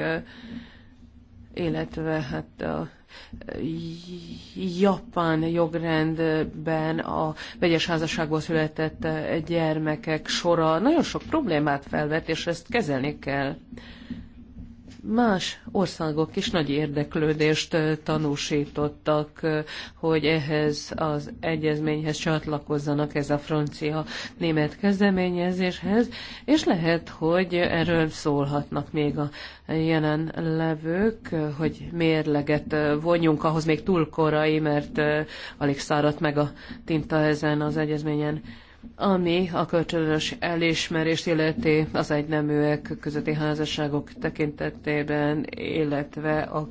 illetve hát a japán jogrendben a vegyes házasságból született eh, gyermekek sora nagyon sok problémát felvet, és ezt kezelni kell más országok is nagy érdeklődést tanúsítottak, hogy ehhez az egyezményhez csatlakozzanak ez a francia-német kezdeményezéshez, és lehet, hogy erről szólhatnak még a jelen levők, hogy mérleget vonjunk, ahhoz még túl korai, mert alig száradt meg a tinta ezen az egyezményen ami a kölcsönös elismerést illeti az egyneműek közötti házasságok tekintetében, illetve a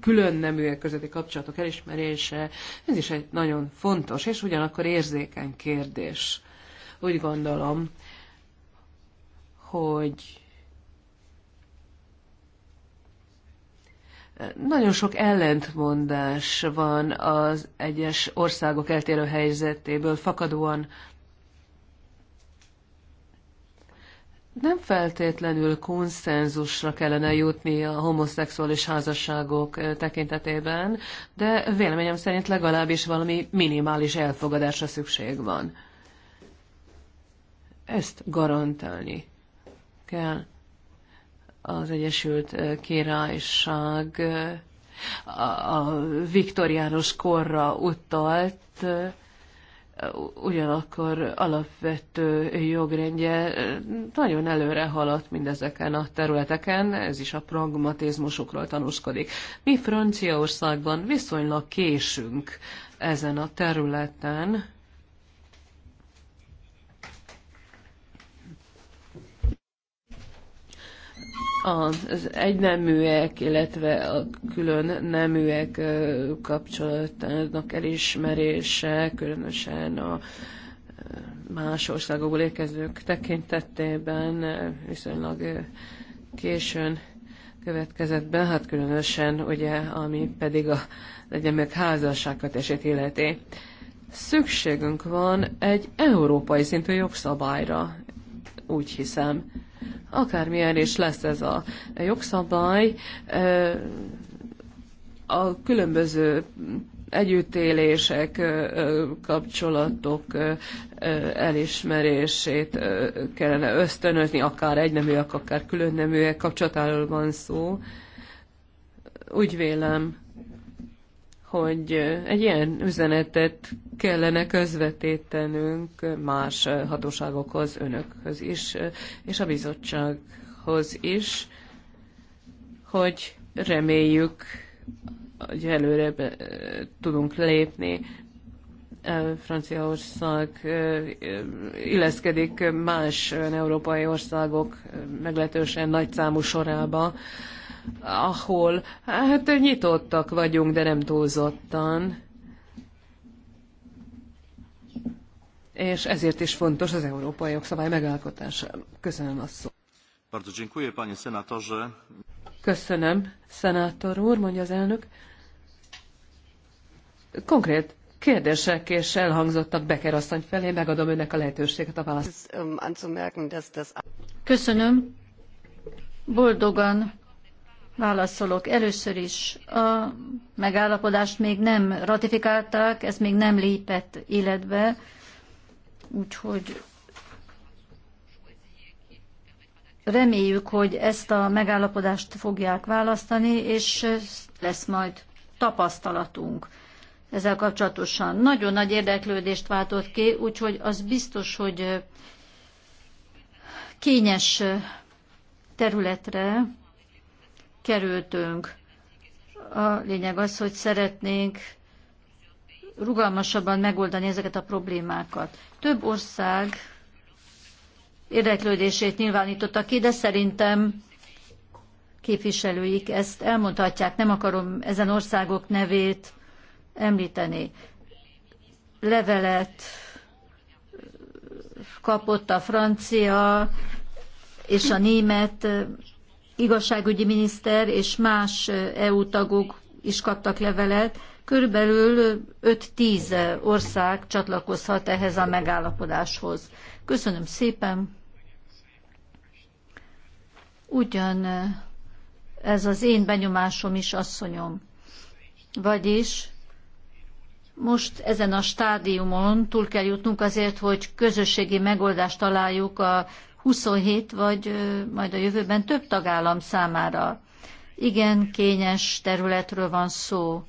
külön neműek közötti kapcsolatok elismerése, ez is egy nagyon fontos és ugyanakkor érzékeny kérdés. Úgy gondolom, hogy Nagyon sok ellentmondás van az egyes országok eltérő helyzetéből fakadóan nem feltétlenül konszenzusra kellene jutni a homoszexuális házasságok tekintetében, de véleményem szerint legalábbis valami minimális elfogadásra szükség van. Ezt garantálni kell az Egyesült Királyság a viktoriánus korra utalt ugyanakkor alapvető jogrendje nagyon előre haladt mindezeken a területeken, ez is a pragmatizmusokról tanúskodik. Mi Franciaországban viszonylag késünk ezen a területen, az egyneműek, illetve a külön neműek kapcsolatának elismerése, különösen a más országokból érkezők tekintetében viszonylag későn következett be, hát különösen ugye, ami pedig a legyen meg házasságot esét illeti. Szükségünk van egy európai szintű jogszabályra úgy hiszem. Akármilyen is lesz ez a jogszabály, a különböző együttélések, kapcsolatok elismerését kellene ösztönözni, akár egyneműek, akár különneműek kapcsolatáról van szó. Úgy vélem, hogy egy ilyen üzenetet kellene közvetítenünk más hatóságokhoz, önökhöz is, és a bizottsághoz is, hogy reméljük, hogy előre tudunk lépni. Franciaország illeszkedik más európai országok meglehetősen nagy számú sorába, ahol hát eh, nyitottak vagyunk, de nem túlzottan. És ezért is fontos az európai jogszabály megalkotása. Köszönöm a szót. Bardzo dziękuję, panie senatorze. Köszönöm, szenátor úr, mondja az elnök. Konkrét kérdések és elhangzottak Becker asszony felé, megadom önnek a lehetőséget a választ. Um, Köszönöm. Boldogan válaszolok. Először is a megállapodást még nem ratifikálták, ez még nem lépett életbe, úgyhogy reméljük, hogy ezt a megállapodást fogják választani, és lesz majd tapasztalatunk ezzel kapcsolatosan. Nagyon nagy érdeklődést váltott ki, úgyhogy az biztos, hogy kényes területre kerültünk. A lényeg az, hogy szeretnénk rugalmasabban megoldani ezeket a problémákat. Több ország érdeklődését nyilvánította ki, de szerintem képviselőik ezt elmondhatják, nem akarom ezen országok nevét említeni. Levelet kapott a francia és a német igazságügyi miniszter és más EU tagok is kaptak levelet, körülbelül 5-10 ország csatlakozhat ehhez a megállapodáshoz. Köszönöm szépen. Ugyan ez az én benyomásom is, asszonyom. Vagyis most ezen a stádiumon túl kell jutnunk azért, hogy közösségi megoldást találjuk a 27 vagy majd a jövőben több tagállam számára. Igen, kényes területről van szó,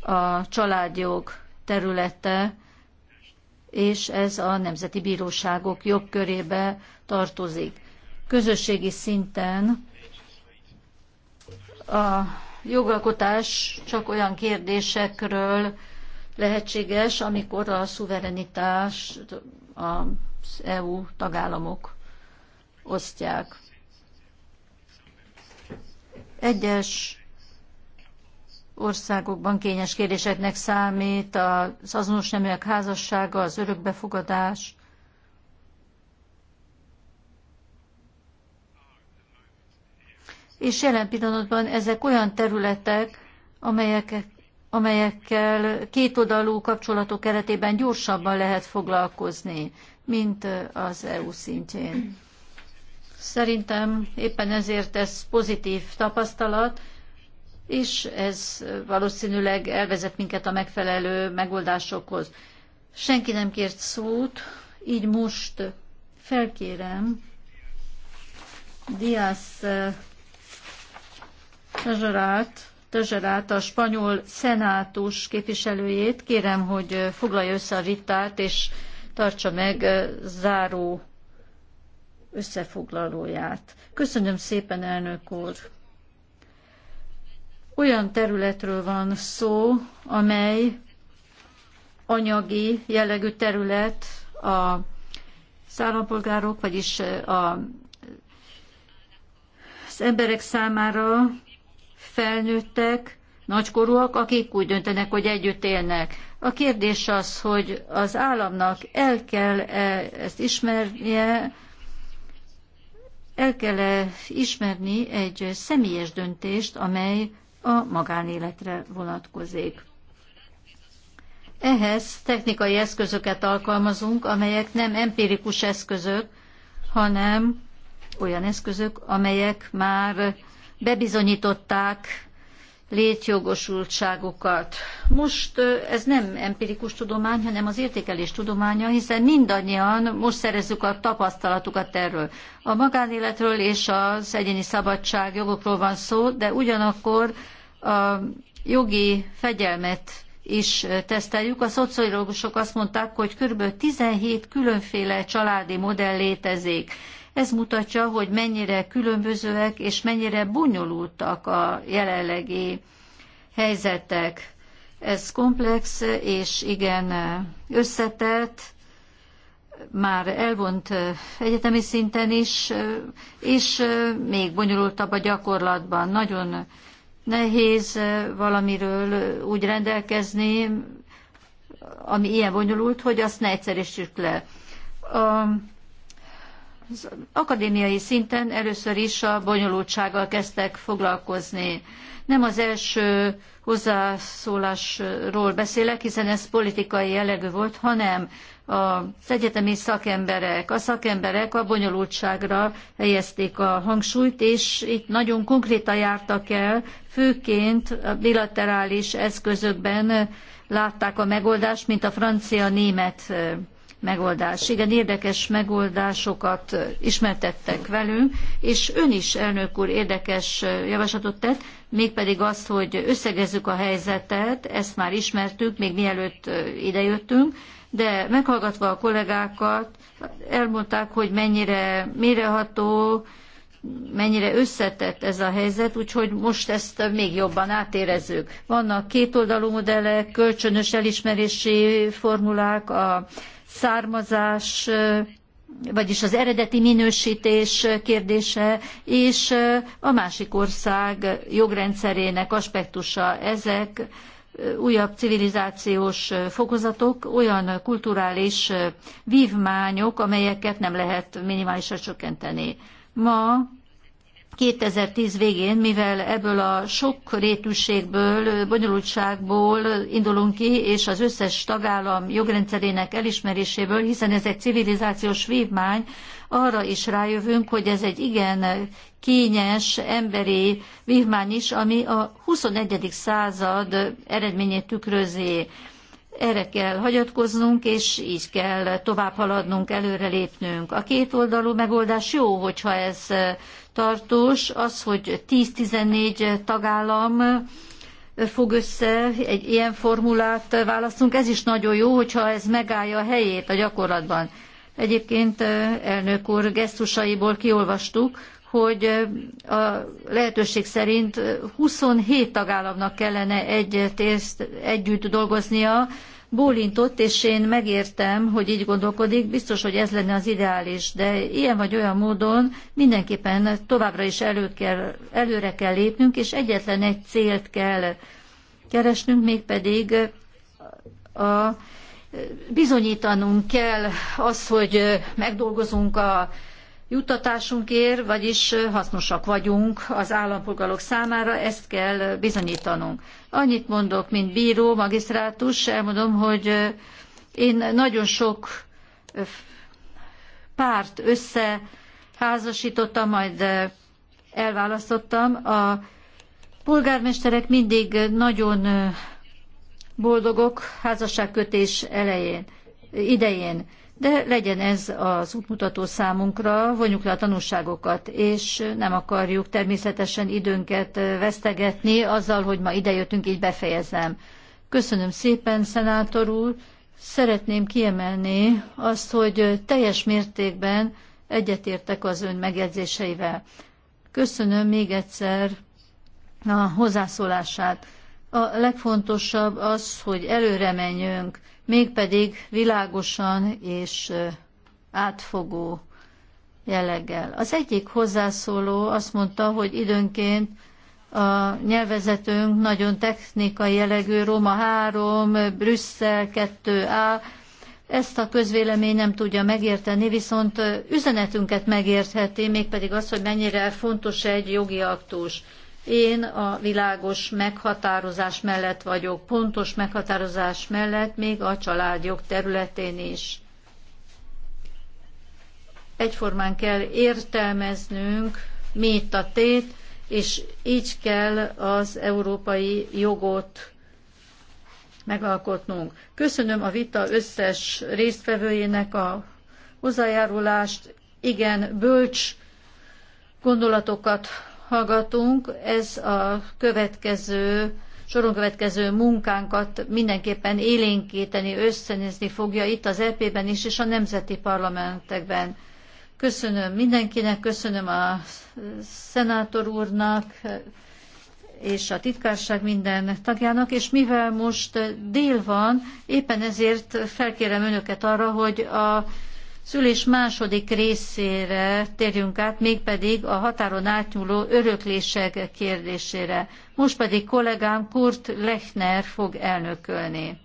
a családjog területe, és ez a nemzeti bíróságok jogkörébe tartozik. Közösségi szinten a jogalkotás csak olyan kérdésekről lehetséges, amikor a szuverenitás az EU tagállamok osztják. Egyes országokban kényes kérdéseknek számít az azonos neműek házassága, az örökbefogadás, és jelen pillanatban ezek olyan területek, amelyek, amelyekkel kétoldalú kapcsolatok keretében gyorsabban lehet foglalkozni, mint az EU szintjén. Szerintem éppen ezért ez pozitív tapasztalat, és ez valószínűleg elvezet minket a megfelelő megoldásokhoz. Senki nem kért szót, így most felkérem Diaz eh, Tezserát, Tezserát, a spanyol szenátus képviselőjét. Kérem, hogy eh, foglalja össze a vitát, és tartsa meg eh, záró összefoglalóját. Köszönöm szépen, elnök úr! Olyan területről van szó, amely anyagi jellegű terület a szállampolgárok, vagyis eh, a, az emberek számára felnőttek, nagykorúak, akik úgy döntenek, hogy együtt élnek. A kérdés az, hogy az államnak el kell -e ezt ismernie, el kell -e ismerni egy személyes döntést, amely a magánéletre vonatkozik. Ehhez technikai eszközöket alkalmazunk, amelyek nem empirikus eszközök, hanem olyan eszközök, amelyek már bebizonyították létjogosultságokat. Most ez nem empirikus tudomány, hanem az értékelés tudománya, hiszen mindannyian most szerezzük a tapasztalatukat erről. A magánéletről és az egyéni szabadság jogokról van szó, de ugyanakkor a jogi fegyelmet is teszteljük. A szociológusok azt mondták, hogy kb. 17 különféle családi modell létezik ez mutatja, hogy mennyire különbözőek és mennyire bonyolultak a jelenlegi helyzetek. Ez komplex és igen összetett, már elvont egyetemi szinten is, és még bonyolultabb a gyakorlatban. Nagyon nehéz valamiről úgy rendelkezni, ami ilyen bonyolult, hogy azt ne egyszerűsítsük le. A az akadémiai szinten először is a bonyolultsággal kezdtek foglalkozni. Nem az első hozzászólásról beszélek, hiszen ez politikai jellegű volt, hanem az egyetemi szakemberek, a szakemberek a bonyolultságra helyezték a hangsúlyt, és itt nagyon konkrétan jártak el, főként a bilaterális eszközökben látták a megoldást, mint a francia-német megoldás. Igen, érdekes megoldásokat ismertettek velünk, és ön is, elnök úr, érdekes javaslatot tett, mégpedig azt, hogy összegezzük a helyzetet, ezt már ismertük, még mielőtt idejöttünk, de meghallgatva a kollégákat, elmondták, hogy mennyire méreható, mennyire összetett ez a helyzet, úgyhogy most ezt még jobban átérezzük. Vannak kétoldalú modellek, kölcsönös elismerési formulák, a származás, vagyis az eredeti minősítés kérdése, és a másik ország jogrendszerének aspektusa ezek, újabb civilizációs fokozatok, olyan kulturális vívmányok, amelyeket nem lehet minimálisra csökkenteni. Ma 2010 végén, mivel ebből a sok rétűségből, bonyolultságból indulunk ki, és az összes tagállam jogrendszerének elismeréséből, hiszen ez egy civilizációs vívmány, arra is rájövünk, hogy ez egy igen kényes emberi vívmány is, ami a 21. század eredményét tükrözi. Erre kell hagyatkoznunk, és így kell tovább haladnunk, előre lépnünk. A kétoldalú megoldás jó, hogyha ez tartós az, hogy 10-14 tagállam fog össze, egy ilyen formulát választunk. Ez is nagyon jó, hogyha ez megállja a helyét a gyakorlatban. Egyébként elnök úr gesztusaiból kiolvastuk, hogy a lehetőség szerint 27 tagállamnak kellene egy, együtt dolgoznia, bólintott, és én megértem, hogy így gondolkodik, biztos, hogy ez lenne az ideális, de ilyen vagy olyan módon mindenképpen továbbra is elő kell, előre kell lépnünk, és egyetlen egy célt kell keresnünk, mégpedig a bizonyítanunk kell az, hogy megdolgozunk a juttatásunkért, vagyis hasznosak vagyunk az állampolgárok számára, ezt kell bizonyítanunk. Annyit mondok, mint bíró, magisztrátus, elmondom, hogy én nagyon sok párt összeházasítottam, majd elválasztottam. A polgármesterek mindig nagyon boldogok házasságkötés elején, idején de legyen ez az útmutató számunkra, vonjuk le a tanulságokat, és nem akarjuk természetesen időnket vesztegetni azzal, hogy ma idejöttünk, így befejezem. Köszönöm szépen, szenátor úr. Szeretném kiemelni azt, hogy teljes mértékben egyetértek az ön megjegyzéseivel. Köszönöm még egyszer a hozzászólását. A legfontosabb az, hogy előre menjünk, mégpedig világosan és átfogó jelleggel. Az egyik hozzászóló azt mondta, hogy időnként a nyelvezetünk nagyon technikai jellegű, Roma 3, Brüsszel 2A, ezt a közvélemény nem tudja megérteni, viszont üzenetünket megértheti, mégpedig az, hogy mennyire fontos egy jogi aktus. Én a világos meghatározás mellett vagyok, pontos meghatározás mellett, még a családjog területén is. Egyformán kell értelmeznünk, mit a tét, és így kell az európai jogot megalkotnunk. Köszönöm a vita összes résztvevőjének a hozzájárulást, igen, bölcs gondolatokat hallgatunk, ez a következő soron következő munkánkat mindenképpen élénkíteni, összenézni fogja itt az EP-ben is, és a nemzeti parlamentekben. Köszönöm mindenkinek, köszönöm a szenátor úrnak, és a titkárság minden tagjának, és mivel most dél van, éppen ezért felkérem önöket arra, hogy a szülés második részére térjünk át, mégpedig a határon átnyúló öröklések kérdésére. Most pedig kollégám Kurt Lechner fog elnökölni.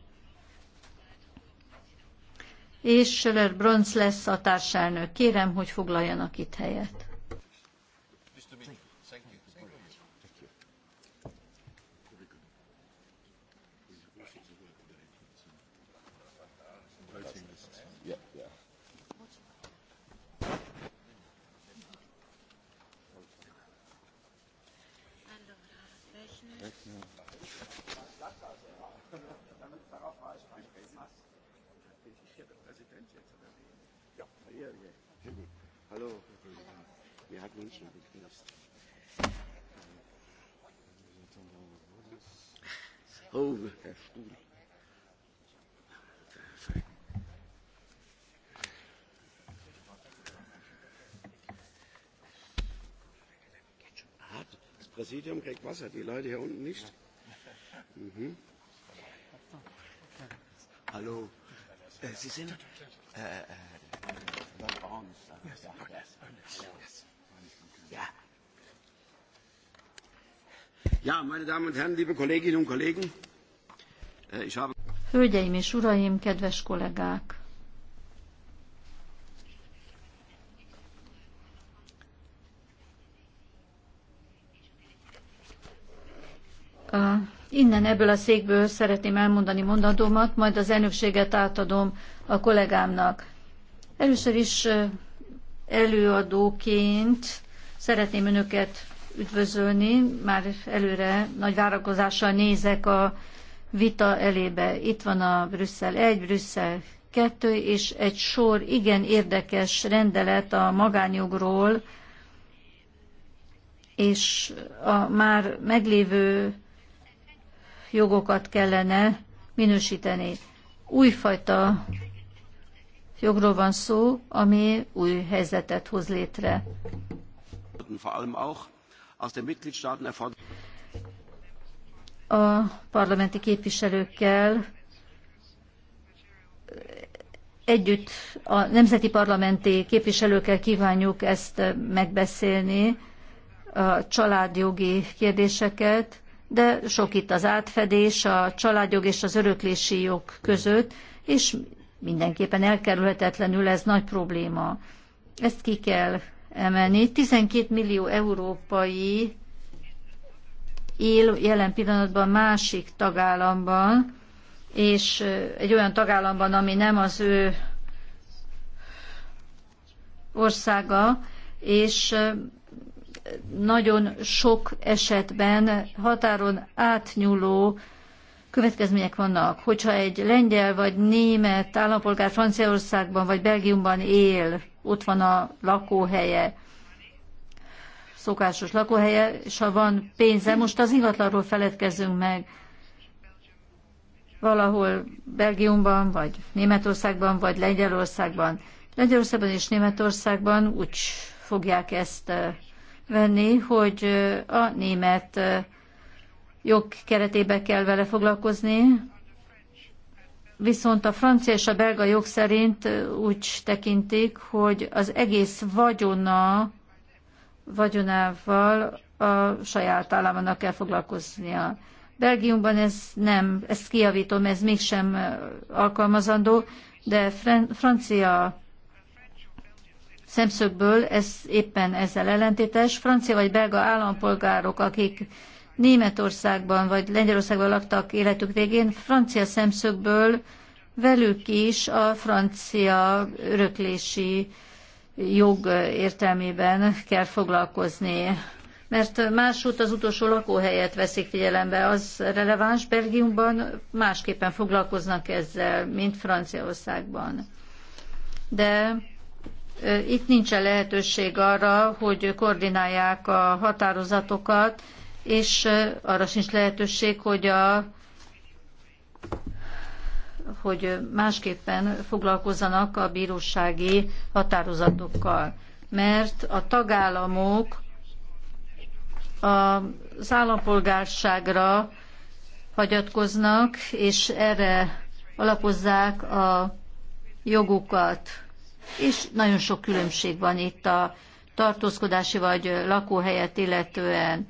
És Schöller Bronz lesz a társelnök. Kérem, hogy foglaljanak itt helyet. Das Präsidium kriegt Wasser, die Leute hier unten nicht. Mhm. Hallo. Äh, Sie sind. Äh, äh, Ja. Ja, meine Damen und Herren, liebe Kolleginnen und Kollegen, äh, ich habe... Hölgyeim és uraim, kedves kollégák! innen ebből a székből szeretném elmondani mondandómat, majd az elnökséget átadom a kollégámnak. Először is előadóként szeretném önöket üdvözölni, már előre nagy várakozással nézek a vita elébe. Itt van a Brüsszel 1, Brüsszel 2, és egy sor igen érdekes rendelet a magányjogról, és a már meglévő jogokat kellene minősíteni. Újfajta jogról van szó, ami új helyzetet hoz létre aus den Mitgliedstaaten erfolgt. A parlamenti képviselőkkel együtt a nemzeti parlamenti képviselőkkel kívánjuk ezt megbeszélni, a családjogi kérdéseket, de sok itt az átfedés a családjog és az öröklési jog között, és mindenképpen elkerülhetetlenül ez nagy probléma. Ezt ki kell emelni. 12 millió európai él jelen pillanatban másik tagállamban, és egy olyan tagállamban, ami nem az ő országa, és nagyon sok esetben határon átnyúló következmények vannak. Hogyha egy lengyel vagy német állampolgár Franciaországban vagy Belgiumban él, ott van a lakóhelye, szokásos lakóhelye, és ha van pénze, most az ingatlanról feledkezzünk meg, valahol Belgiumban, vagy Németországban, vagy Lengyelországban. Lengyelországban és Németországban úgy fogják ezt eh, venni, hogy eh, a német eh, jog keretében kell vele foglalkozni, viszont a francia és a belga jog szerint úgy tekintik, hogy az egész vagyona, vagyonával a saját államának kell foglalkoznia. Belgiumban ez nem, ezt kiavítom, ez mégsem alkalmazandó, de francia szemszögből ez éppen ezzel ellentétes. Francia vagy belga állampolgárok, akik Németországban vagy Lengyelországban laktak életük végén, francia szemszögből velük is a francia öröklési jog értelmében kell foglalkozni. Mert másút az utolsó lakóhelyet veszik figyelembe, az releváns Belgiumban, másképpen foglalkoznak ezzel, mint Franciaországban. De itt nincsen lehetőség arra, hogy koordinálják a határozatokat, és arra sincs lehetőség, hogy a hogy másképpen foglalkozzanak a bírósági határozatokkal. Mert a tagállamok az állampolgárságra hagyatkoznak, és erre alapozzák a jogukat. És nagyon sok különbség van itt a tartózkodási vagy lakóhelyet illetően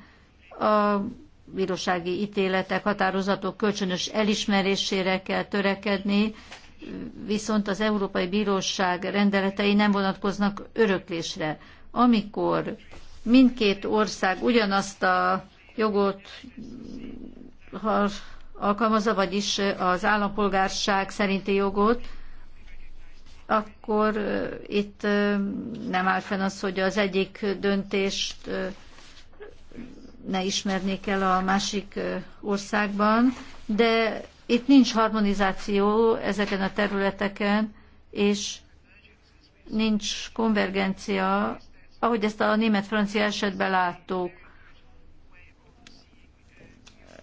a bírósági ítéletek, határozatok kölcsönös elismerésére kell törekedni, viszont az Európai Bíróság rendeletei nem vonatkoznak öröklésre. Amikor mindkét ország ugyanazt a jogot alkalmazza, vagyis az állampolgárság szerinti jogot, akkor itt nem áll fenn az, hogy az egyik döntést ne ismernék el a másik országban, de itt nincs harmonizáció ezeken a területeken, és nincs konvergencia, ahogy ezt a német-francia esetben láttuk.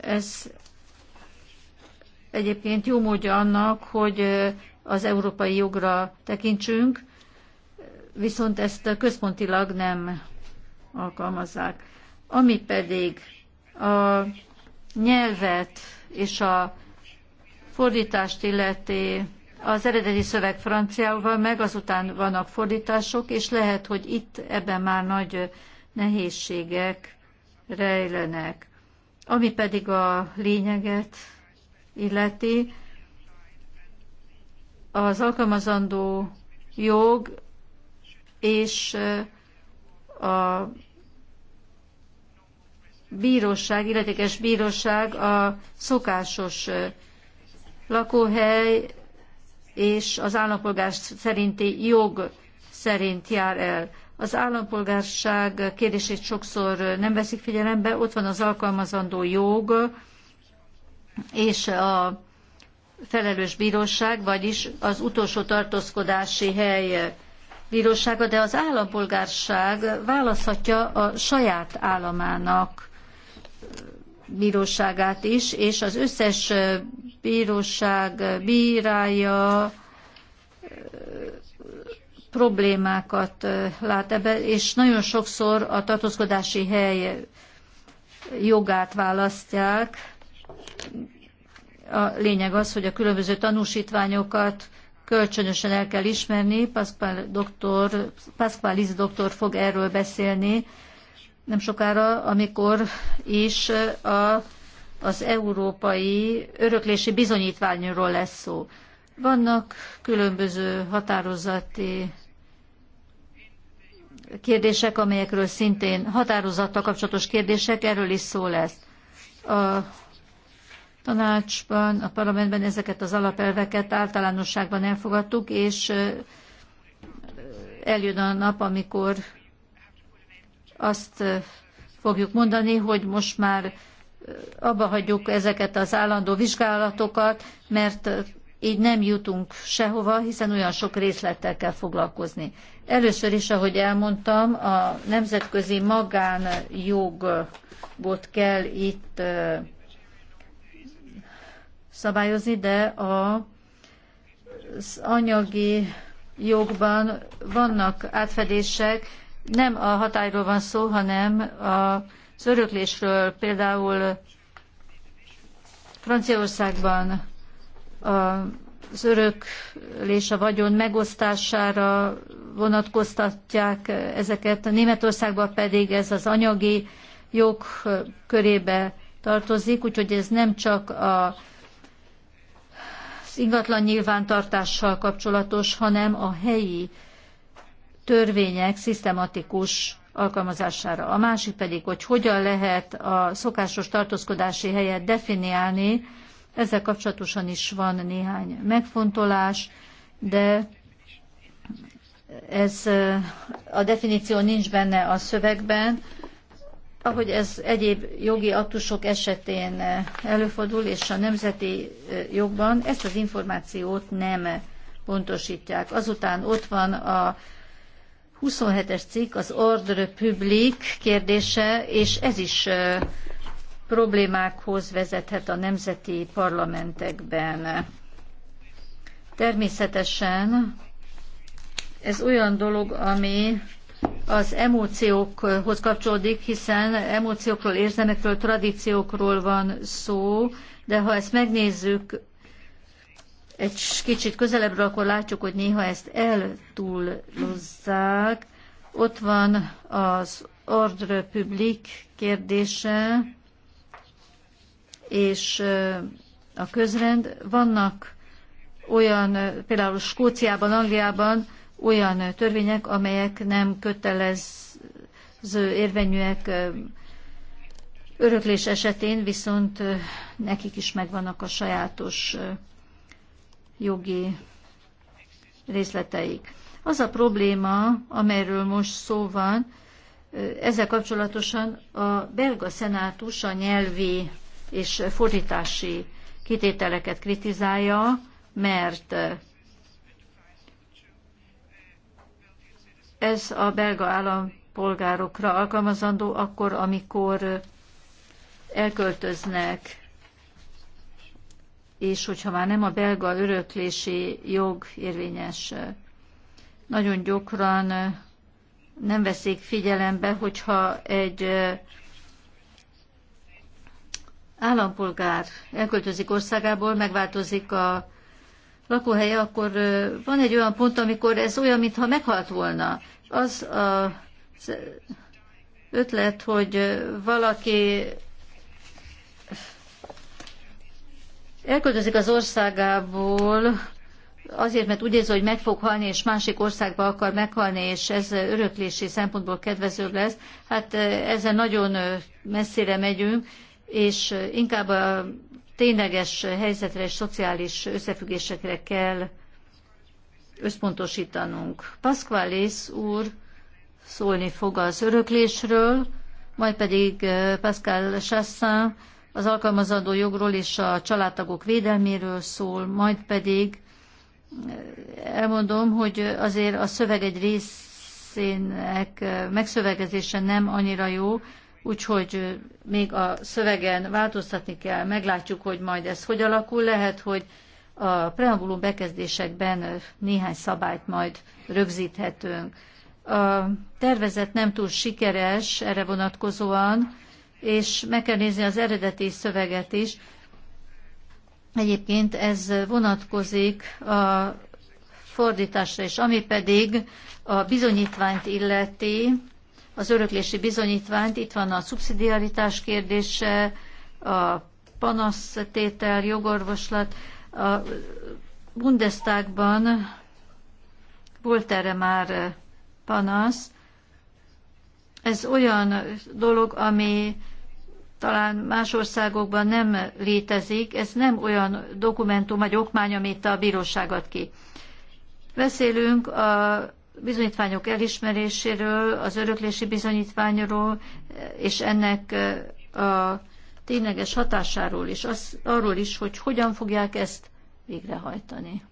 Ez egyébként jó módja annak, hogy az európai jogra tekintsünk, viszont ezt központilag nem alkalmazzák. Ami pedig a nyelvet és a fordítást illeti, az eredeti szöveg franciául van meg, azután vannak fordítások, és lehet, hogy itt ebben már nagy nehézségek rejlenek. Ami pedig a lényeget illeti, az alkalmazandó jog és a bíróság, illetékes bíróság a szokásos lakóhely és az állampolgár szerinti jog szerint jár el. Az állampolgárság kérdését sokszor nem veszik figyelembe, ott van az alkalmazandó jog és a felelős bíróság, vagyis az utolsó tartózkodási hely bírósága, de az állampolgárság választhatja a saját államának bíróságát is, és az összes bíróság bírálja problémákat lát ebben, és nagyon sokszor a tartózkodási hely jogát választják. A lényeg az, hogy a különböző tanúsítványokat kölcsönösen el kell ismerni. Pascual doktor, Pascualis doktor fog erről beszélni, nem sokára, amikor is a, az európai öröklési bizonyítványról lesz szó. Vannak különböző határozati kérdések, amelyekről szintén határozattal kapcsolatos kérdések, erről is szó lesz. A tanácsban, a parlamentben ezeket az alapelveket általánosságban elfogadtuk, és eljön a nap, amikor azt fogjuk mondani, hogy most már abba hagyjuk ezeket az állandó vizsgálatokat, mert így nem jutunk sehova, hiszen olyan sok részlettel kell foglalkozni. Először is, ahogy elmondtam, a nemzetközi magánjogot kell itt szabályozni, de a, az anyagi jogban vannak átfedések, nem a hatályról van szó, hanem az öröklésről. Például Franciaországban az öröklés, a vagyon megosztására vonatkoztatják ezeket, a Németországban pedig ez az anyagi jog körébe tartozik, úgyhogy ez nem csak a az ingatlan nyilvántartással kapcsolatos, hanem a helyi törvények szisztematikus alkalmazására. A másik pedig, hogy hogyan lehet a szokásos tartózkodási helyet definiálni, ezzel kapcsolatosan is van néhány megfontolás, de ez a definíció nincs benne a szövegben, ahogy ez egyéb jogi aktusok esetén előfordul, és a nemzeti jogban ezt az információt nem pontosítják. Azután ott van a 27-es cikk az ordre public kérdése, és ez is problémákhoz vezethet a nemzeti parlamentekben. Természetesen ez olyan dolog, ami az emóciókhoz kapcsolódik, hiszen emóciókról, érzelmekről, tradíciókról van szó, de ha ezt megnézzük egy kicsit közelebbről, akkor látjuk, hogy néha ezt eltúlozzák. Ott van az ordre public kérdése, és a közrend. Vannak olyan, például Skóciában, Angliában olyan törvények, amelyek nem kötelező érvényűek öröklés esetén, viszont nekik is megvannak a sajátos jogi részleteik. Az a probléma, amelyről most szó van, ezzel kapcsolatosan a belga szenátus a nyelvi és fordítási kitételeket kritizálja, mert ez a belga állampolgárokra alkalmazandó akkor, amikor elköltöznek és hogyha már nem a belga öröklési jog érvényes, nagyon gyakran nem veszik figyelembe, hogyha egy állampolgár elköltözik országából, megváltozik a lakóhelye, akkor van egy olyan pont, amikor ez olyan, mintha meghalt volna. Az a ötlet, hogy valaki elköltözik az országából, azért, mert úgy érzi, hogy meg fog halni, és másik országba akar meghalni, és ez öröklési szempontból kedvezőbb lesz, hát ezzel nagyon messzire megyünk, és inkább a tényleges helyzetre és szociális összefüggésekre kell összpontosítanunk. Pasqualis úr szólni fog az öröklésről, majd pedig Pascal Chassin az alkalmazandó jogról és a családtagok védelméről szól, majd pedig eh, elmondom, hogy azért a szöveg egy részének eh, megszövegezése nem annyira jó, úgyhogy eh, még a szövegen változtatni kell, meglátjuk, hogy majd ez hogy alakul. Lehet, hogy a preambulum bekezdésekben néhány szabályt majd rögzíthetünk. A tervezet nem túl sikeres erre vonatkozóan, és meg kell nézni az eredeti szöveget is. Egyébként ez vonatkozik a fordításra is, ami pedig a bizonyítványt illeti, az öröklési bizonyítványt, itt van a szubszidiaritás kérdése, a panasztétel, jogorvoslat. A Bundestagban volt erre már panasz. Ez olyan dolog, ami talán más országokban nem létezik, ez nem olyan dokumentum vagy okmány, amit a bíróság ad ki. Beszélünk a bizonyítványok elismeréséről, az öröklési bizonyítványról, és ennek a tényleges hatásáról is, az, arról is, hogy hogyan fogják ezt végrehajtani.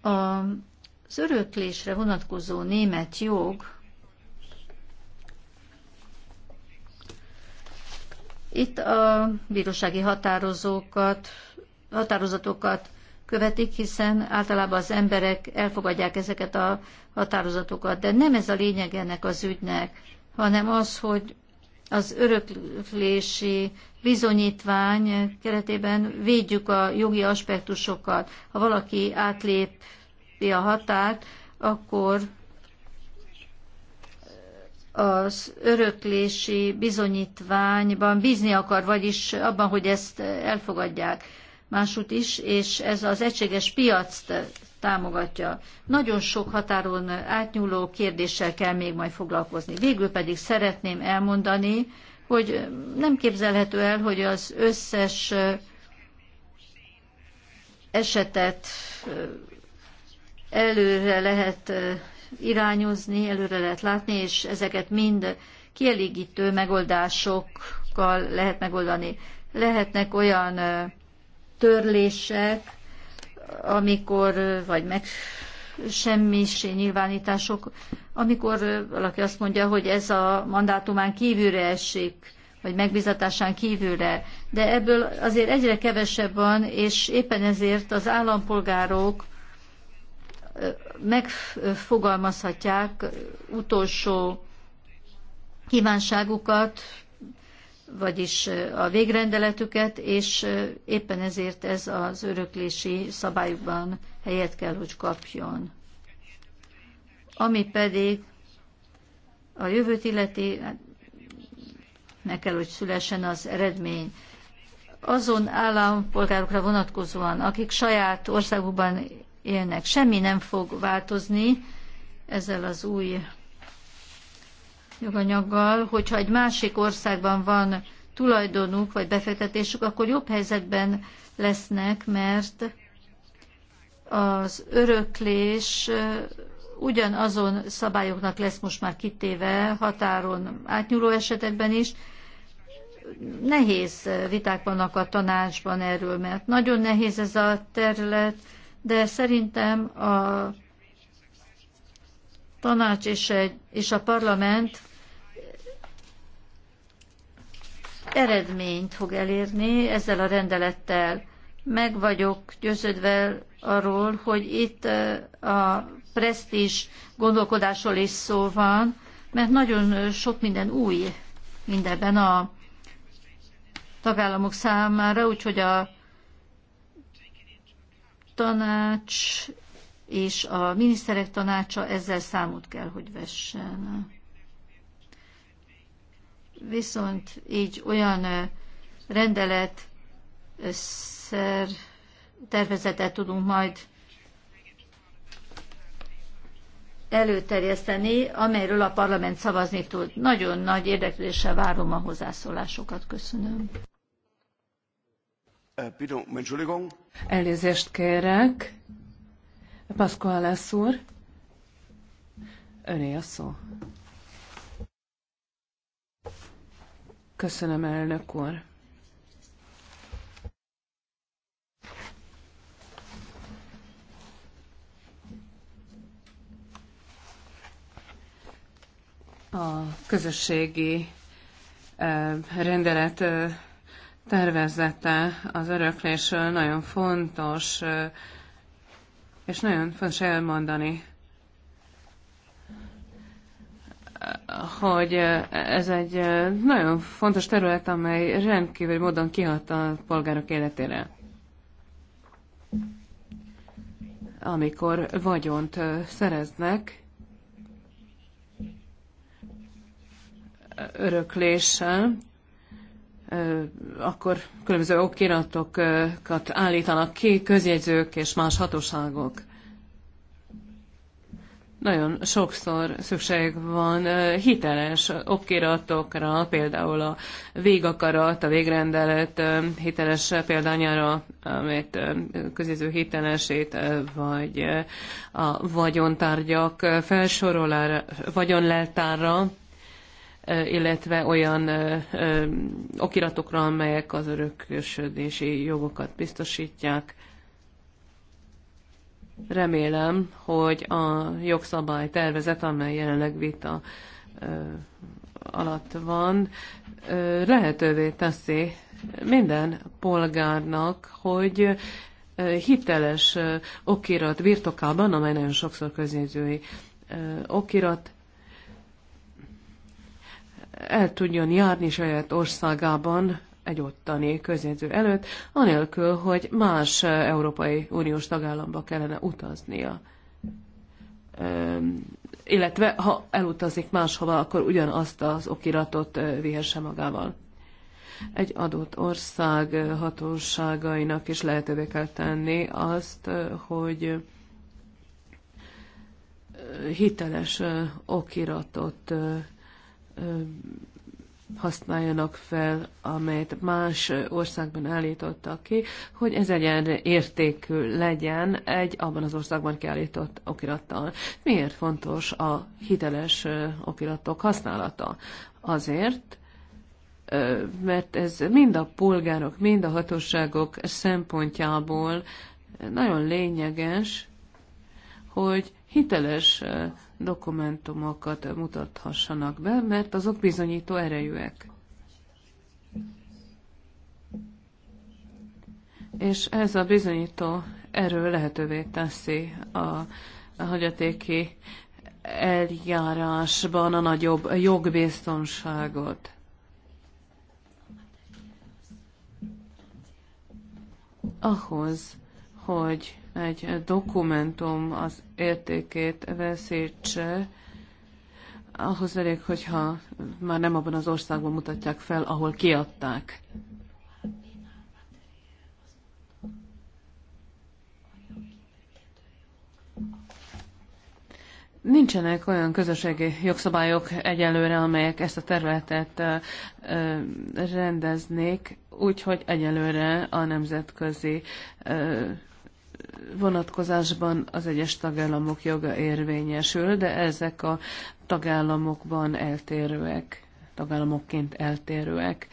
Az öröklésre vonatkozó német jog Itt a bírósági határozókat, határozatokat követik, hiszen általában az emberek elfogadják ezeket a határozatokat. De nem ez a lényeg ennek az ügynek, hanem az, hogy az öröklési bizonyítvány keretében védjük a jogi aspektusokat. Ha valaki átlépi a határt, akkor az öröklési bizonyítványban bízni akar, vagyis abban, hogy ezt elfogadják másút is, és ez az egységes piac támogatja. Nagyon sok határon átnyúló kérdéssel kell még majd foglalkozni. Végül pedig szeretném elmondani, hogy nem képzelhető el, hogy az összes esetet előre lehet irányozni, előre lehet látni, és ezeket mind kielégítő megoldásokkal lehet megoldani. Lehetnek olyan törlések, amikor, vagy meg semmisé nyilvánítások, amikor valaki azt mondja, hogy ez a mandátumán kívülre esik, vagy megbizatásán kívülre, de ebből azért egyre kevesebb van, és éppen ezért az állampolgárok megfogalmazhatják utolsó kívánságukat, vagyis a végrendeletüket, és éppen ezért ez az öröklési szabályokban helyet kell, hogy kapjon. Ami pedig a jövőt illeti, hát ne kell, hogy szülessen az eredmény. Azon állampolgárokra vonatkozóan, akik saját országukban élnek. Semmi nem fog változni ezzel az új joganyaggal, hogyha egy másik országban van tulajdonuk vagy befektetésük, akkor jobb helyzetben lesznek, mert az öröklés ugyanazon szabályoknak lesz most már kitéve határon átnyúló esetekben is. Nehéz viták vannak a tanácsban erről, mert nagyon nehéz ez a terület, de szerintem a tanács és, egy, és a parlament eredményt fog elérni ezzel a rendelettel. Meg vagyok győződve arról, hogy itt eh, a presztízs gondolkodásról is szó van, mert nagyon sok minden új mindenben a tagállamok számára, úgyhogy a tanács és a miniszterek tanácsa ezzel számot kell, hogy vessen. Viszont így olyan rendelet szer tervezetet tudunk majd előterjeszteni, amelyről a parlament szavazni tud. Nagyon nagy érdeklődéssel várom a hozzászólásokat. Köszönöm. Elnézést kérek. Pascualász úr. Öné a szó. Köszönöm, elnök úr. A közösségi rendelet tervezete az öröklésről nagyon fontos, és nagyon fontos elmondani, hogy ez egy nagyon fontos terület, amely rendkívül módon kihat a polgárok életére. Amikor vagyont szereznek, örökléssel, akkor különböző okiratokat állítanak ki, közjegyzők és más hatóságok. Nagyon sokszor szükség van hiteles okiratokra, például a végakarat, a végrendelet hiteles példányára, amit közjegyző hitelesét, vagy a vagyontárgyak felsorolára, vagyonleltárra, illetve olyan okiratokra, amelyek az örökösödési jogokat biztosítják. Remélem, hogy a jogszabály tervezet, amely jelenleg vita alatt van, lehetővé teszi minden polgárnak, hogy hiteles okirat birtokában, amely nagyon sokszor közjegyzői okirat, el tudjon járni saját országában egy ottani közjegyző előtt, anélkül, hogy más Európai Uniós tagállamba kellene utaznia. Illetve, ha elutazik máshova, akkor ugyanazt az okiratot vihesse magával egy adott ország hatóságainak is lehetővé kell tenni azt, hogy hiteles okiratot használjanak fel, amelyet más országban állítottak ki, hogy ez egyenre értékű legyen egy abban az országban kiállított okirattal. Miért fontos a hiteles okiratok használata? Azért, mert ez mind a polgárok, mind a hatóságok szempontjából nagyon lényeges, hogy hiteles dokumentumokat mutathassanak be, mert azok bizonyító erejűek. És ez a bizonyító erő lehetővé teszi a hagyatéki eljárásban a nagyobb jogbiztonságot. Ahhoz, hogy egy dokumentum az értékét veszítse, ahhoz elég, hogyha már nem abban az országban mutatják fel, ahol kiadták. Nincsenek olyan közösségi jogszabályok egyelőre, amelyek ezt a területet rendeznék, úgyhogy egyelőre a nemzetközi vonatkozásban az egyes tagállamok joga érvényesül, de ezek a tagállamokban eltérőek, tagállamokként eltérőek,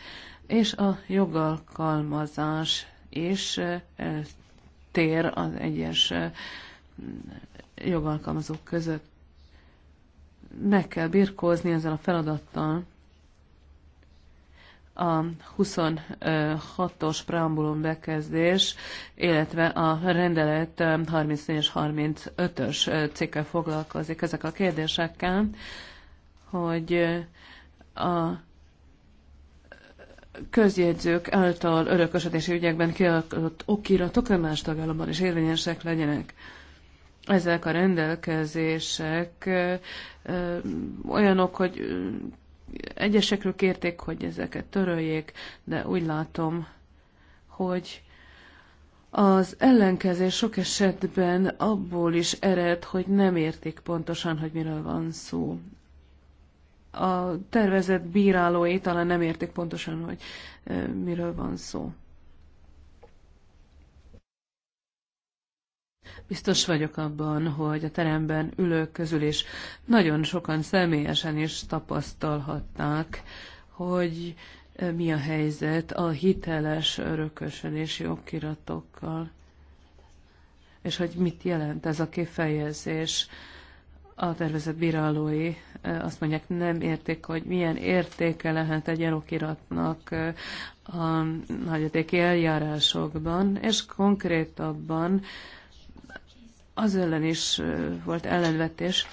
és a jogalkalmazás is tér az egyes jogalkalmazók között. Meg kell birkózni ezzel a feladattal, a 26-os preambulum bekezdés, illetve a rendelet 34 35-ös cikke foglalkozik ezek a kérdésekkel, hogy a közjegyzők által örökösödési ügyekben kialakult okiratok más tagállamban is érvényesek legyenek ezek a rendelkezések ö, ö, olyanok, hogy egyesekről kérték, hogy ezeket töröljék, de úgy látom, hogy az ellenkezés sok esetben abból is ered, hogy nem értik pontosan, hogy miről van szó. A tervezett bírálói talán nem értik pontosan, hogy miről van szó. Biztos vagyok abban, hogy a teremben ülők közül is nagyon sokan személyesen is tapasztalhatták, hogy eh, mi a helyzet a hiteles örökösödési okiratokkal, és hogy mit jelent ez a kifejezés. A tervezett bírálói eh, azt mondják, nem értik, hogy milyen értéke lehet egy elokiratnak eh, a nagyotéki eljárásokban, és konkrétabban az ellen is volt ellenvetés,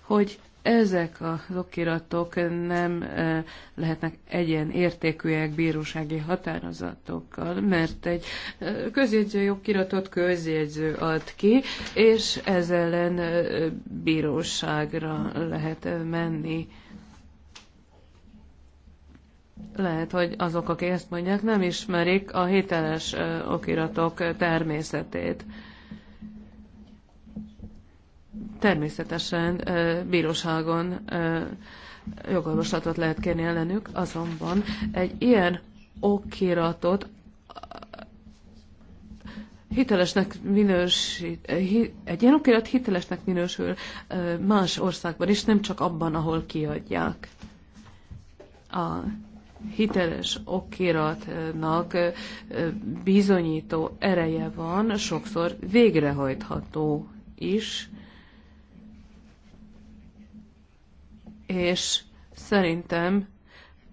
hogy ezek az okiratok nem lehetnek egyen értékűek bírósági határozatokkal, mert egy közjegyző okiratot közjegyző ad ki, és ez ellen bíróságra lehet menni. Lehet, hogy azok, akik ezt mondják, nem ismerik a hiteles okiratok természetét természetesen bíróságon jogorvoslatot lehet kérni ellenük, azonban egy ilyen okiratot hitelesnek minősít, egy ilyen okirat hitelesnek minősül más országban is, nem csak abban, ahol kiadják. A hiteles okiratnak bizonyító ereje van, sokszor végrehajtható is, és szerintem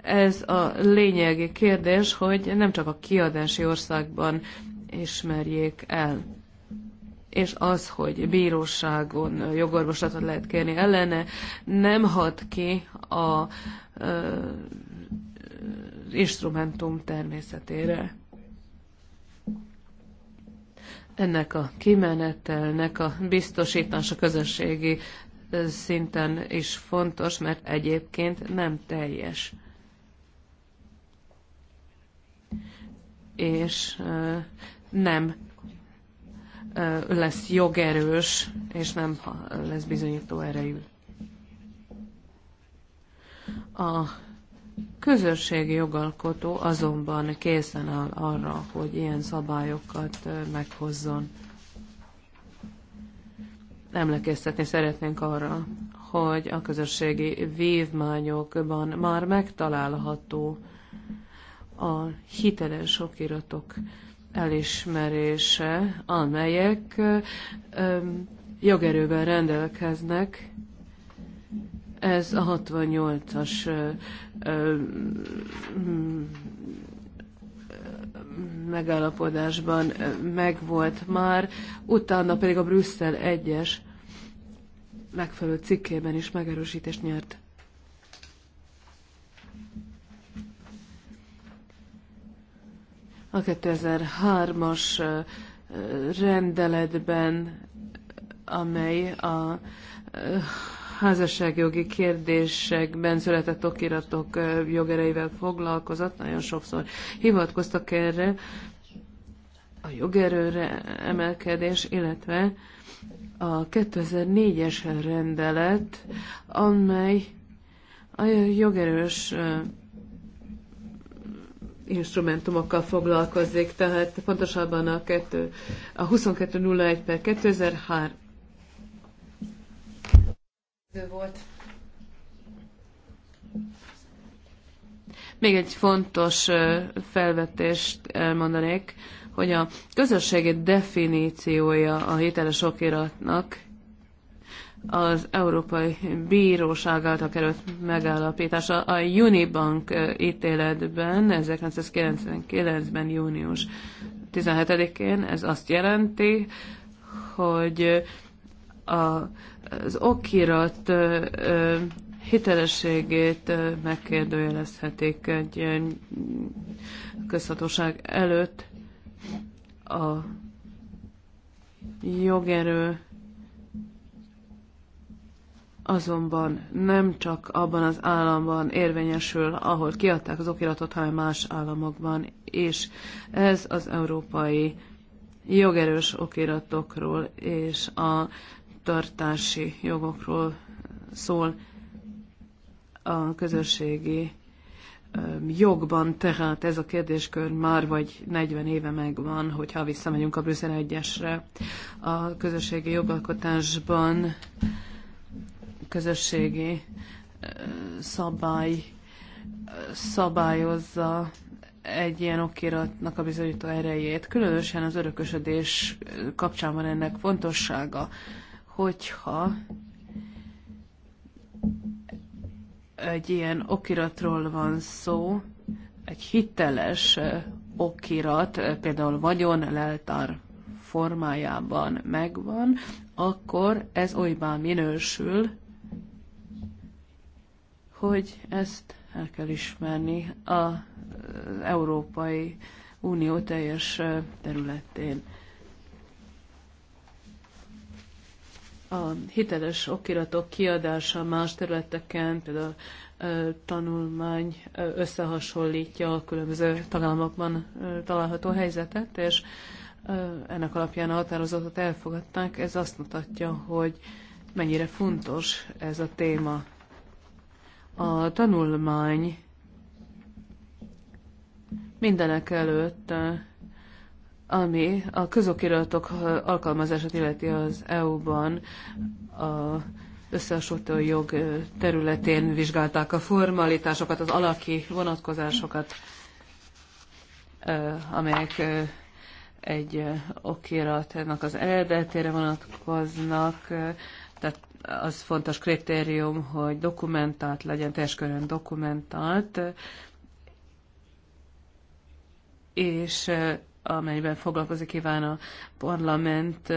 ez a lényegi kérdés, hogy nem csak a kiadási országban ismerjék el. És az, hogy bíróságon jogorvoslatot lehet kérni ellene, nem hat ki a, uh, instrumentum természetére. Ennek a kimenetelnek a biztosítása közösségi szinten is fontos, mert egyébként nem teljes. És nem lesz jogerős, és nem lesz bizonyító erejű. A közösségi jogalkotó azonban készen áll arra, hogy ilyen szabályokat meghozzon emlékeztetni szeretnénk arra, hogy a közösségi vívmányokban már megtalálható a hiteles okiratok elismerése, amelyek jogerővel rendelkeznek. Ez a 68-as megállapodásban megvolt már, utána pedig a Brüsszel egyes megfelelő cikkében is megerősítést nyert. A 2003-as rendeletben, amely a házasságjogi kérdésekben született okiratok jogereivel foglalkozott, nagyon sokszor hivatkoztak erre, a jogerőre emelkedés, illetve a 2004-es rendelet, amely a jogerős instrumentumokkal foglalkozik, tehát pontosabban a, 2, a 2201 per 2003 ő volt. Még egy fontos felvetést elmondanék, hogy a közösségi definíciója a hiteles okiratnak az Európai Bíróság által került megállapítása a Unibank ítéletben 1999-ben június 17-én. Ez azt jelenti, hogy a, az okirat hitelességét megkérdőjelezhetik egy ilyen közhatóság előtt a jogerő azonban nem csak abban az államban érvényesül, ahol kiadták az okiratot, hanem más államokban is. Ez az európai jogerős okiratokról és a tartási jogokról szól a közösségi jogban, tehát ez a kérdéskör már vagy 40 éve megvan, hogyha visszamegyünk a Brüsszel egyesre. A közösségi jogalkotásban közösségi szabály szabályozza egy ilyen okiratnak a bizonyító erejét. Különösen az örökösödés kapcsán van ennek fontossága hogyha egy ilyen okiratról van szó, egy hiteles okirat, például vagyon leltár formájában megvan, akkor ez olybá minősül, hogy ezt el kell ismerni az Európai Unió teljes területén. a hiteles okiratok kiadása más területeken, például tanulmány összehasonlítja a különböző tagállamokban található helyzetet, és ennek alapján a határozatot elfogadták. Ez azt mutatja, hogy mennyire fontos ez a téma. A tanulmány mindenek előtt ami a közokiratok alkalmazását illeti az EU-ban a összehasonlító jog területén vizsgálták a formalitásokat, az alaki vonatkozásokat, amelyek egy okiratnak az eredetére vonatkoznak, tehát az fontos kritérium, hogy dokumentált legyen, teljes körön dokumentált, és amelyben foglalkozik kíván a parlament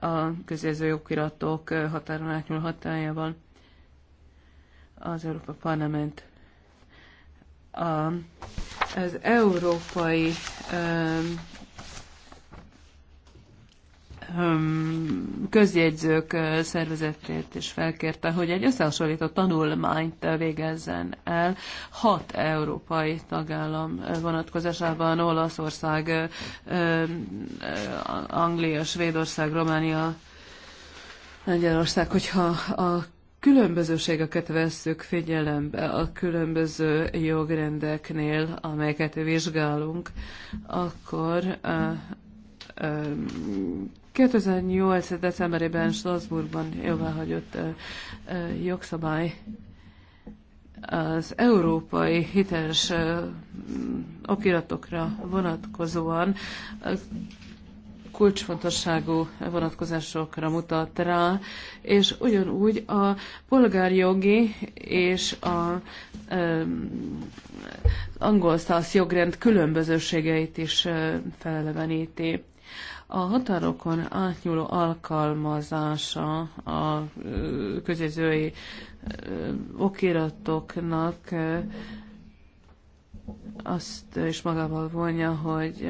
a közjegyző jogiratok határon átnyúló hatájával. Az Európa Parlament a, az európai közjegyzők szervezetét is felkérte, hogy egy összehasonlító tanulmányt végezzen el hat európai tagállam vonatkozásában, Olaszország, Anglia, Svédország, Románia, Lengyelország, hogyha a különbözőségeket vesszük figyelembe a különböző jogrendeknél, amelyeket vizsgálunk, akkor 2008. decemberében Strasbourgban jóváhagyott jogszabály az európai hiteles okiratokra vonatkozóan kulcsfontosságú vonatkozásokra mutat rá, és ugyanúgy a polgárjogi és a angol száz jogrend különbözőségeit is feleleveníti. A határokon átnyúló alkalmazása a közjegyzői okiratoknak azt is magával vonja, hogy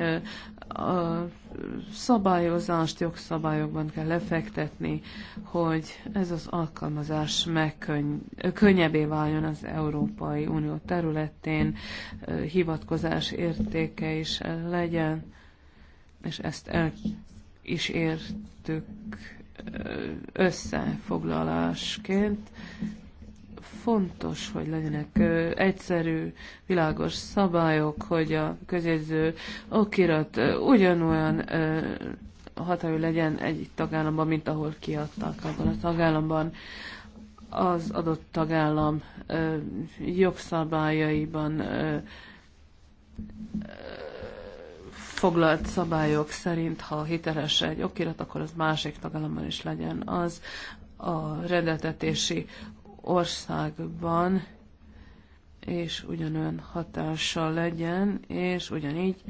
a szabályozást jogszabályokban kell lefektetni, hogy ez az alkalmazás megkönny- könnyebbé váljon az Európai Unió területén, hivatkozás értéke is legyen és ezt el is értük összefoglalásként. Fontos, hogy legyenek egyszerű, világos szabályok, hogy a közjegyző okirat ugyanolyan hatályú legyen egy tagállamban, mint ahol kiadták abban a tagállamban az adott tagállam jogszabályaiban foglalt szabályok szerint, ha hiteles egy okirat, akkor az másik tagállamban is legyen az a rendeltetési országban, és ugyanolyan hatással legyen, és ugyanígy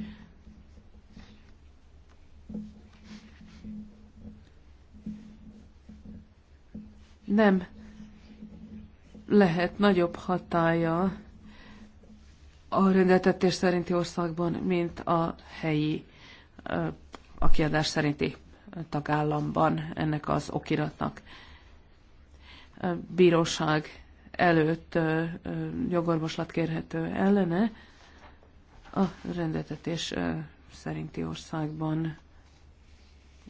nem lehet nagyobb hatája a rendeltetés szerinti országban, mint a helyi, a kiadás szerinti tagállamban ennek az okiratnak. bíróság előtt jogorvoslat kérhető ellene a rendeltetés szerinti országban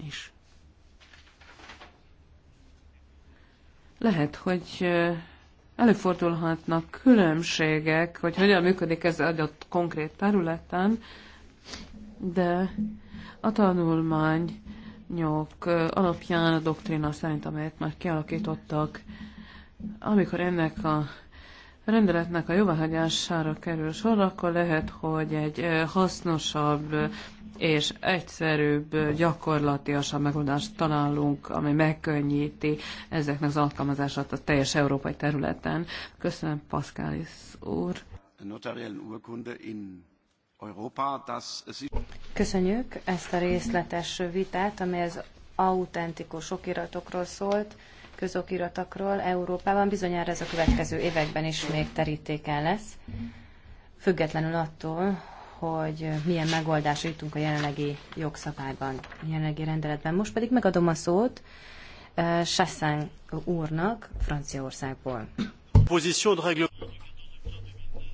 is. Lehet, hogy előfordulhatnak különbségek, hogy hogyan működik ez adott konkrét területen, de a tanulmányok alapján a doktrina szerint, amelyet már kialakítottak, amikor ennek a rendeletnek a jóváhagyására kerül sor, akkor lehet, hogy egy hasznosabb és egyszerűbb, gyakorlatilasabb megoldást találunk, ami megkönnyíti ezeknek az alkalmazását a teljes európai területen. Köszönöm, Pascalis úr. Köszönjük ezt a részletes vitát, amely az autentikus okiratokról szólt, közokiratokról Európában. Bizonyára ez a következő években is még terítéken lesz, függetlenül attól, hogy milyen megoldásra jutunk a jelenlegi jogszabályban, a jelenlegi rendeletben. Most pedig megadom a szót Chassin eh, úrnak Franciaországból.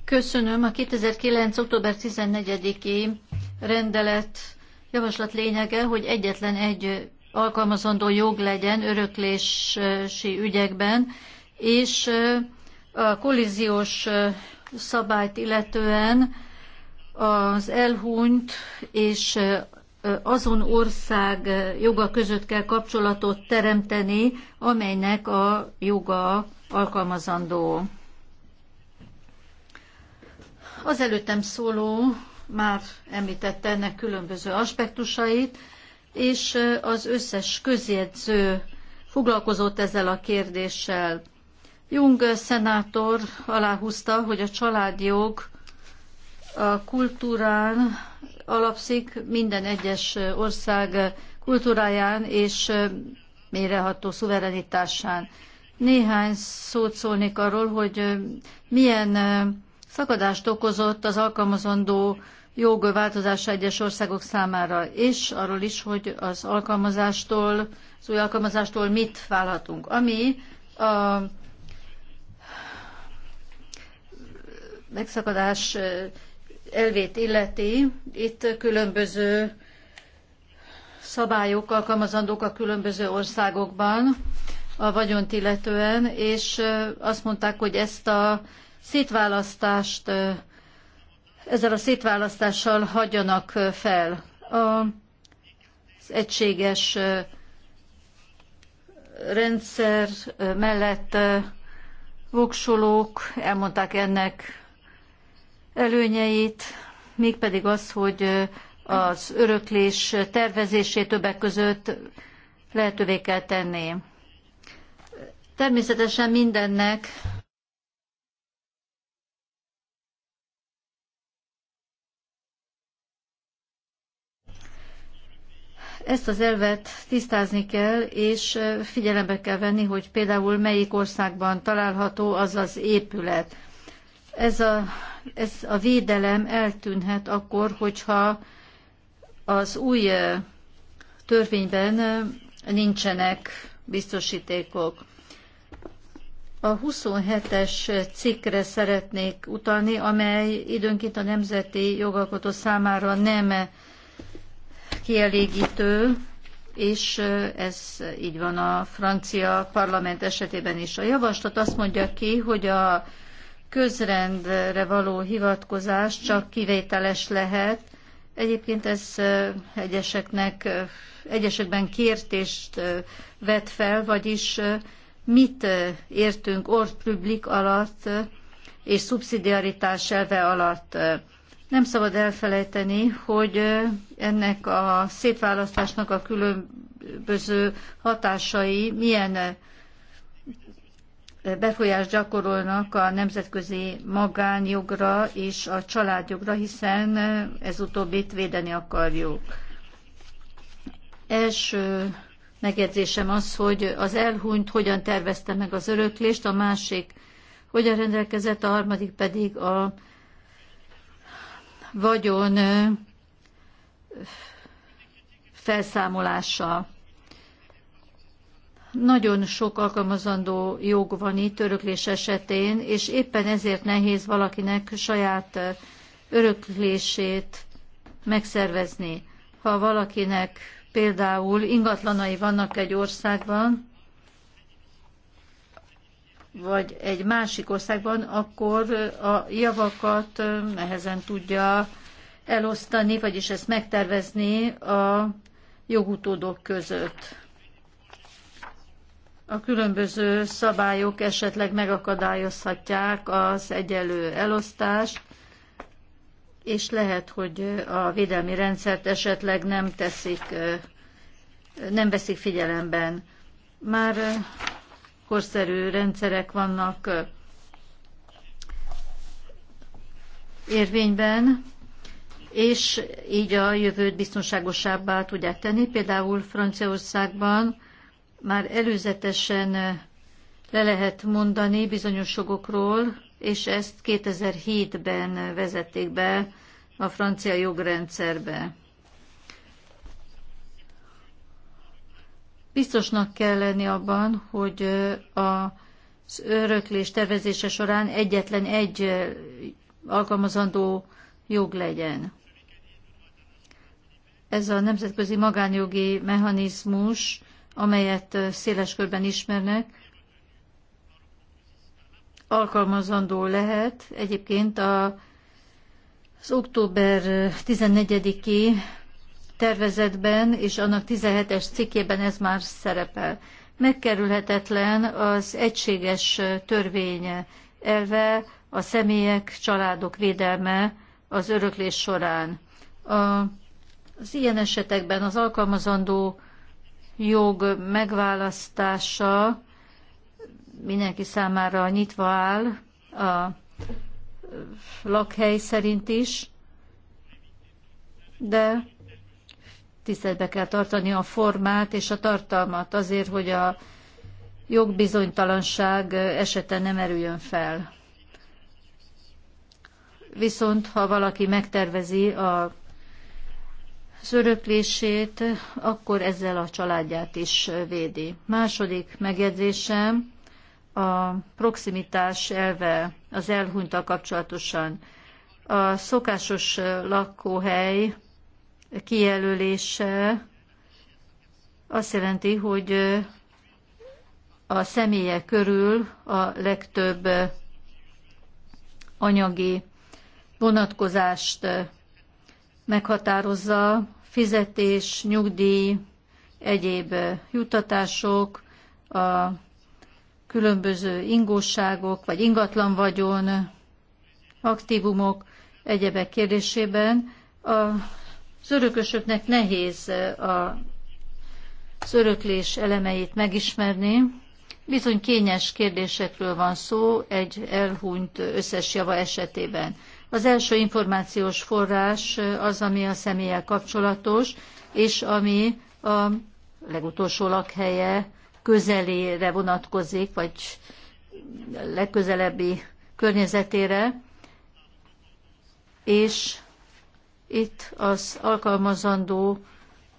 Köszönöm. A 2009. október 14-i rendelet javaslat lényege, hogy egyetlen egy alkalmazandó jog legyen öröklési ügyekben, és eh, a kollíziós eh, szabályt illetően az elhunyt és azon ország joga között kell kapcsolatot teremteni, amelynek a joga alkalmazandó. Az előttem szóló már említette ennek különböző aspektusait, és az összes közjegyző foglalkozott ezzel a kérdéssel. Jung szenátor aláhúzta, hogy a családjog a kultúrán alapszik, minden egyes ország kultúráján és méreható szuverenitásán. Néhány szót szólnék arról, hogy milyen szakadást okozott az alkalmazandó jog változása egyes országok számára, és arról is, hogy az alkalmazástól, az új alkalmazástól mit válhatunk. Ami a megszakadás elvét illeti, itt különböző szabályok alkalmazandók a különböző országokban a vagyont illetően, és azt mondták, hogy ezt a szétválasztást, ezzel a szétválasztással hagyjanak fel. Az egységes rendszer mellett voksolók elmondták ennek előnyeit, mégpedig az, hogy az öröklés tervezését többek között lehetővé kell tenni. Természetesen mindennek Ezt az elvet tisztázni kell, és figyelembe kell venni, hogy például melyik országban található az az épület. Ez a, ez a védelem eltűnhet akkor, hogyha az új törvényben nincsenek biztosítékok. A 27-es cikkre szeretnék utalni, amely időnként a nemzeti jogalkotó számára nem kielégítő, és ez így van a francia parlament esetében is. A javaslat azt mondja ki, hogy a közrendre való hivatkozás csak kivételes lehet. Egyébként ez egyeseknek, egyesekben kértést vet fel, vagyis mit értünk ort publik alatt és szubszidiaritás elve alatt. Nem szabad elfelejteni, hogy ennek a szétválasztásnak a különböző hatásai milyen befolyást gyakorolnak a nemzetközi magánjogra és a családjogra, hiszen ez utóbbit védeni akarjuk. Első megjegyzésem az, hogy az elhunyt hogyan tervezte meg az öröklést, a másik hogyan rendelkezett, a harmadik pedig a vagyon felszámolása. Nagyon sok alkalmazandó jog van itt öröklés esetén, és éppen ezért nehéz valakinek saját öröklését megszervezni. Ha valakinek például ingatlanai vannak egy országban, vagy egy másik országban, akkor a javakat nehezen tudja elosztani, vagyis ezt megtervezni a jogutódok között a különböző szabályok esetleg megakadályozhatják az egyelő elosztást, és lehet, hogy a védelmi rendszert esetleg nem teszik, nem veszik figyelemben. Már korszerű rendszerek vannak érvényben, és így a jövőt biztonságosabbá tudják tenni. Például Franciaországban már előzetesen eh, le lehet mondani bizonyos jogokról, és ezt 2007-ben eh, vezették be a francia jogrendszerbe. Biztosnak kell lenni abban, hogy eh, az öröklés tervezése során egyetlen egy alkalmazandó jog legyen. Ez a nemzetközi magánjogi mechanizmus amelyet széles körben ismernek, alkalmazandó lehet egyébként a, az október 14-i tervezetben és annak 17-es cikkében ez már szerepel. Megkerülhetetlen az egységes törvény elve a személyek, családok védelme az öröklés során. A, az ilyen esetekben az alkalmazandó jog megválasztása mindenki számára nyitva áll, a lakhely szerint is, de tiszteletbe kell tartani a formát és a tartalmat azért, hogy a jogbizonytalanság esete nem erüljön fel. Viszont, ha valaki megtervezi a öröklését, akkor ezzel a családját is védi. Második megjegyzésem a proximitás elve az elhunytal kapcsolatosan. A szokásos lakóhely kijelölése azt jelenti, hogy a személye körül a legtöbb anyagi vonatkozást meghatározza fizetés, nyugdíj, egyéb jutatások, a különböző ingóságok vagy ingatlan vagyon, aktívumok, egyebek kérdésében. Az örökösöknek nehéz a az öröklés elemeit megismerni. Bizony kényes kérdésekről van szó egy elhunyt összes java esetében. Az első információs forrás az, ami a személyel kapcsolatos, és ami a legutolsó lakhelye közelére vonatkozik, vagy legközelebbi környezetére, és itt az alkalmazandó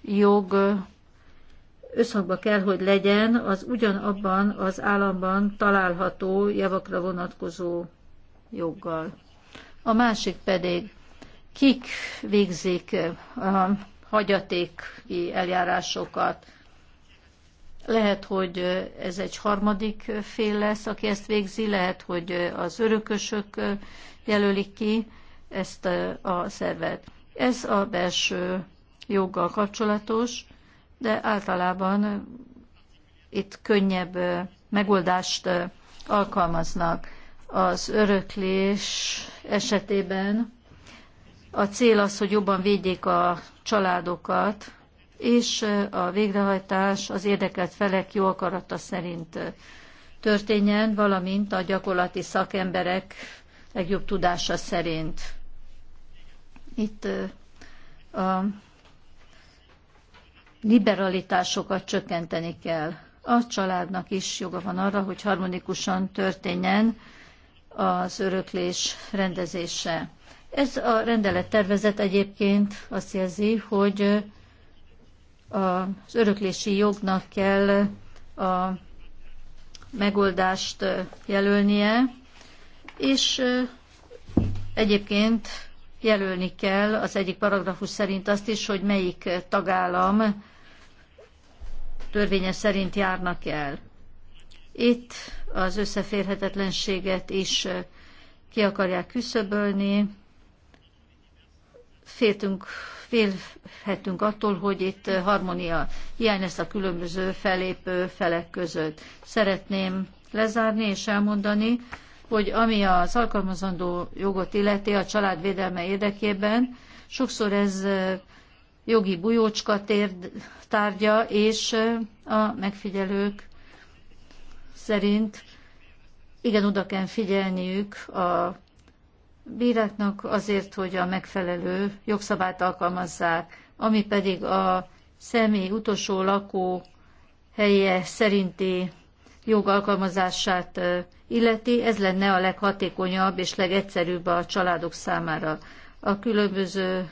jog összhangba kell, hogy legyen az ugyanabban az államban található javakra vonatkozó joggal a másik pedig kik végzik a hagyatéki eljárásokat. Lehet, hogy ez egy harmadik fél lesz, aki ezt végzi, lehet, hogy az örökösök jelölik ki ezt a szervet. Ez a belső joggal kapcsolatos, de általában itt könnyebb megoldást alkalmaznak az öröklés esetében a cél az, hogy jobban védjék a családokat, és a végrehajtás az érdekelt felek jó akarata szerint történjen, valamint a gyakorlati szakemberek legjobb tudása szerint. Itt a liberalitásokat csökkenteni kell. A családnak is joga van arra, hogy harmonikusan történjen az öröklés rendezése. Ez a rendelettervezet egyébként azt jelzi, hogy az öröklési jognak kell a megoldást jelölnie, és egyébként jelölni kell az egyik paragrafus szerint azt is, hogy melyik tagállam törvénye szerint járnak el. Itt az összeférhetetlenséget is ki akarják küszöbölni. Féltünk, félhetünk attól, hogy itt harmónia hiány lesz a különböző felépő felek között. Szeretném lezárni és elmondani, hogy ami az alkalmazandó jogot illeti a család védelme érdekében, sokszor ez jogi bujócska tárgya, és a megfigyelők szerint igen oda kell figyelniük a bíráknak azért, hogy a megfelelő jogszabályt alkalmazzák, ami pedig a személy utolsó lakó helye szerinti jogalkalmazását illeti, ez lenne a leghatékonyabb és legegyszerűbb a családok számára. A különböző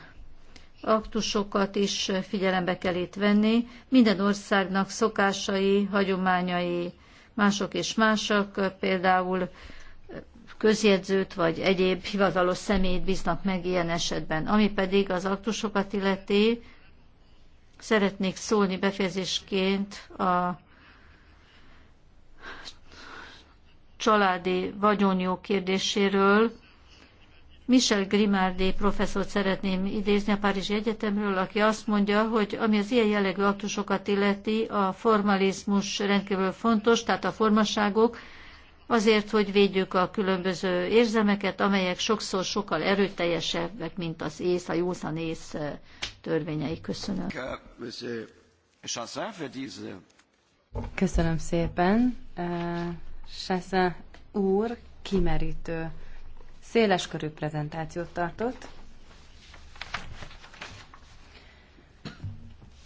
aktusokat is figyelembe kell itt venni. Minden országnak szokásai, hagyományai, mások és mások, például közjegyzőt vagy egyéb hivatalos személyt bíznak meg ilyen esetben. Ami pedig az aktusokat illeti, szeretnék szólni befejezésként a családi vagyonjog kérdéséről, Michel Grimaldi professzort szeretném idézni a Párizsi Egyetemről, aki azt mondja, hogy ami az ilyen jellegű aktusokat illeti, a formalizmus rendkívül fontos, tehát a formaságok, azért, hogy védjük a különböző érzemeket, amelyek sokszor sokkal erőteljesebbek, mint az ész, a józan ész törvényei. Köszönöm. Köszönöm szépen. Sassa úr, kimerítő széleskörű prezentációt tartott.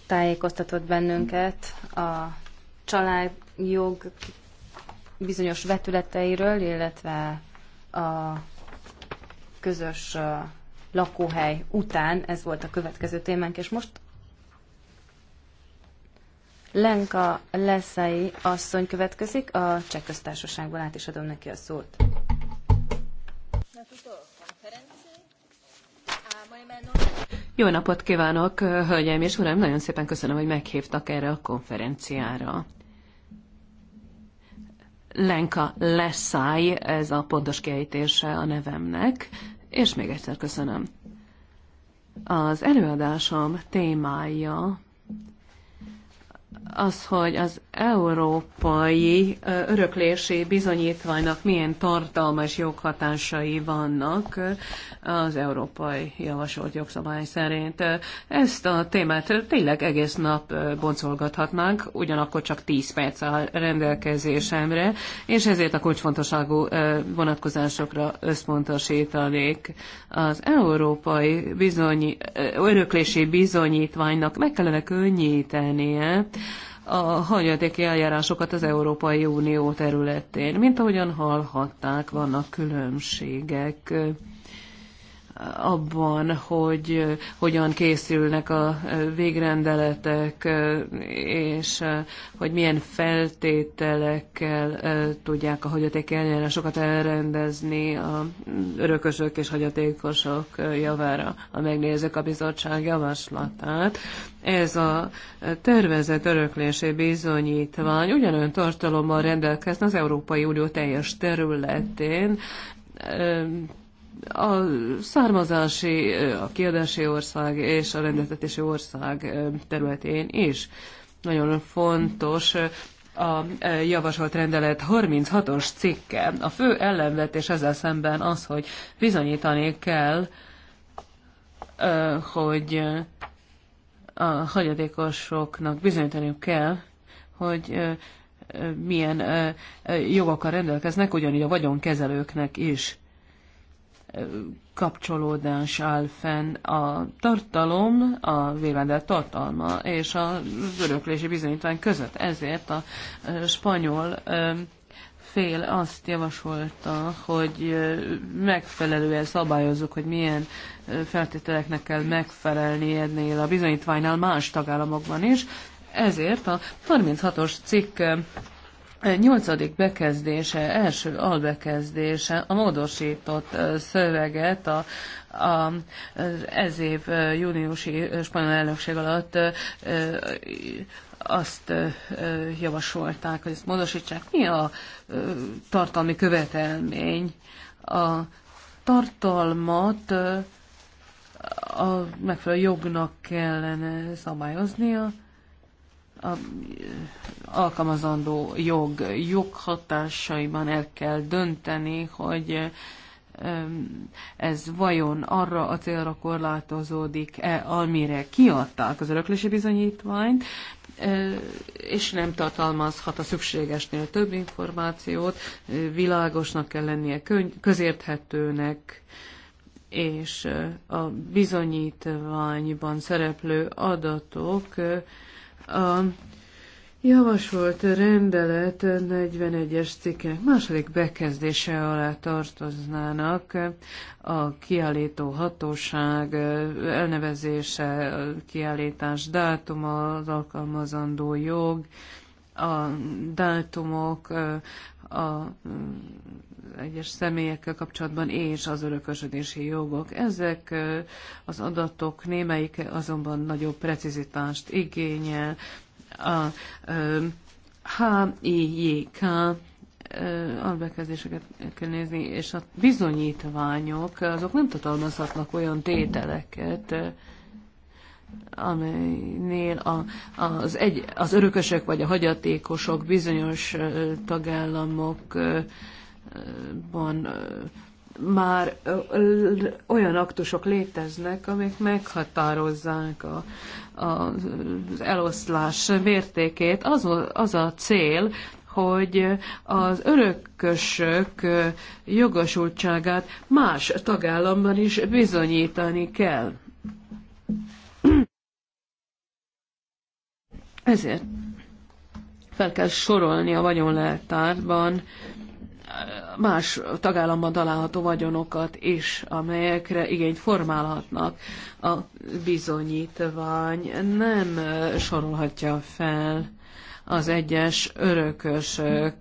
Tájékoztatott bennünket a családjog bizonyos vetületeiről, illetve a közös lakóhely után, ez volt a következő témánk, és most Lenka Leszai asszony következik, a Cseh Köztársaságból át is adom neki a szót. Jó napot kívánok, hölgyeim és uraim! Nagyon szépen köszönöm, hogy meghívtak erre a konferenciára. Lenka Leszáj, ez a pontos kiejtése a nevemnek, és még egyszer köszönöm. Az előadásom témája az, hogy az európai öröklési bizonyítványnak milyen tartalmas joghatásai vannak az európai javasolt jogszabály szerint. Ezt a témát tényleg egész nap boncolgathatnánk, ugyanakkor csak 10 perc áll rendelkezésemre, és ezért a kulcsfontosságú vonatkozásokra összpontosítanék. Az európai bizony, öröklési bizonyítványnak meg kellene könnyítenie a hanyadéki eljárásokat az Európai Unió területén. Mint ahogyan hallhatták, vannak különbségek abban, hogy hogyan készülnek a végrendeletek, és hogy milyen feltételekkel tudják a hagyaték eljárásokat elrendezni a örökösök és hagyatékosok javára, ha megnézzük a bizottság javaslatát. Ez a tervezett öröklési bizonyítvány ugyanolyan tartalommal rendelkezne az Európai Unió teljes területén, a származási, a kiadási ország és a rendeltetési ország területén is. Nagyon fontos a javasolt rendelet 36-os cikke. A fő ellenvetés ezzel szemben az, hogy bizonyítani kell, hogy a hagyatékosoknak bizonyítaniuk kell, hogy milyen jogokkal rendelkeznek, ugyanígy a vagyonkezelőknek is kapcsolódás áll fenn a tartalom, a véleményed tartalma és a öröklési bizonyítvány között. Ezért a spanyol fél azt javasolta, hogy megfelelően szabályozzuk, hogy milyen feltételeknek kell megfelelni ennél a bizonyítványnál más tagállamokban is. Ezért a 36-os cikk Nyolcadik bekezdése, első albekezdése a módosított szöveget a, a, ez év júniusi spanyol elnökség alatt azt javasolták, hogy ezt módosítsák. Mi a tartalmi követelmény? A tartalmat a megfelelő jognak kellene szabályoznia, a alkalmazandó jog joghatásaiban el kell dönteni, hogy ez vajon arra a célra korlátozódik-e, amire kiadták az öröklési bizonyítványt, e, és nem tartalmazhat a szükségesnél több információt, világosnak kell lennie, közérthetőnek, és e, a bizonyítványban szereplő adatok e, a javasolt rendelet 41-es cikkének második bekezdése alá tartoznának a kiállító hatóság elnevezése, a kiállítás dátuma, az alkalmazandó jog, a dátumok, a egyes személyekkel kapcsolatban és az örökösödési jogok. Ezek az adatok némelyik azonban nagyobb precizitást igényel. A HIJK albekezéseket kell nézni, és a bizonyítványok, azok nem tartalmazhatnak olyan tételeket, amelynél a, az, egy, az örökösök vagy a hagyatékosok bizonyos tagállamok ban már olyan aktusok léteznek, amik meghatározzák a, a, az eloszlás mértékét. Az, az a cél, hogy az örökösök jogosultságát más tagállamban is bizonyítani kell. Ezért fel kell sorolni a vagyonleltárban más tagállamban található vagyonokat is, amelyekre igényt formálhatnak. A bizonyítvány nem sorolhatja fel az egyes örökösök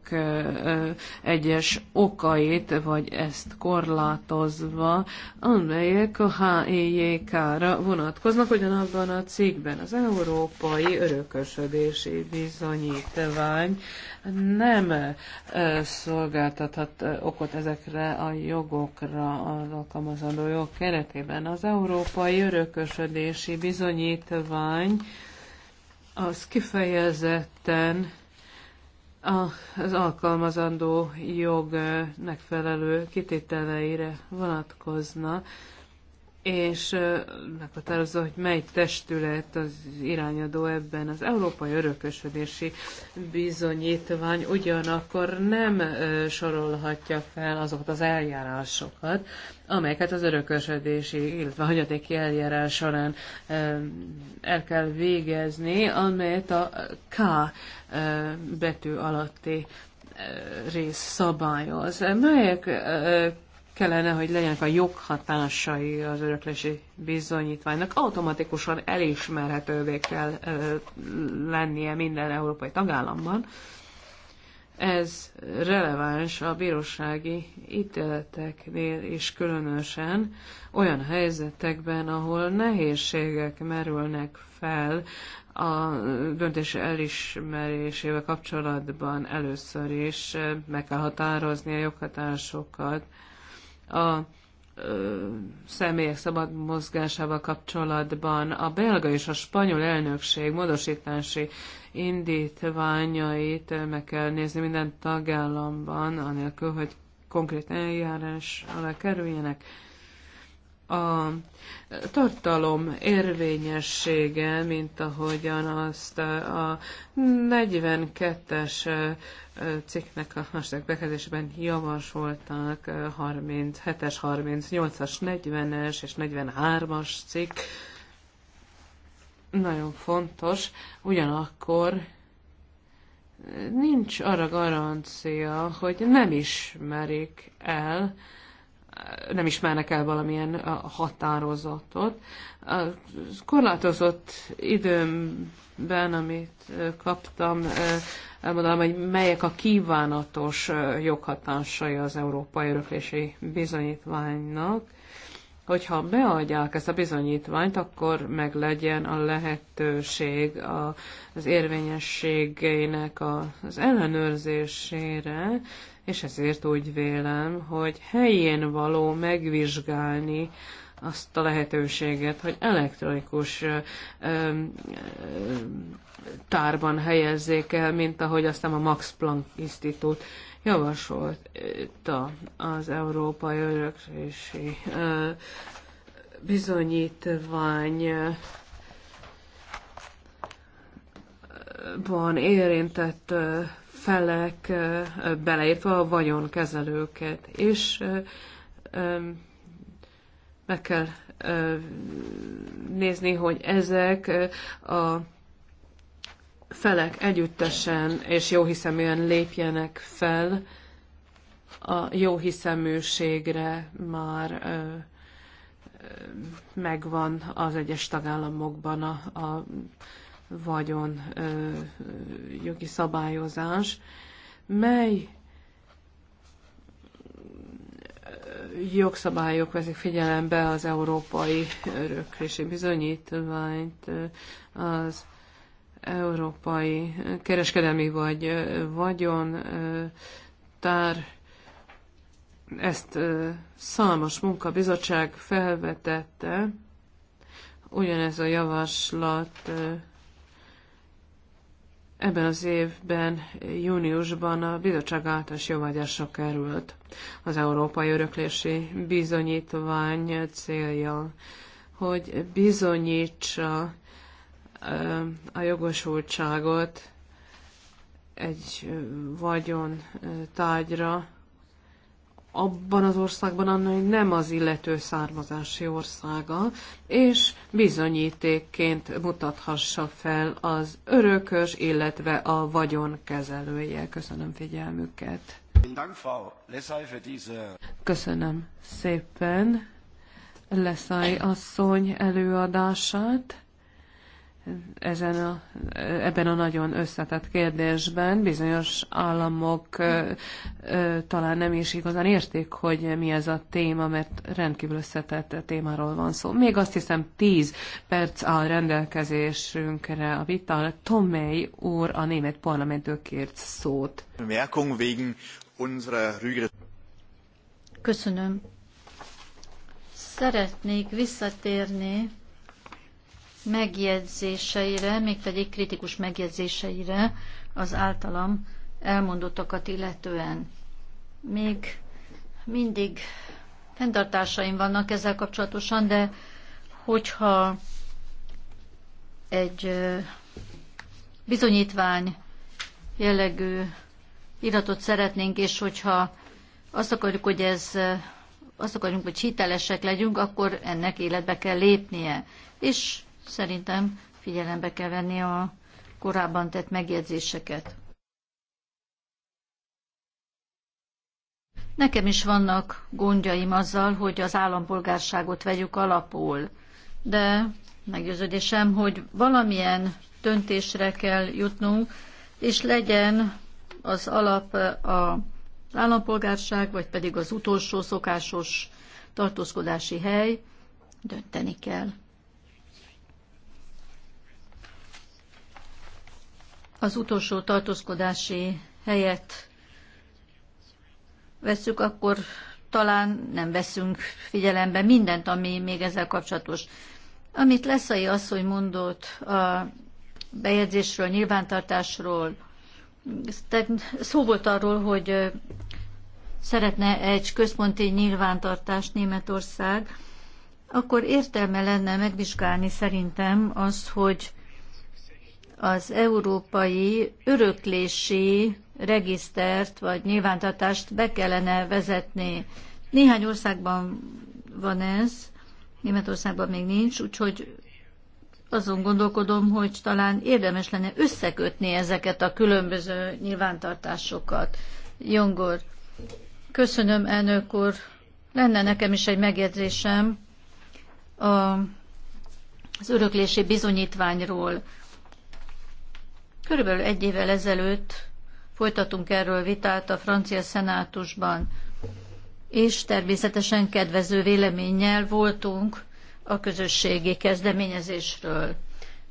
egyes okait, vagy ezt korlátozva, amelyek a HEJK-ra vonatkoznak, ugyanabban a cikkben az Európai Örökösödési Bizonyítvány nem szolgáltathat okot ezekre a jogokra az alkalmazandó jog keretében. Az Európai Örökösödési Bizonyítvány az kifejezetten az alkalmazandó jog eh, megfelelő kitételeire vonatkozna, és meghatározza, hogy mely testület az irányadó ebben. Az Európai Örökösödési Bizonyítvány ugyanakkor nem sorolhatja fel azokat az eljárásokat, amelyeket az örökösödési, illetve hagyatéki eljárás során el kell végezni, amelyet a K betű alatti rész szabályoz. Melyek kellene, hogy legyenek a joghatásai az öröklési bizonyítványnak. Automatikusan elismerhetővé kell lennie minden európai tagállamban. Ez releváns a bírósági ítéleteknél is különösen olyan helyzetekben, ahol nehézségek merülnek fel a döntés elismerésével kapcsolatban először is meg kell határozni a joghatásokat, a ö, személyek szabad mozgásával kapcsolatban a belga és a spanyol elnökség módosítási indítványait meg kell nézni minden tagállamban, anélkül, hogy konkrét eljárás alá kerüljenek a tartalom érvényessége, mint ahogyan azt a 42-es cikknek a hashtag bekezdésében javasolták 37-es, 38-as, 40-es és 43-as cikk. Nagyon fontos. Ugyanakkor nincs arra garancia, hogy nem ismerik el, nem ismernek el valamilyen határozatot. A korlátozott időmben, amit kaptam, elmondanám, hogy melyek a kívánatos joghatásai az Európai Öröklési Bizonyítványnak hogyha beadják ezt a bizonyítványt, akkor meg legyen a lehetőség az érvényességének az ellenőrzésére, és ezért úgy vélem, hogy helyén való megvizsgálni azt a lehetőséget, hogy elektronikus ö, ö, tárban helyezzék el, mint ahogy aztán a Max Planck Institute javasolta az Európai örökségi Bizonyítvány van érintett felek, beleértve a vagyonkezelőket, és meg kell nézni, hogy ezek a felek együttesen és jóhiszeműen lépjenek fel a jóhiszeműségre már megvan az egyes tagállamokban a, a vagyon jogi szabályozás, mely jogszabályok veszik figyelembe az európai öröklési bizonyítványt, az európai kereskedelmi vagy vagyon tár ezt számos Munkabizottság felvetette, ugyanez a javaslat ebben az évben, júniusban a bizottság által jóvágyásra került. Az Európai Öröklési Bizonyítvány célja, hogy bizonyítsa a jogosultságot egy vagyon tárgyra, abban az országban, annak nem az illető származási országa, és bizonyítékként mutathassa fel az örökös, illetve a vagyon kezelője. Köszönöm figyelmüket. Köszönöm szépen Leszai asszony előadását ezen a, ebben a nagyon összetett kérdésben bizonyos államok ö, ö, talán nem is igazán értik, hogy mi ez a téma, mert rendkívül összetett témáról van szó. Még azt hiszem tíz perc áll rendelkezésünkre a vita. Tomei úr a német parlamentől kért szót. Köszönöm. Szeretnék visszatérni megjegyzéseire, mégpedig kritikus megjegyzéseire az általam elmondottakat illetően. Még mindig fenntartásaim vannak ezzel kapcsolatosan, de hogyha egy bizonyítvány jellegű iratot szeretnénk, és hogyha azt akarjuk, hogy ez azt akarjuk, hogy hitelesek legyünk, akkor ennek életbe kell lépnie. És Szerintem figyelembe kell venni a korábban tett megjegyzéseket. Nekem is vannak gondjaim azzal, hogy az állampolgárságot vegyük alapul, de meggyőződésem, hogy valamilyen döntésre kell jutnunk, és legyen az alap az állampolgárság, vagy pedig az utolsó szokásos tartózkodási hely, dönteni kell. az utolsó tartózkodási helyet veszük, akkor talán nem veszünk figyelembe mindent, ami még ezzel kapcsolatos. Amit Leszai asszony mondott a bejegyzésről, nyilvántartásról, szó volt arról, hogy szeretne egy központi nyilvántartást Németország, akkor értelme lenne megvizsgálni szerintem azt, hogy az európai öröklési regisztert vagy nyilvántartást be kellene vezetni. Néhány országban van ez, Németországban még nincs, úgyhogy azon gondolkodom, hogy talán érdemes lenne összekötni ezeket a különböző nyilvántartásokat. Jongor, köszönöm, elnök úr. Lenne nekem is egy megjegyzésem a, az öröklési bizonyítványról. Körülbelül egy évvel ezelőtt folytatunk erről vitát a francia szenátusban, és természetesen kedvező véleménnyel voltunk a közösségi kezdeményezésről.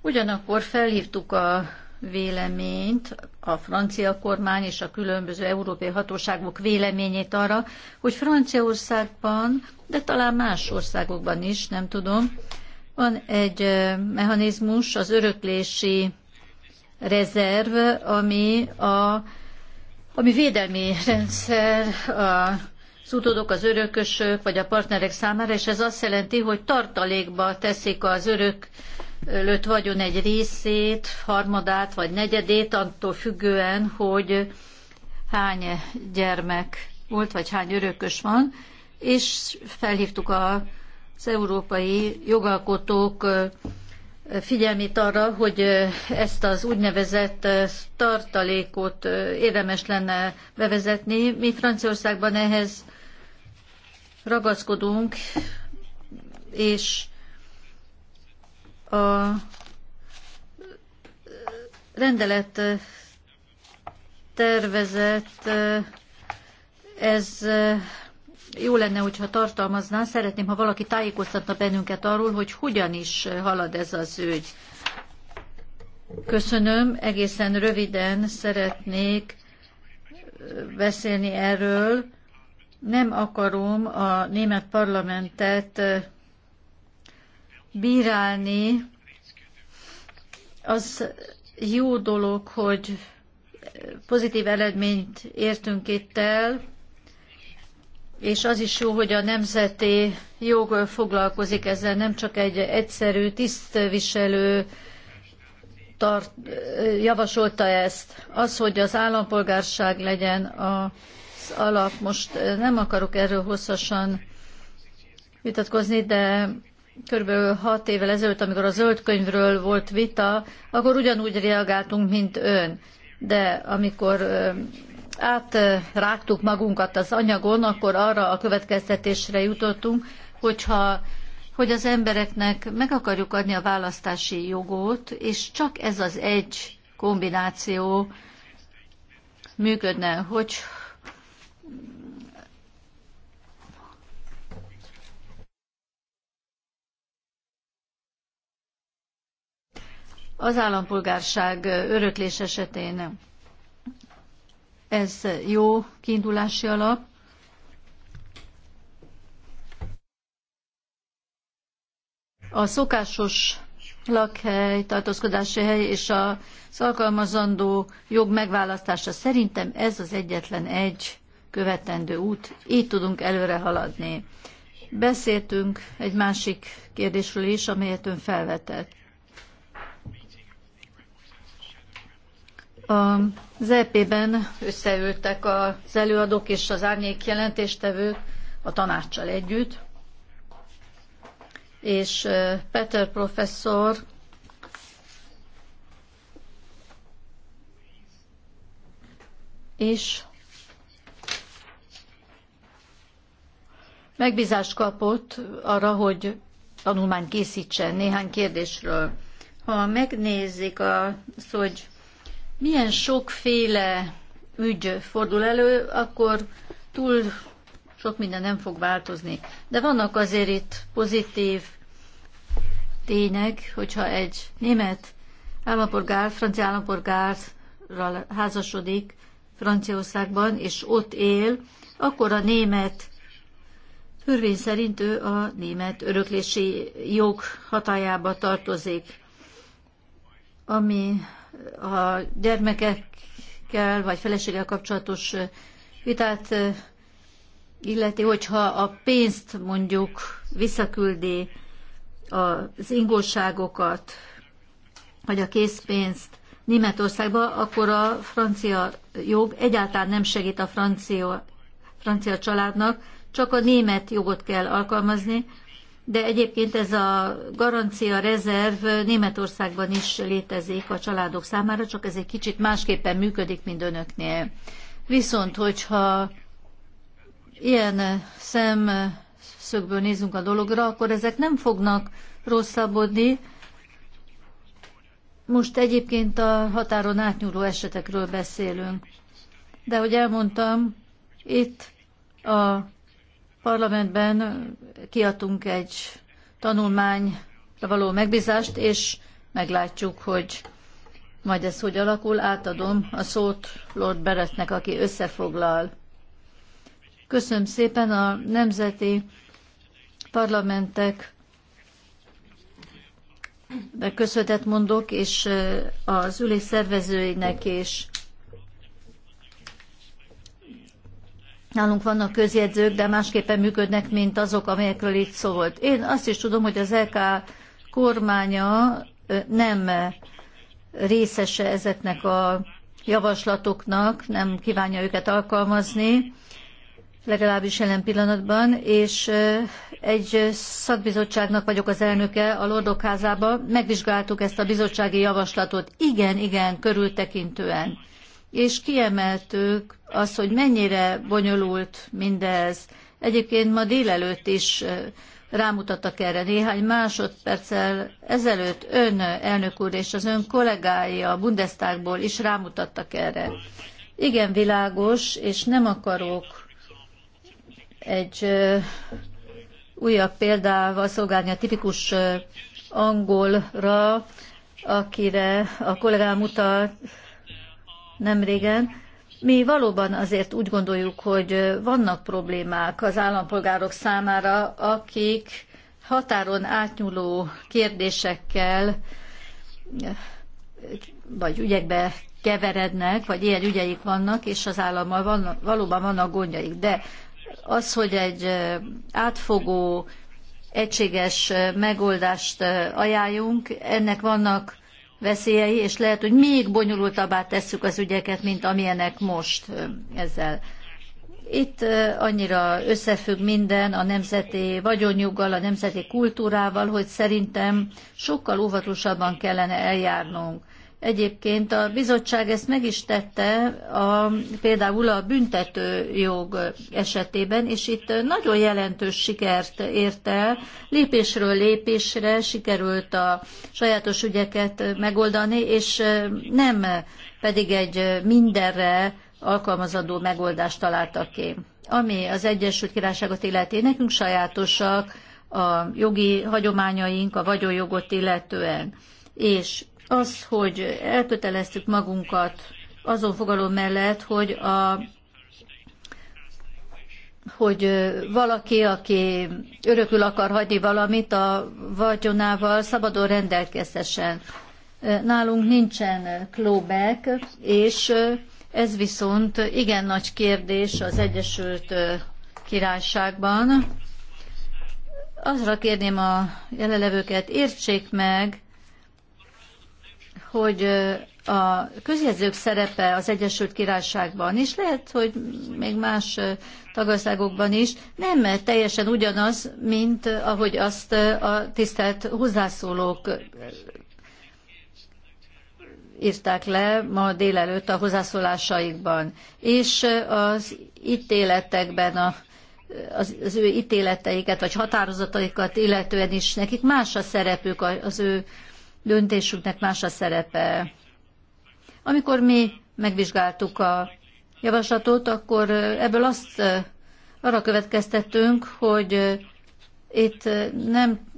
Ugyanakkor felhívtuk a véleményt, a francia kormány és a különböző európai hatóságok véleményét arra, hogy Franciaországban, de talán más országokban is, nem tudom, van egy eh, mechanizmus az öröklési rezerv, ami a ami védelmi rendszer az utódok, az örökösök vagy a partnerek számára, és ez azt jelenti, hogy tartalékba teszik az örök lőtt vagyon egy részét, harmadát vagy negyedét, attól függően, hogy hány gyermek volt, vagy hány örökös van, és felhívtuk az európai jogalkotók figyelmét arra, hogy ezt az úgynevezett tartalékot érdemes lenne bevezetni. Mi Franciaországban ehhez ragaszkodunk, és a rendelet tervezet ez jó lenne, hogyha tartalmazná, szeretném, ha valaki tájékoztatna bennünket arról, hogy hogyan is halad ez az ügy. Köszönöm, egészen röviden szeretnék beszélni erről. Nem akarom a német parlamentet bírálni. Az jó dolog, hogy pozitív eredményt értünk itt el, és az is jó, hogy a nemzeti jog foglalkozik ezzel, nem csak egy egyszerű tisztviselő tart, javasolta ezt. Az, hogy az állampolgárság legyen az alap, most nem akarok erről hosszasan vitatkozni, de körülbelül hat évvel ezelőtt, amikor a zöld könyvről volt vita, akkor ugyanúgy reagáltunk, mint ön. De amikor átrágtuk magunkat az anyagon, akkor arra a következtetésre jutottunk, hogyha hogy az embereknek meg akarjuk adni a választási jogot, és csak ez az egy kombináció működne, hogy az állampolgárság öröklés esetén ez jó kiindulási alap. A szokásos lakhely, tartózkodási hely és a alkalmazandó jog megválasztása szerintem ez az egyetlen egy követendő út. Így tudunk előre haladni. Beszéltünk egy másik kérdésről is, amelyet ön felvetett. Az EP-ben összeültek az előadók és az árnyék jelentéstevők a tanácssal együtt, és Peter professzor és megbízást kapott arra, hogy tanulmányt készítsen néhány kérdésről. Ha megnézzük azt, hogy milyen sokféle ügy fordul elő, akkor túl sok minden nem fog változni. De vannak azért itt pozitív tények, hogyha egy német állampolgár, francia állampolgárral házasodik Franciaországban, és ott él, akkor a német törvény szerint ő a német öröklési jog hatájába tartozik. Ami a gyermekekkel vagy feleséggel kapcsolatos vitát illeti, hogyha a pénzt mondjuk visszaküldi az ingóságokat, vagy a készpénzt Németországba, akkor a francia jog egyáltalán nem segít a francia, francia családnak, csak a német jogot kell alkalmazni, de egyébként ez a garancia rezerv Németországban is létezik a családok számára, csak ez egy kicsit másképpen működik, mint önöknél. Viszont, hogyha ilyen szemszögből nézünk a dologra, akkor ezek nem fognak rosszabbodni. Most egyébként a határon átnyúló esetekről beszélünk. De ahogy elmondtam, itt a parlamentben kiadtunk egy tanulmányra való megbízást, és meglátjuk, hogy majd ez hogy alakul. Átadom a szót Lord Beretnek, aki összefoglal. Köszönöm szépen a nemzeti parlamentek de köszönetet mondok, és eh, az ülés szervezőinek is nálunk vannak közjegyzők, de másképpen működnek, mint azok, amelyekről itt szólt. Én azt is tudom, hogy az LK kormánya nem részese ezeknek a javaslatoknak, nem kívánja őket alkalmazni, legalábbis jelen pillanatban, és egy szakbizottságnak vagyok az elnöke a Lordok házában, megvizsgáltuk ezt a bizottsági javaslatot igen, igen, körültekintően, és kiemeltük az, hogy mennyire bonyolult mindez. Egyébként ma délelőtt is rámutattak erre néhány másodperccel ezelőtt ön elnök úr és az ön kollégái a Bundestagból is rámutattak erre. Igen, világos, és nem akarok egy újabb példával szolgálni a tipikus angolra, akire a kollégám utalt nem régen. Mi valóban azért úgy gondoljuk, hogy vannak problémák az állampolgárok számára, akik határon átnyúló kérdésekkel vagy ügyekbe keverednek, vagy ilyen ügyeik vannak, és az állammal van, valóban vannak gondjaik. De az, hogy egy átfogó, egységes megoldást ajánljunk, ennek vannak veszélyei, és lehet, hogy még bonyolultabbá tesszük az ügyeket, mint amilyenek most ezzel. Itt annyira összefügg minden a nemzeti vagyonjoggal, a nemzeti kultúrával, hogy szerintem sokkal óvatosabban kellene eljárnunk. Egyébként a bizottság ezt meg is tette a, például a büntetőjog jog esetében, és itt nagyon jelentős sikert ért el. Lépésről lépésre sikerült a sajátos ügyeket megoldani, és nem pedig egy mindenre alkalmazandó megoldást találtak ki. Ami az Egyesült Királyságot illeti, nekünk sajátosak a jogi hagyományaink a vagyonjogot illetően, és az, hogy elköteleztük magunkat azon fogalom mellett, hogy a hogy valaki, aki örökül akar hagyni valamit, a vagyonával szabadon rendelkezhessen. Nálunk nincsen clawback, és ez viszont igen nagy kérdés az Egyesült Királyságban. Azra kérném a jelenlevőket, értsék meg, hogy a közjegyzők szerepe az Egyesült Királyságban is, lehet, hogy még más tagországokban is, nem teljesen ugyanaz, mint ahogy azt a tisztelt hozzászólók írták le ma délelőtt a hozzászólásaikban, és az ítéletekben a az, az ő ítéleteiket vagy határozataikat illetően is nekik más a szerepük az ő döntésüknek más a szerepe. Amikor mi megvizsgáltuk a javaslatot, akkor ebből azt arra következtettünk, hogy itt nem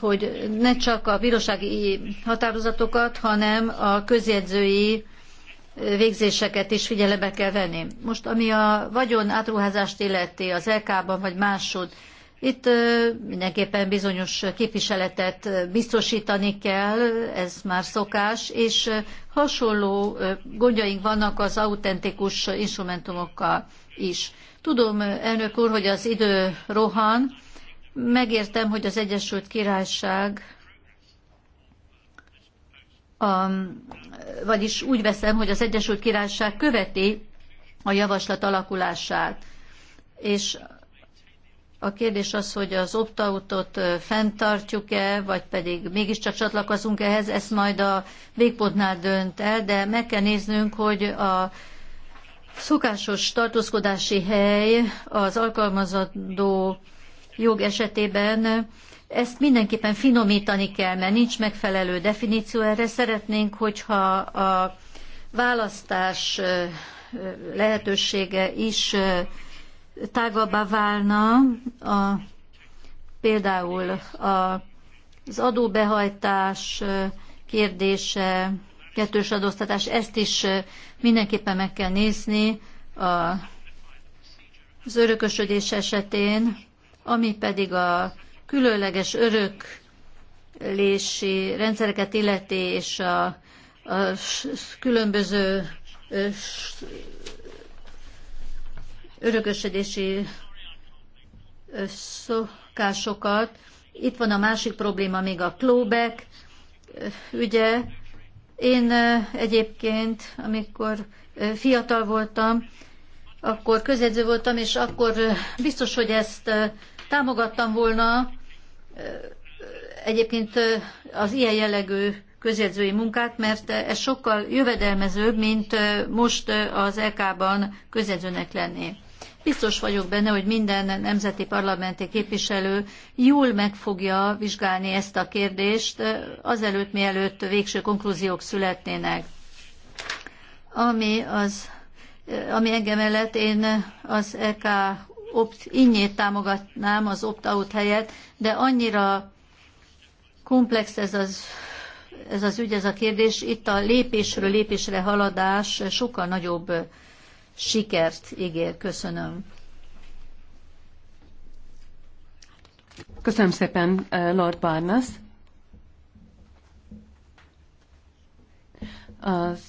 hogy ne csak a bírósági határozatokat, hanem a közjegyzői végzéseket is figyelembe kell venni. Most ami a vagyon átruházást illeti az LK-ban vagy másod, itt mindenképpen bizonyos képviseletet biztosítani kell, ez már szokás, és hasonló gondjaink vannak az autentikus instrumentumokkal is. Tudom, elnök úr, hogy az idő rohan, megértem, hogy az Egyesült Királyság a, vagyis úgy veszem, hogy az Egyesült Királyság követi a javaslat alakulását, és a kérdés az, hogy az opt-outot fenntartjuk-e, vagy pedig mégiscsak csatlakozunk ehhez, ezt majd a végpontnál dönt el, de meg kell néznünk, hogy a szokásos tartózkodási hely az alkalmazandó jog esetében ezt mindenképpen finomítani kell, mert nincs megfelelő definíció erre. Szeretnénk, hogyha a választás lehetősége is tágabbá válna a, például a, az adóbehajtás kérdése, kettős adóztatás, ezt is mindenképpen meg kell nézni a, az örökösödés esetén, ami pedig a különleges öröklési rendszereket illeti, és a, a különböző örökösödési szokásokat. Itt van a másik probléma még a klóbek ügye. Én egyébként, amikor fiatal voltam, akkor közedző voltam, és akkor biztos, hogy ezt támogattam volna. Egyébként az ilyen jellegű közjegyzői munkát, mert ez sokkal jövedelmezőbb, mint most az EK-ban közjegyzőnek lenni. Biztos vagyok benne, hogy minden nemzeti parlamenti képviselő jól meg fogja vizsgálni ezt a kérdést, eh, azelőtt, mielőtt végső konklúziók születnének. Ami, az, eh, ami engem mellett én az EK opt innyét támogatnám az opt-out helyett, de annyira komplex ez az, ez az ügy, ez a kérdés. Itt a lépésről lépésre haladás sokkal nagyobb sikert ígér. Köszönöm. Köszönöm szépen, eh, Lord Barnes. Az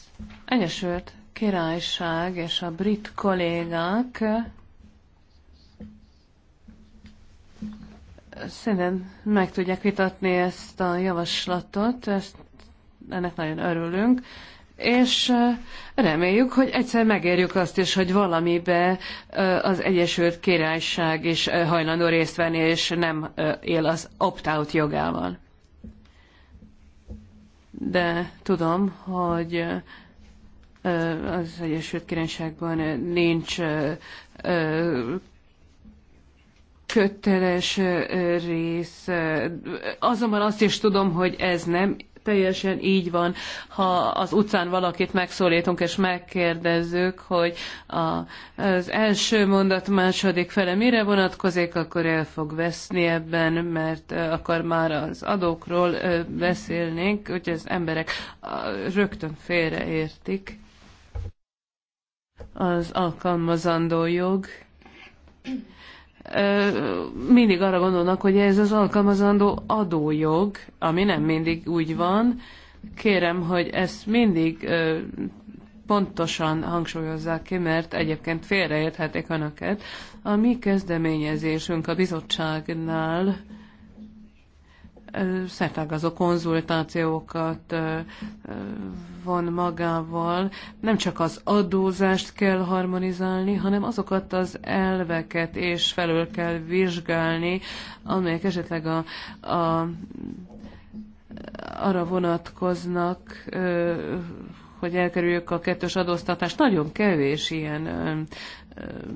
Egyesült Királyság és a brit kollégák eh, szerintem meg tudják vitatni ezt a javaslatot, ezt, ennek nagyon örülünk és reméljük, hogy egyszer megérjük azt is, hogy valamibe az Egyesült Királyság is hajlandó részt venni, és nem él az opt-out jogával. De tudom, hogy az Egyesült Királyságban nincs köteles rész. Azonban azt is tudom, hogy ez nem teljesen így van, ha az utcán valakit megszólítunk és megkérdezzük, hogy a, az első mondat második fele mire vonatkozik, akkor el fog veszni ebben, mert akkor már az adókról beszélnénk, hogy az emberek rögtön félreértik az alkalmazandó jog mindig arra gondolnak, hogy ez az alkalmazandó adójog, ami nem mindig úgy van. Kérem, hogy ezt mindig pontosan hangsúlyozzák ki, mert egyébként félreérthetik önöket. A mi kezdeményezésünk a bizottságnál szertágazó konzultációkat von magával. Nem csak az adózást kell harmonizálni, hanem azokat az elveket és felől kell vizsgálni, amelyek esetleg a, a arra vonatkoznak, hogy elkerüljük a kettős adóztatást. Nagyon kevés ilyen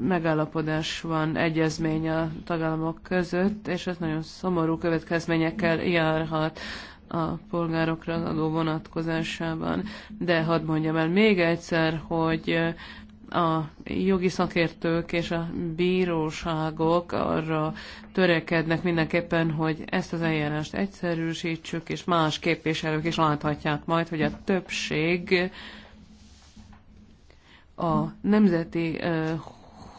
megállapodás van, egyezmény a tagállamok között, és ez nagyon szomorú következményekkel járhat a polgárokra az adó vonatkozásában. De hadd mondjam el még egyszer, hogy a jogi szakértők és a bíróságok arra törekednek mindenképpen, hogy ezt az eljárást egyszerűsítsük, és más képviselők is láthatják majd, hogy a többség a nemzeti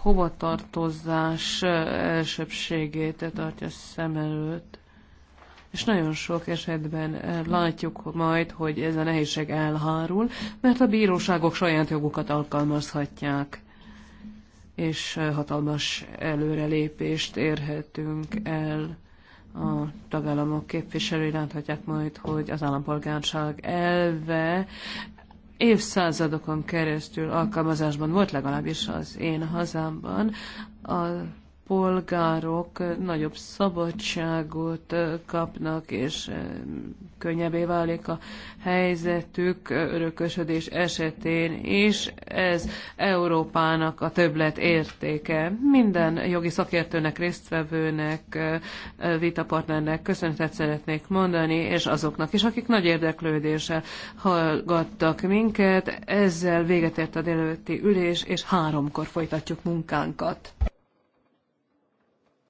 hovatartozás elsőbségét tartja szem előtt és nagyon sok esetben eh, látjuk majd, hogy ez a nehézség elhárul, mert a bíróságok saját jogukat alkalmazhatják és eh, hatalmas előrelépést érhetünk el. A tagállamok képviselői láthatják majd, hogy az állampolgárság elve évszázadokon keresztül alkalmazásban volt legalábbis az én hazámban. A polgárok nagyobb szabadságot kapnak, és könnyebbé válik a helyzetük örökösödés esetén, és ez Európának a többlet értéke. Minden jogi szakértőnek, résztvevőnek, vitapartnernek köszönetet szeretnék mondani, és azoknak is, akik nagy érdeklődéssel hallgattak minket. Ezzel véget ért a délelőtti ülés, és háromkor folytatjuk munkánkat.